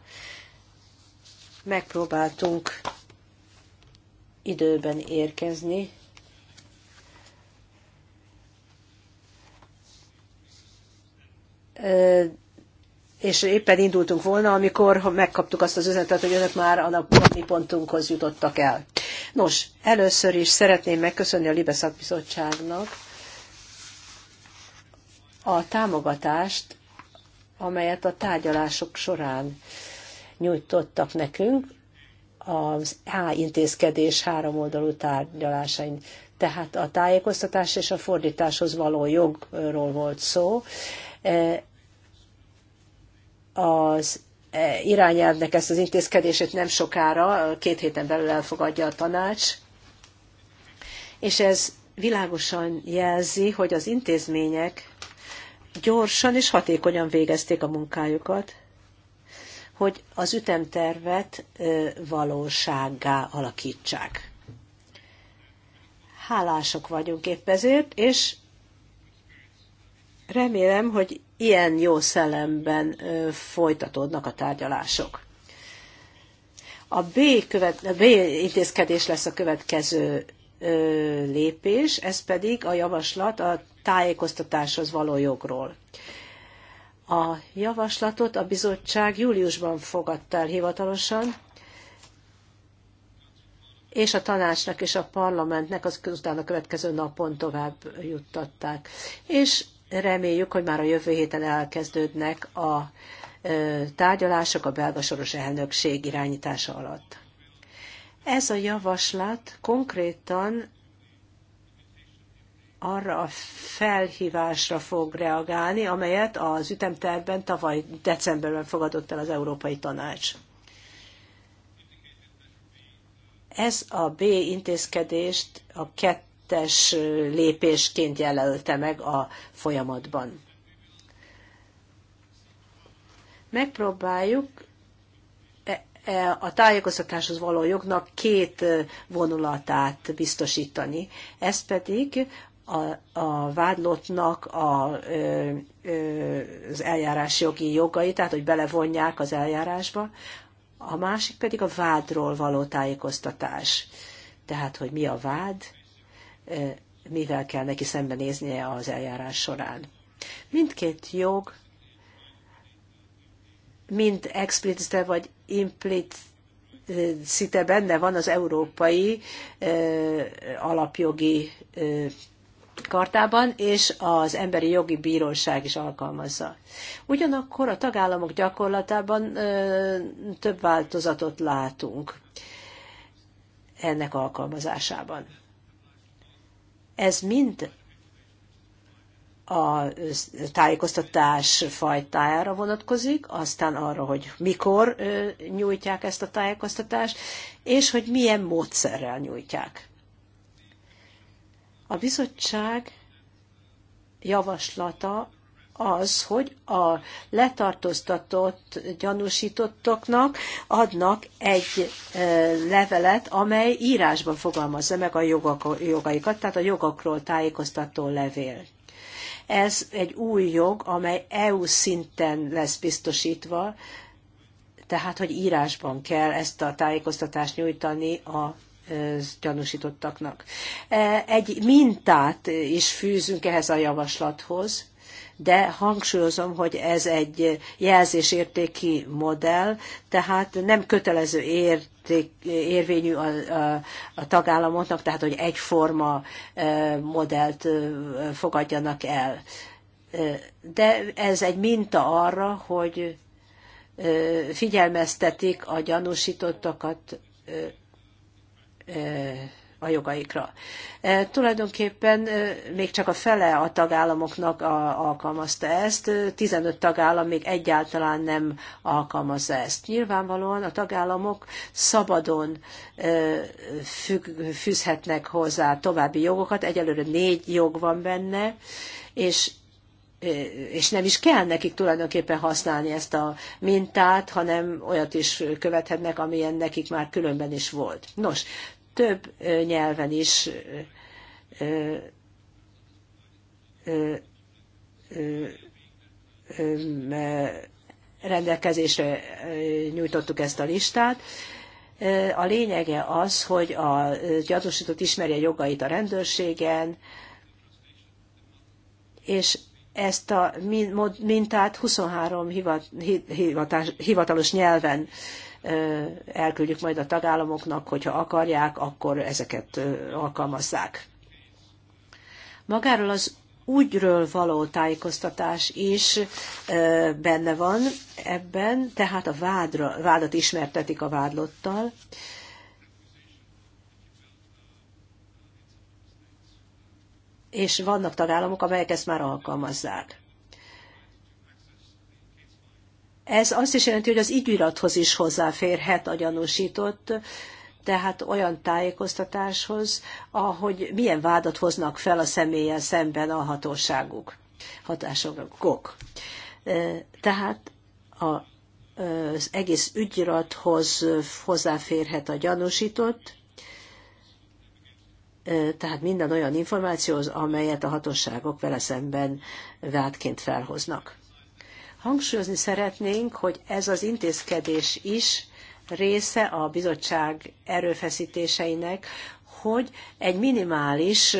Megpróbáltunk időben érkezni, és éppen indultunk volna, amikor megkaptuk azt az üzenetet, hogy önök már a napi pontunkhoz jutottak el. Nos, először is szeretném megköszönni a Libe szakbizottságnak a támogatást, amelyet a tárgyalások során nyújtottak nekünk az A intézkedés oldalú tárgyalásain. Tehát a tájékoztatás és a fordításhoz való jogról volt szó az e, irányelvnek ezt az intézkedését nem sokára, két héten belül elfogadja a tanács, és ez világosan jelzi, hogy az intézmények gyorsan és hatékonyan végezték a munkájukat, hogy az ütemtervet e, valósággá alakítsák. Hálások vagyunk épp ezért, és remélem, hogy ilyen jó szellemben folytatódnak a tárgyalások. A B, követ, a B intézkedés lesz a következő lépés, ez pedig a javaslat a tájékoztatáshoz való jogról. A javaslatot a bizottság júliusban fogadta el hivatalosan, és a tanácsnak és a parlamentnek az utána következő napon tovább juttatták. És Reméljük, hogy már a jövő héten elkezdődnek a tárgyalások a belga soros elnökség irányítása alatt. Ez a javaslat konkrétan arra a felhívásra fog reagálni, amelyet az ütemtervben tavaly decemberben fogadott el az Európai Tanács. Ez a B intézkedést a kettes lépésként jelölte meg a folyamatban. Megpróbáljuk e, e, a tájékoztatáshoz való jognak két vonulatát biztosítani. Ez pedig a, a vádlottnak a, ö, ö, az eljárás jogi jogai, tehát hogy belevonják az eljárásba, a másik pedig a vádról való tájékoztatás. Tehát, hogy mi a vád, mivel kell neki szembenéznie az eljárás során. Mindkét jog mind explicite vagy implicite benne van az európai alapjogi kartában, és az Emberi Jogi Bíróság is alkalmazza. Ugyanakkor a tagállamok gyakorlatában ö, több változatot látunk ennek alkalmazásában. Ez mind a tájékoztatás fajtájára vonatkozik, aztán arra, hogy mikor nyújtják ezt a tájékoztatást, és hogy milyen módszerrel nyújtják. A bizottság javaslata az, hogy a letartóztatott gyanúsítottaknak adnak egy levelet, amely írásban fogalmazza meg a jogok jogaikat, tehát a jogokról tájékoztató levél. Ez egy új jog, amely EU szinten lesz biztosítva, tehát, hogy írásban kell ezt a tájékoztatást nyújtani a gyanúsítottaknak. Egy mintát is fűzünk ehhez a javaslathoz, de hangsúlyozom, hogy ez egy jelzésértéki modell, tehát nem kötelező érték, érvényű a, a, a tagállamoknak, tehát hogy egyforma e, modellt e, fogadjanak el. E, de ez egy minta arra, hogy figyelmeztetik a gyanúsítottakat a jogaikra. E, tulajdonképpen e, még csak a fele a tagállamoknak alkalmazta ezt, 15 e, tagállam még egyáltalán nem alkalmazza ezt. Nyilvánvalóan a tagállamok szabadon fűzhetnek hozzá további jogokat, egyelőre négy jog van benne, és és nem is kell nekik tulajdonképpen használni ezt a mintát, hanem olyat is követhetnek, amilyen nekik már különben is volt. Nos, több nyelven is rendelkezésre nyújtottuk ezt a listát. A lényege az, hogy a gyanúsított ismerje jogait a rendőrségen, és ezt a mintát 23 hivatalos nyelven elküldjük majd a tagállamoknak, hogyha akarják, akkor ezeket alkalmazzák. Magáról az úgyről való tájékoztatás is benne van ebben, tehát a vádra, vádat ismertetik a vádlottal. És vannak tagállamok, amelyek ezt már alkalmazzák. Ez azt is jelenti, hogy az ügyirathoz is hozzáférhet a gyanúsított, tehát olyan tájékoztatáshoz, ahogy milyen vádat hoznak fel a személyen szemben a hatóságuk, hatásokok. Tehát a, az egész ügyirathoz hozzáférhet a gyanúsított, tehát minden olyan információhoz, amelyet a hatóságok vele szemben vádként felhoznak. Hangsúlyozni szeretnénk, hogy ez az intézkedés is része a bizottság erőfeszítéseinek, hogy egy minimális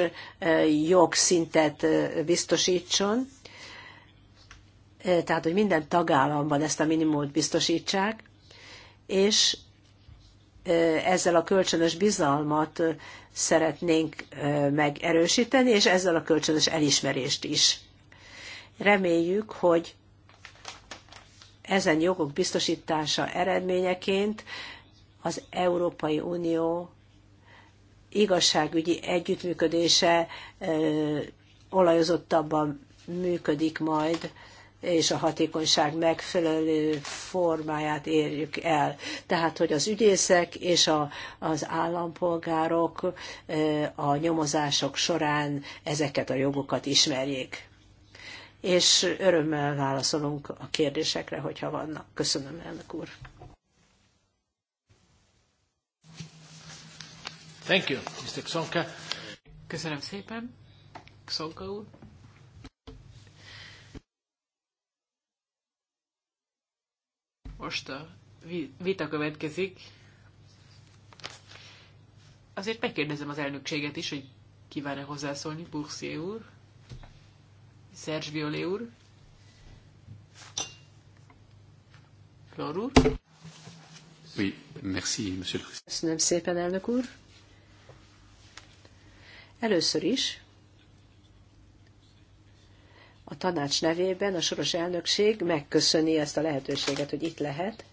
jogszintet biztosítson, tehát hogy minden tagállamban ezt a minimumot biztosítsák, és ezzel a kölcsönös bizalmat szeretnénk megerősíteni, és ezzel a kölcsönös elismerést is. Reméljük, hogy ezen jogok biztosítása eredményeként az Európai Unió igazságügyi együttműködése olajozottabban működik majd, és a hatékonyság megfelelő formáját érjük el. Tehát, hogy az ügyészek és a, az állampolgárok a nyomozások során ezeket a jogokat ismerjék és örömmel válaszolunk a kérdésekre, hogyha vannak. Köszönöm, elnök úr. Thank you, Mr. Xonka. Köszönöm szépen, Xonka úr. Most a vita következik. Azért megkérdezem az elnökséget is, hogy kíván-e hozzászólni, Burszé úr. Serge Violé úr. Flor úr. Oui, merci, monsieur le Köszönöm szépen, elnök úr. Először is a tanács nevében a soros elnökség megköszöni ezt a lehetőséget, hogy itt lehet,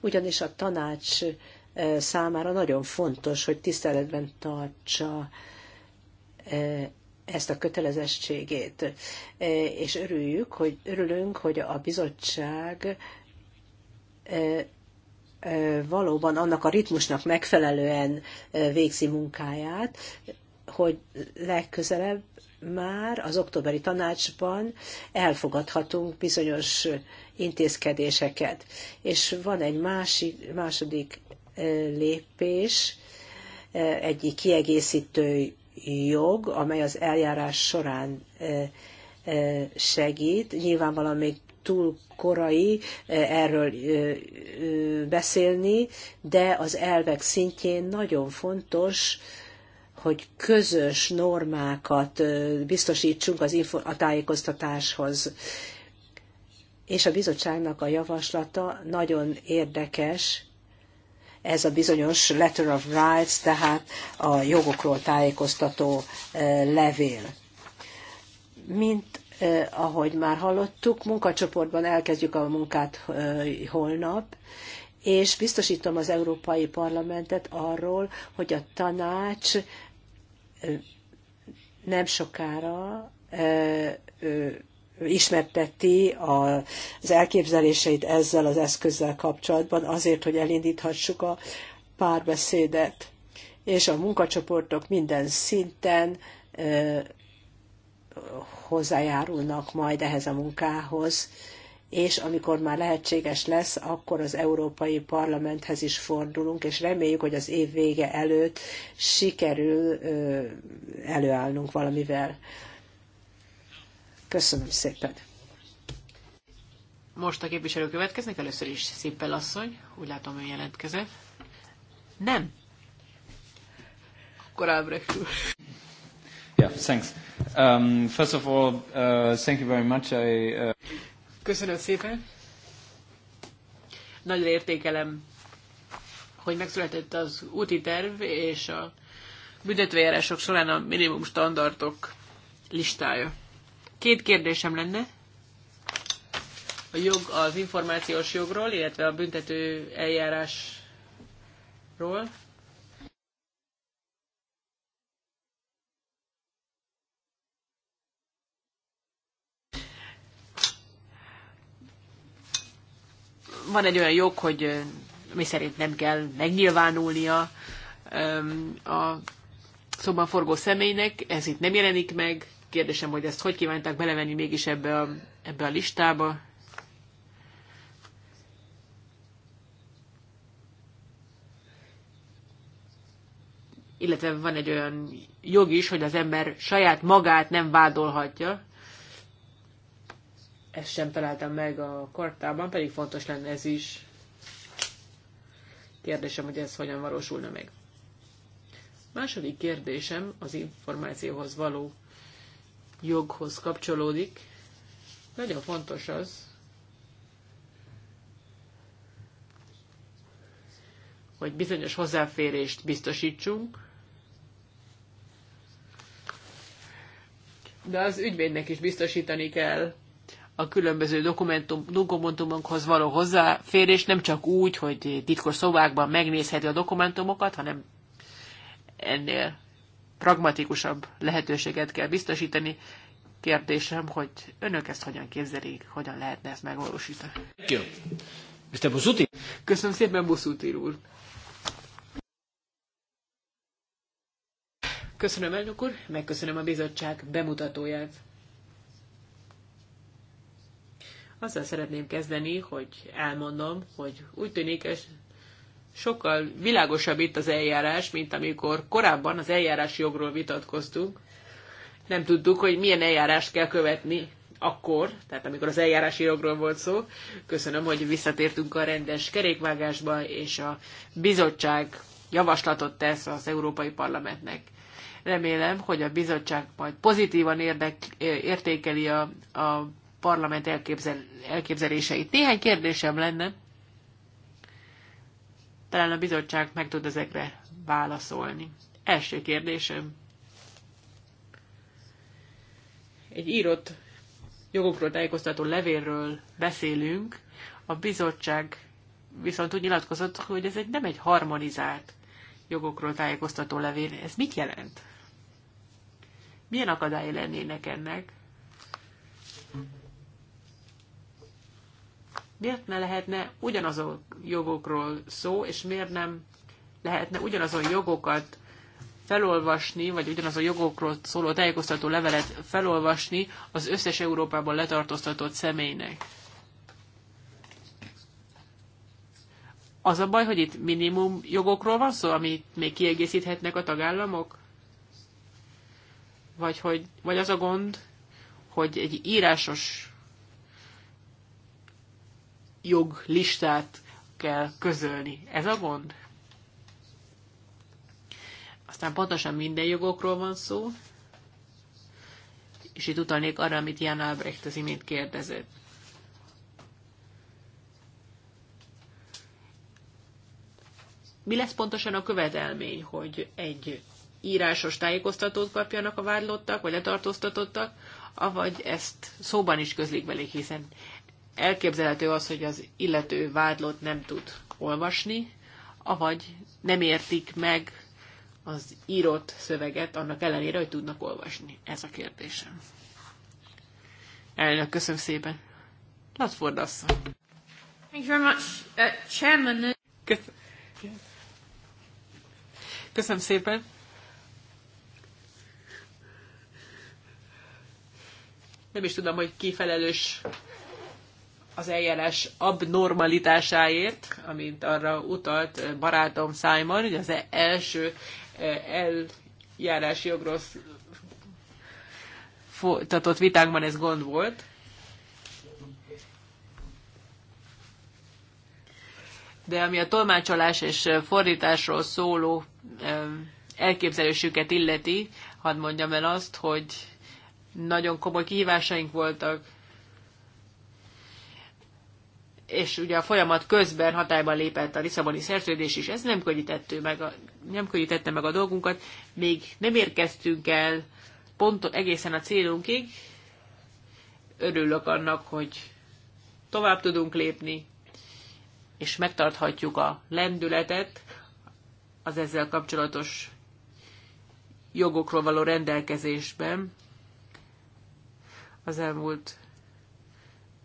ugyanis a tanács eh, számára nagyon fontos, hogy tiszteletben tartsa eh, ezt a kötelezettségét, e, és örüljük, hogy örülünk, hogy a bizottság e, e, valóban annak a ritmusnak megfelelően végzi munkáját, hogy legközelebb már az októberi tanácsban elfogadhatunk bizonyos intézkedéseket. És van egy másik, második lépés, egyik kiegészítő jog, amely az eljárás során segít. Nyilvánvalóan még túl korai erről beszélni, de az elvek szintjén nagyon fontos, hogy közös normákat biztosítsunk az info- a tájékoztatáshoz. És a bizottságnak a javaslata nagyon érdekes, ez a bizonyos Letter of Rights, tehát a jogokról tájékoztató e, levél. Mint e, ahogy már hallottuk, munkacsoportban elkezdjük a munkát e, holnap, és biztosítom az Európai Parlamentet arról, hogy a tanács nem sokára ismerteti az elképzeléseit ezzel az eszközzel kapcsolatban azért, hogy elindíthassuk a párbeszédet. És a munkacsoportok minden szinten hozzájárulnak majd ehhez a munkához, és amikor már lehetséges lesz, akkor az Európai Parlamenthez is fordulunk, és reméljük, hogy az év vége előtt sikerül előállnunk valamivel Köszönöm szépen. Most a képviselő következnek, először is Szippel asszony, úgy látom, ő jelentkezett. Nem. Akkor Albrecht úr. Yeah, thanks. Um, first of all, uh, thank you very much. I, uh... Köszönöm szépen. Nagyon értékelem, hogy megszületett az úti terv és a büntetőjárások során a minimum standardok listája. Két kérdésem lenne. A jog az információs jogról, illetve a büntető eljárásról. Van egy olyan jog, hogy mi szerint nem kell megnyilvánulnia a szóban forgó személynek, ez itt nem jelenik meg, kérdésem, hogy ezt hogy kívánták belevenni mégis ebbe a, ebbe a listába. Illetve van egy olyan jog is, hogy az ember saját magát nem vádolhatja. Ezt sem találtam meg a kartában, pedig fontos lenne ez is. Kérdésem, hogy ez hogyan valósulna meg. Második kérdésem az információhoz való joghoz kapcsolódik. Nagyon fontos az, hogy bizonyos hozzáférést biztosítsunk, de az ügyvédnek is biztosítani kell a különböző dokumentum, dokumentumokhoz való hozzáférés, nem csak úgy, hogy titkos szobákban megnézheti a dokumentumokat, hanem ennél pragmatikusabb lehetőséget kell biztosítani. Kérdésem, hogy önök ezt hogyan képzelik, hogyan lehetne ezt megvalósítani. Köszönöm szépen, Buszutir úr! Köszönöm, elnök úr, megköszönöm a bizottság bemutatóját. Azzal szeretném kezdeni, hogy elmondom, hogy úgy tűnik, és sokkal világosabb itt az eljárás, mint amikor korábban az eljárási jogról vitatkoztunk. Nem tudtuk, hogy milyen eljárást kell követni akkor, tehát amikor az eljárási jogról volt szó. Köszönöm, hogy visszatértünk a rendes kerékvágásba, és a bizottság javaslatot tesz az Európai Parlamentnek. Remélem, hogy a bizottság majd pozitívan érdek, értékeli a, a parlament elképzel, elképzeléseit. Néhány kérdésem lenne talán a bizottság meg tud ezekre válaszolni. Első kérdésem. Egy írott jogokról tájékoztató levélről beszélünk, a bizottság viszont úgy nyilatkozott, hogy ez egy, nem egy harmonizált jogokról tájékoztató levél. Ez mit jelent? Milyen akadályai lennének ennek? miért ne lehetne ugyanazon jogokról szó, és miért nem lehetne ugyanazon jogokat felolvasni, vagy ugyanazon jogokról szóló tájékoztató levelet felolvasni az összes Európában letartóztatott személynek. Az a baj, hogy itt minimum jogokról van szó, amit még kiegészíthetnek a tagállamok? Vagy, hogy, vagy az a gond, hogy egy írásos joglistát kell közölni. Ez a gond? Aztán pontosan minden jogokról van szó, és itt utalnék arra, amit Jan Albrecht az imént kérdezett. Mi lesz pontosan a követelmény, hogy egy írásos tájékoztatót kapjanak a vádlottak, vagy letartóztatottak, avagy ezt szóban is közlik velük, hiszen elképzelhető az, hogy az illető vádlott nem tud olvasni, avagy nem értik meg az írott szöveget, annak ellenére, hogy tudnak olvasni. Ez a kérdésem. Elnök, köszönöm szépen. Latford asszony. Thank you very much, uh, Chairman. Köszönöm. szépen. Nem is tudom, hogy ki felelős az eljárás abnormalitásáért, amint arra utalt eh, barátom Simon, hogy az e- első eh, eljárási jogról folytatott vitánkban ez gond volt. De ami a tolmácsolás és eh, fordításról szóló elképzelésüket illeti, hadd mondjam el azt, hogy nagyon komoly kihívásaink voltak, és ugye a folyamat közben hatályban lépett a Lisszaboni szerződés is, ez nem, könnyítette meg a, nem könnyítette meg a dolgunkat, még nem érkeztünk el pont egészen a célunkig. Örülök annak, hogy tovább tudunk lépni, és megtarthatjuk a lendületet az ezzel kapcsolatos jogokról való rendelkezésben. Az elmúlt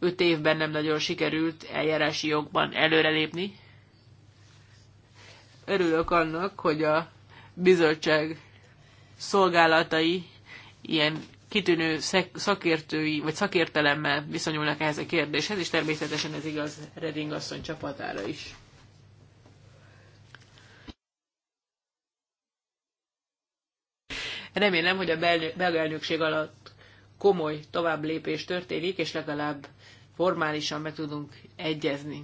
öt évben nem nagyon sikerült eljárási jogban előrelépni. Örülök annak, hogy a bizottság szolgálatai ilyen kitűnő szakértői, vagy szakértelemmel viszonyulnak ehhez a kérdéshez, és természetesen ez igaz Reding asszony csapatára is. Remélem, hogy a belga elnökség alatt komoly tovább lépés történik, és legalább formálisan meg tudunk egyezni.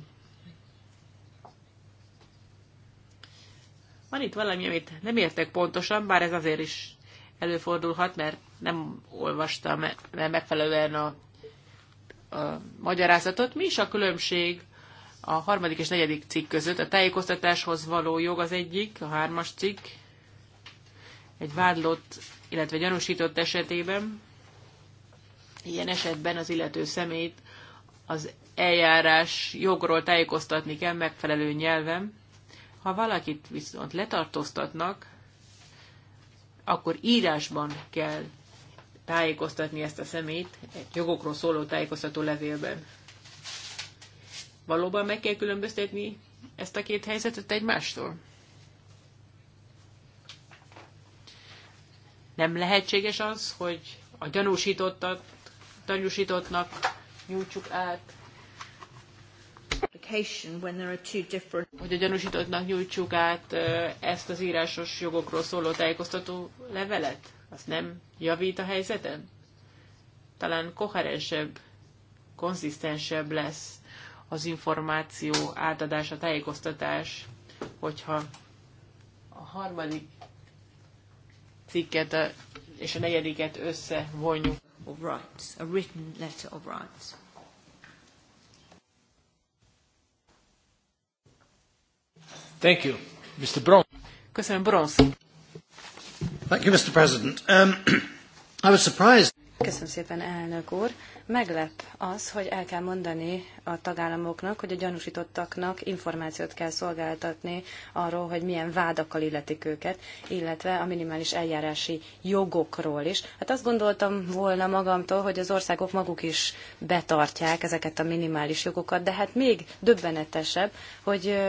Van itt valami, amit nem értek pontosan, bár ez azért is előfordulhat, mert nem olvastam megfelelően a, a magyarázatot. Mi is a különbség a harmadik és negyedik cikk között? A tájékoztatáshoz való jog az egyik, a hármas cikk, egy vádlott, illetve gyanúsított esetében, ilyen esetben az illető szemét az eljárás jogról tájékoztatni kell megfelelő nyelven. Ha valakit viszont letartóztatnak, akkor írásban kell tájékoztatni ezt a szemét egy jogokról szóló tájékoztató levélben. Valóban meg kell különböztetni ezt a két helyzetet egymástól? Nem lehetséges az, hogy a gyanúsítottat, tanúsítottnak nyújtsuk át, hogy a gyanúsítottnak nyújtsuk át ezt az írásos jogokról szóló tájékoztató levelet? Az nem javít a helyzeten? Talán koherensebb, konzisztensebb lesz az információ átadás, a tájékoztatás, hogyha a harmadik cikket és a negyediket összevonjuk of rights, a written letter of rights. Thank you. Mr. Bronx. Köszönöm, Bronx. Thank you, Mr. President. Um, I was surprised. Köszönöm szépen, elnök úr. Meglep az, hogy el kell mondani a tagállamoknak, hogy a gyanúsítottaknak információt kell szolgáltatni arról, hogy milyen vádakkal illetik őket, illetve a minimális eljárási jogokról is. Hát azt gondoltam volna magamtól, hogy az országok maguk is betartják ezeket a minimális jogokat, de hát még döbbenetesebb, hogy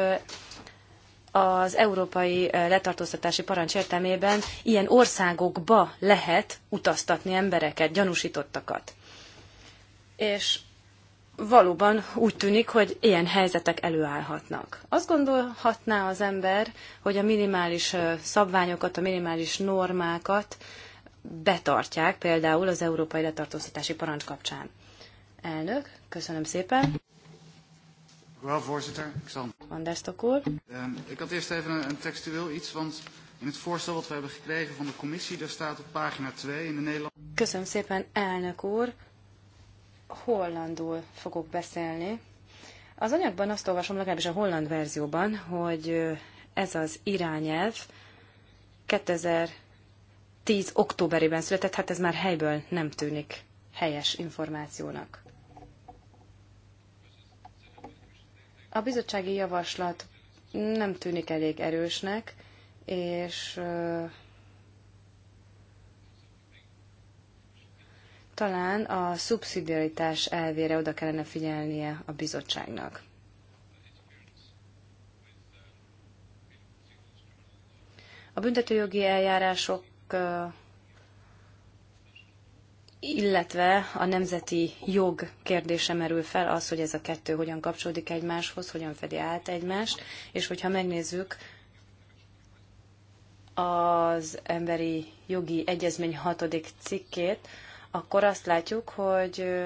az európai letartóztatási parancs értelmében ilyen országokba lehet utaztatni embereket, gyanúsítottakat és valóban úgy tűnik, hogy ilyen helyzetek előállhatnak. Azt gondolhatná az ember, hogy a minimális szabványokat, a minimális normákat betartják, például az európai letartóztatási parancs kapcsán. Elnök, köszönöm szépen. Wel, voorzitter. Van der Anderstok ehm, ik had eerst even een, een textueel iets, want in het voorstel wat we hebben gekregen van de commissie, daar staat op pagina 2 in de Nederland... Köszönöm szépen, elnök úr hollandul fogok beszélni. Az anyagban azt olvasom, legalábbis a holland verzióban, hogy ez az irányelv 2010. októberében született, hát ez már helyből nem tűnik helyes információnak. A bizottsági javaslat nem tűnik elég erősnek, és talán a szubszidiaritás elvére oda kellene figyelnie a bizottságnak. A büntetőjogi eljárások, illetve a nemzeti jog kérdése merül fel, az, hogy ez a kettő hogyan kapcsolódik egymáshoz, hogyan fedi át egymást, és hogyha megnézzük az emberi jogi egyezmény hatodik cikkét, akkor azt látjuk, hogy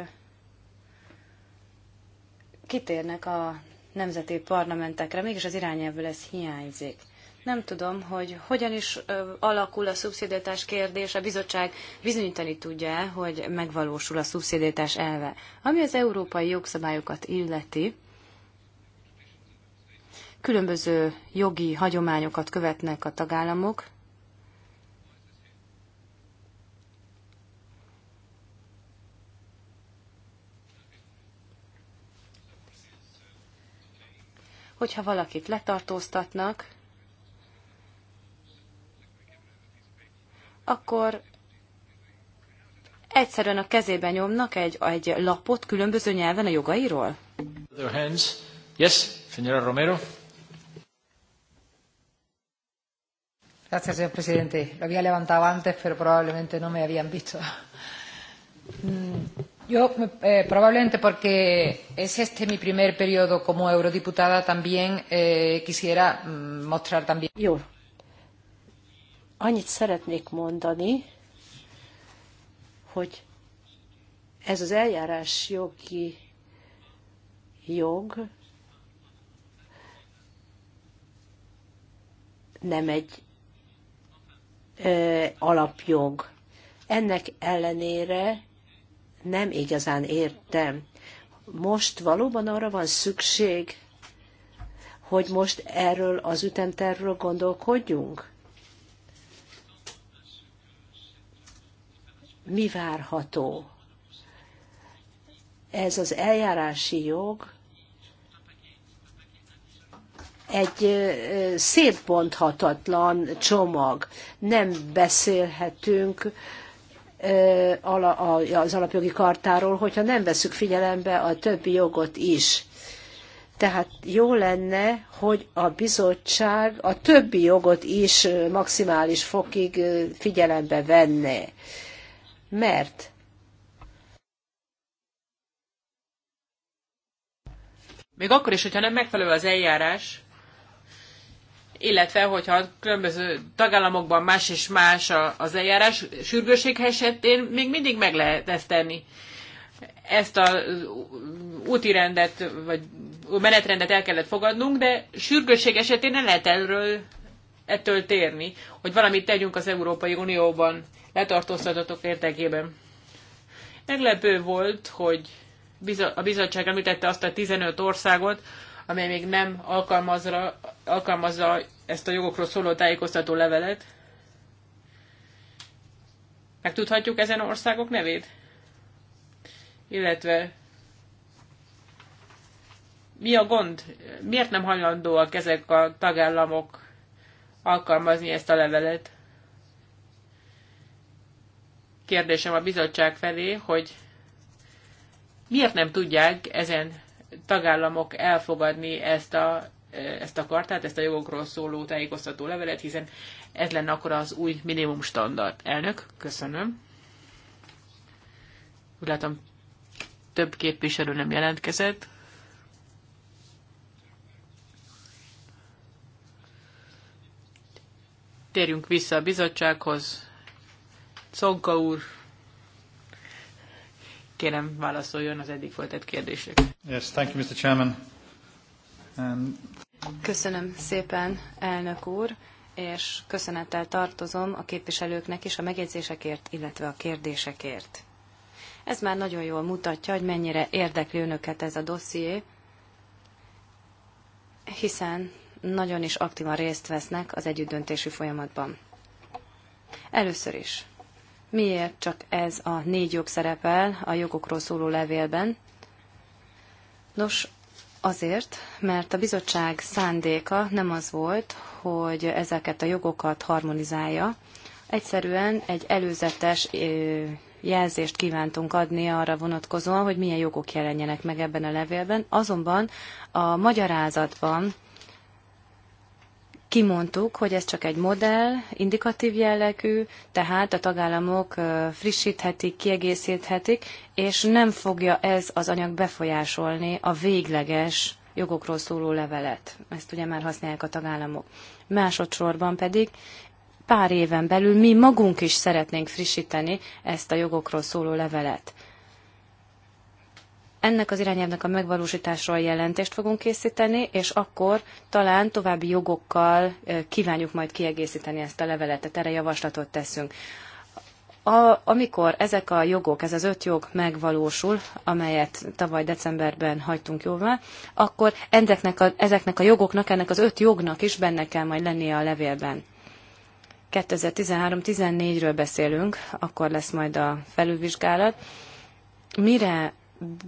kitérnek a nemzeti parlamentekre, mégis az irányelvből ez hiányzik. Nem tudom, hogy hogyan is alakul a szubszidiatás kérdés, a bizottság bizonyítani tudja, hogy megvalósul a szubszidiatás elve. Ami az európai jogszabályokat illeti, különböző jogi hagyományokat követnek a tagállamok, hogyha valakit letartóztatnak, akkor egyszerűen a kezébe nyomnak egy, egy lapot különböző nyelven a jogairól? Hands. Yes, señora Romero. Gracias, señor presidente. Lo había levantado antes, pero probablemente no me habían visto. Mm. Yo, eh, probablemente porque es este mi primer periodo como eurodiputada, también eh, quisiera mm, mostrar también. Jó. Annyit szeretnék mondani, hogy ez az eljárás jogi jog nem egy ö, eh, alapjog. Ennek ellenére nem igazán értem. Most valóban arra van szükség, hogy most erről az ütemterről gondolkodjunk? Mi várható? Ez az eljárási jog egy szép bonthatatlan csomag. Nem beszélhetünk az alapjogi kartáról, hogyha nem veszük figyelembe a többi jogot is. Tehát jó lenne, hogy a bizottság a többi jogot is maximális fokig figyelembe venne. Mert még akkor is, hogyha nem megfelelő az eljárás, illetve hogyha különböző tagállamokban más és más az eljárás sürgőség esetén, még mindig meg lehet ezt tenni. Ezt a úti rendet, vagy menetrendet el kellett fogadnunk, de sürgőség esetén nem lehet erről ettől térni, hogy valamit tegyünk az Európai Unióban letartóztatotok érdekében. Meglepő volt, hogy a bizottság említette azt a 15 országot, amely még nem alkalmazza, alkalmazza ezt a jogokról szóló tájékoztató levelet. Megtudhatjuk ezen országok nevét? Illetve mi a gond? Miért nem hajlandóak ezek a tagállamok alkalmazni ezt a levelet? Kérdésem a bizottság felé, hogy miért nem tudják ezen tagállamok elfogadni ezt a, ezt a kartát, ezt a jogokról szóló tájékoztató levelet, hiszen ez lenne akkor az új minimum standard. Elnök, köszönöm. Úgy látom, több képviselő nem jelentkezett. Térjünk vissza a bizottsághoz. Szonka úr, Kérem, válaszoljon az eddig föltett kérdésekre. Yes, thank you, Mr. Chairman. And... Um, Köszönöm szépen, elnök úr, és köszönettel tartozom a képviselőknek is a megjegyzésekért, illetve a kérdésekért. Ez már nagyon jól mutatja, hogy mennyire érdekli önöket ez a dosszié, hiszen nagyon is aktívan részt vesznek az együttdöntési folyamatban. Először is miért csak ez a négy jog szerepel a jogokról szóló levélben? Nos, azért, mert a bizottság szándéka nem az volt, hogy ezeket a jogokat harmonizálja. Egyszerűen egy előzetes jelzést kívántunk adni arra vonatkozóan, hogy milyen jogok jelenjenek meg ebben a levélben. Azonban a magyarázatban kimondtuk, hogy ez csak egy modell, indikatív jellegű, tehát a tagállamok frissíthetik, kiegészíthetik, és nem fogja ez az anyag befolyásolni a végleges jogokról szóló levelet. Ezt ugye már használják a tagállamok. Másodszorban pedig pár éven belül mi magunk is szeretnénk frissíteni ezt a jogokról szóló levelet. Ennek az irányelvnek a megvalósításról jelentést fogunk készíteni, és akkor talán további jogokkal kívánjuk majd kiegészíteni ezt a leveletet, erre javaslatot teszünk. A, amikor ezek a jogok, ez az öt jog megvalósul, amelyet tavaly decemberben hagytunk jóvá, akkor ezeknek a, ezeknek a jogoknak, ennek az öt jognak is benne kell majd lennie a levélben. 2013-14-ről beszélünk, akkor lesz majd a felülvizsgálat. Mire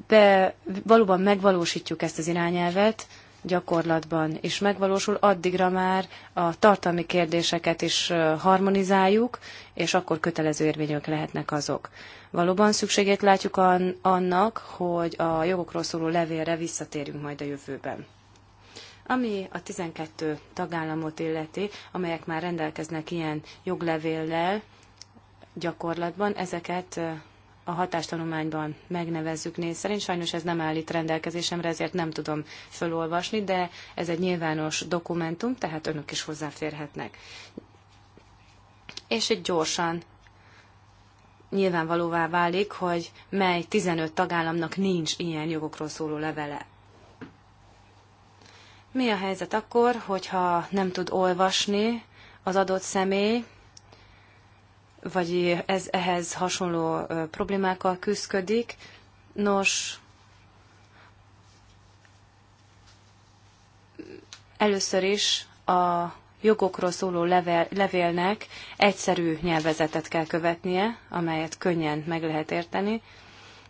be, valóban megvalósítjuk ezt az irányelvet gyakorlatban, és megvalósul, addigra már a tartalmi kérdéseket is harmonizáljuk, és akkor kötelező érvényök lehetnek azok. Valóban szükségét látjuk annak, hogy a jogokról szóló levélre visszatérünk majd a jövőben. Ami a 12 tagállamot illeti, amelyek már rendelkeznek ilyen joglevéllel gyakorlatban, ezeket a hatástanulmányban megnevezzük név szerint. Sajnos ez nem állít rendelkezésemre, ezért nem tudom fölolvasni, de ez egy nyilvános dokumentum, tehát önök is hozzáférhetnek. És egy gyorsan nyilvánvalóvá válik, hogy mely 15 tagállamnak nincs ilyen jogokról szóló levele. Mi a helyzet akkor, hogyha nem tud olvasni az adott személy, vagy ez, ehhez hasonló problémákkal küzdik. Nos, először is a jogokról szóló level, levélnek egyszerű nyelvezetet kell követnie, amelyet könnyen meg lehet érteni.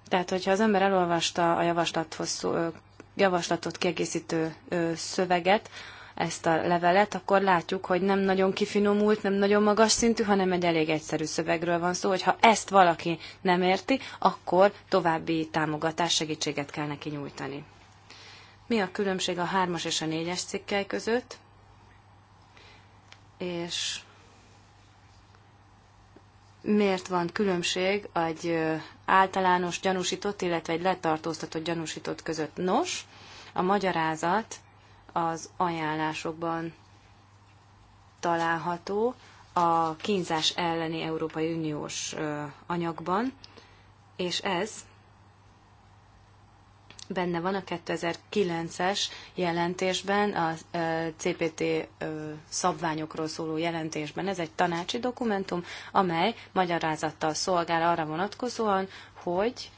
Tehát, hogyha az ember elolvasta a javaslathoz, javaslatot kiegészítő szöveget, ezt a levelet, akkor látjuk, hogy nem nagyon kifinomult, nem nagyon magas szintű, hanem egy elég egyszerű szövegről van szó, hogy ha ezt valaki nem érti, akkor további támogatás, segítséget kell neki nyújtani. Mi a különbség a hármas és a négyes cikkely között? És miért van különbség egy általános gyanúsított, illetve egy letartóztatott gyanúsított között? Nos, a magyarázat az ajánlásokban található a kínzás elleni Európai Uniós anyagban, és ez benne van a 2009-es jelentésben, a CPT szabványokról szóló jelentésben. Ez egy tanácsi dokumentum, amely magyarázattal szolgál arra vonatkozóan, hogy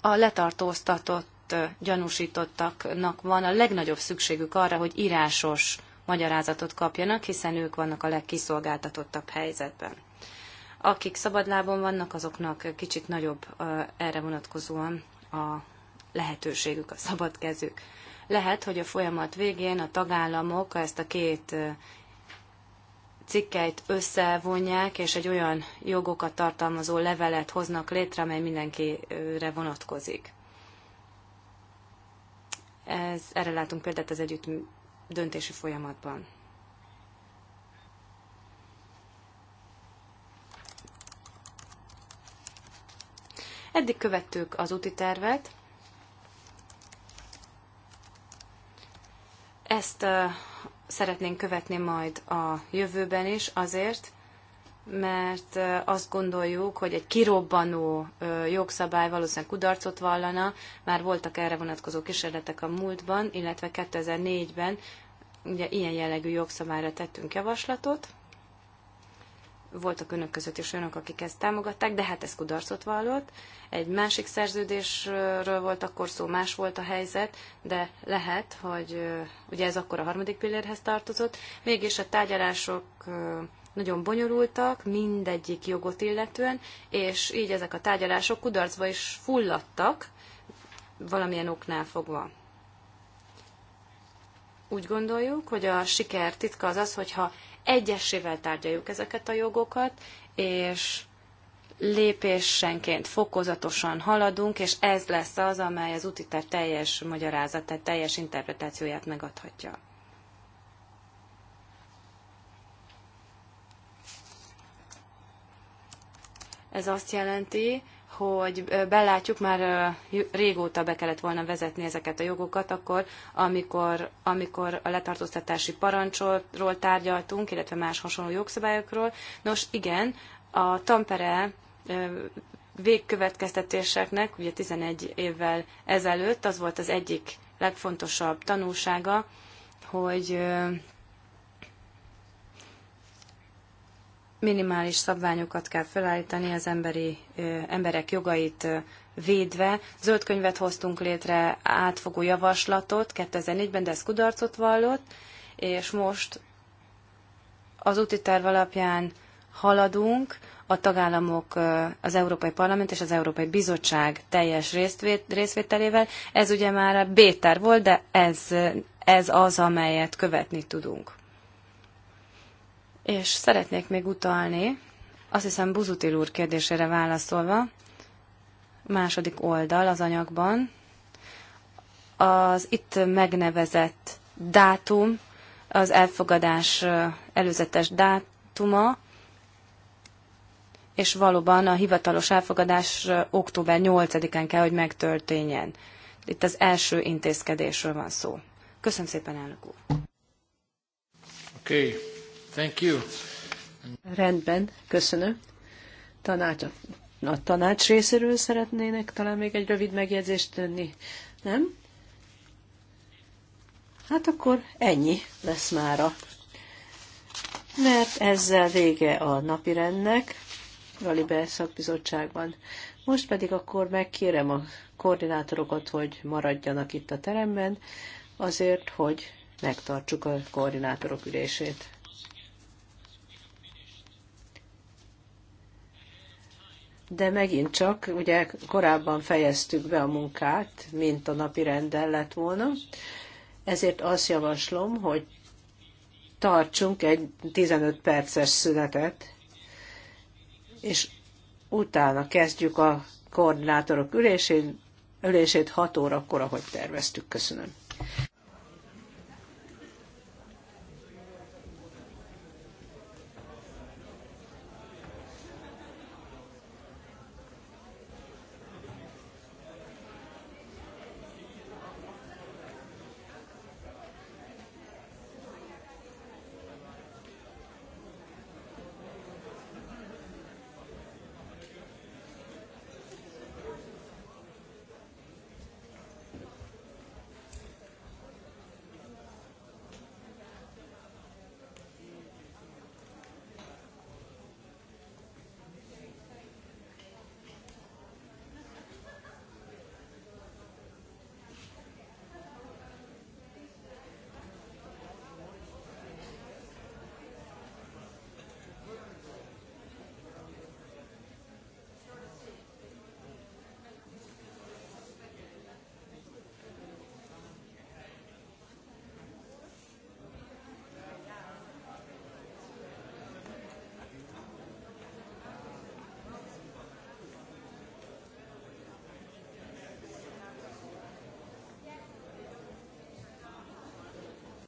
a letartóztatott minket gyanúsítottaknak van a legnagyobb szükségük arra, hogy írásos magyarázatot kapjanak, hiszen ők vannak a legkiszolgáltatottabb helyzetben. Akik szabadlábon vannak, azoknak kicsit nagyobb erre vonatkozóan a lehetőségük, a szabad kezük. Lehet, hogy a folyamat végén a tagállamok ezt a két cikkeit összevonják, és egy olyan jogokat tartalmazó levelet hoznak létre, amely mindenkire vonatkozik. Ez, erre látunk példát az együtt döntési folyamatban. Eddig követtük az úti tervet. Ezt uh, szeretnénk követni majd a jövőben is azért, mert azt gondoljuk, hogy egy kirobbanó jogszabály valószínűleg kudarcot vallana, már voltak erre vonatkozó kísérletek a múltban, illetve 2004-ben ugye ilyen jellegű jogszabályra tettünk javaslatot, voltak önök között is olyanok, akik ezt támogatták, de hát ez kudarcot vallott. Egy másik szerződésről volt akkor szó, más volt a helyzet, de lehet, hogy ugye ez akkor a harmadik pillérhez tartozott, mégis a tárgyalások nagyon bonyolultak mindegyik jogot illetően, és így ezek a tárgyalások kudarcba is fulladtak valamilyen oknál fogva. Úgy gondoljuk, hogy a siker titka az az, hogyha egyesével tárgyaljuk ezeket a jogokat, és lépésenként fokozatosan haladunk, és ez lesz az, amely az útiterv teljes magyarázatát, teljes interpretációját megadhatja. Ez azt jelenti, hogy belátjuk, már régóta be kellett volna vezetni ezeket a jogokat, akkor, amikor, amikor a letartóztatási parancsról tárgyaltunk, illetve más hasonló jogszabályokról. Nos, igen, a Tampere végkövetkeztetéseknek, ugye 11 évvel ezelőtt az volt az egyik legfontosabb tanulsága, hogy minimális szabványokat kell felállítani az emberi, emberek jogait védve. Zöld könyvet hoztunk létre, átfogó javaslatot 2004-ben, de ez kudarcot vallott, és most az úti terv alapján haladunk, a tagállamok, az Európai Parlament és az Európai Bizottság teljes részvételével. Ez ugye már a B-terv volt, de ez, ez az, amelyet követni tudunk. És szeretnék még utalni, azt hiszem Buzutil úr kérdésére válaszolva, második oldal az anyagban, az itt megnevezett dátum, az elfogadás előzetes dátuma, és valóban a hivatalos elfogadás október 8-án kell, hogy megtörténjen. Itt az első intézkedésről van szó. Köszönöm szépen, elnök úr! Okay. Thank you. Rendben, köszönöm. Tanács, a tanács részéről szeretnének talán még egy rövid megjegyzést tenni, nem? Hát akkor ennyi lesz mára. Mert ezzel vége a napi rendnek, Galibe szakbizottságban. Most pedig akkor megkérem a koordinátorokat, hogy maradjanak itt a teremben, azért, hogy megtartsuk a koordinátorok ülését. de megint csak, ugye korábban fejeztük be a munkát, mint a napi rendel lett volna, ezért azt javaslom, hogy tartsunk egy 15 perces szünetet, és utána kezdjük a koordinátorok ülését, ülését 6 órakor, ahogy terveztük. Köszönöm.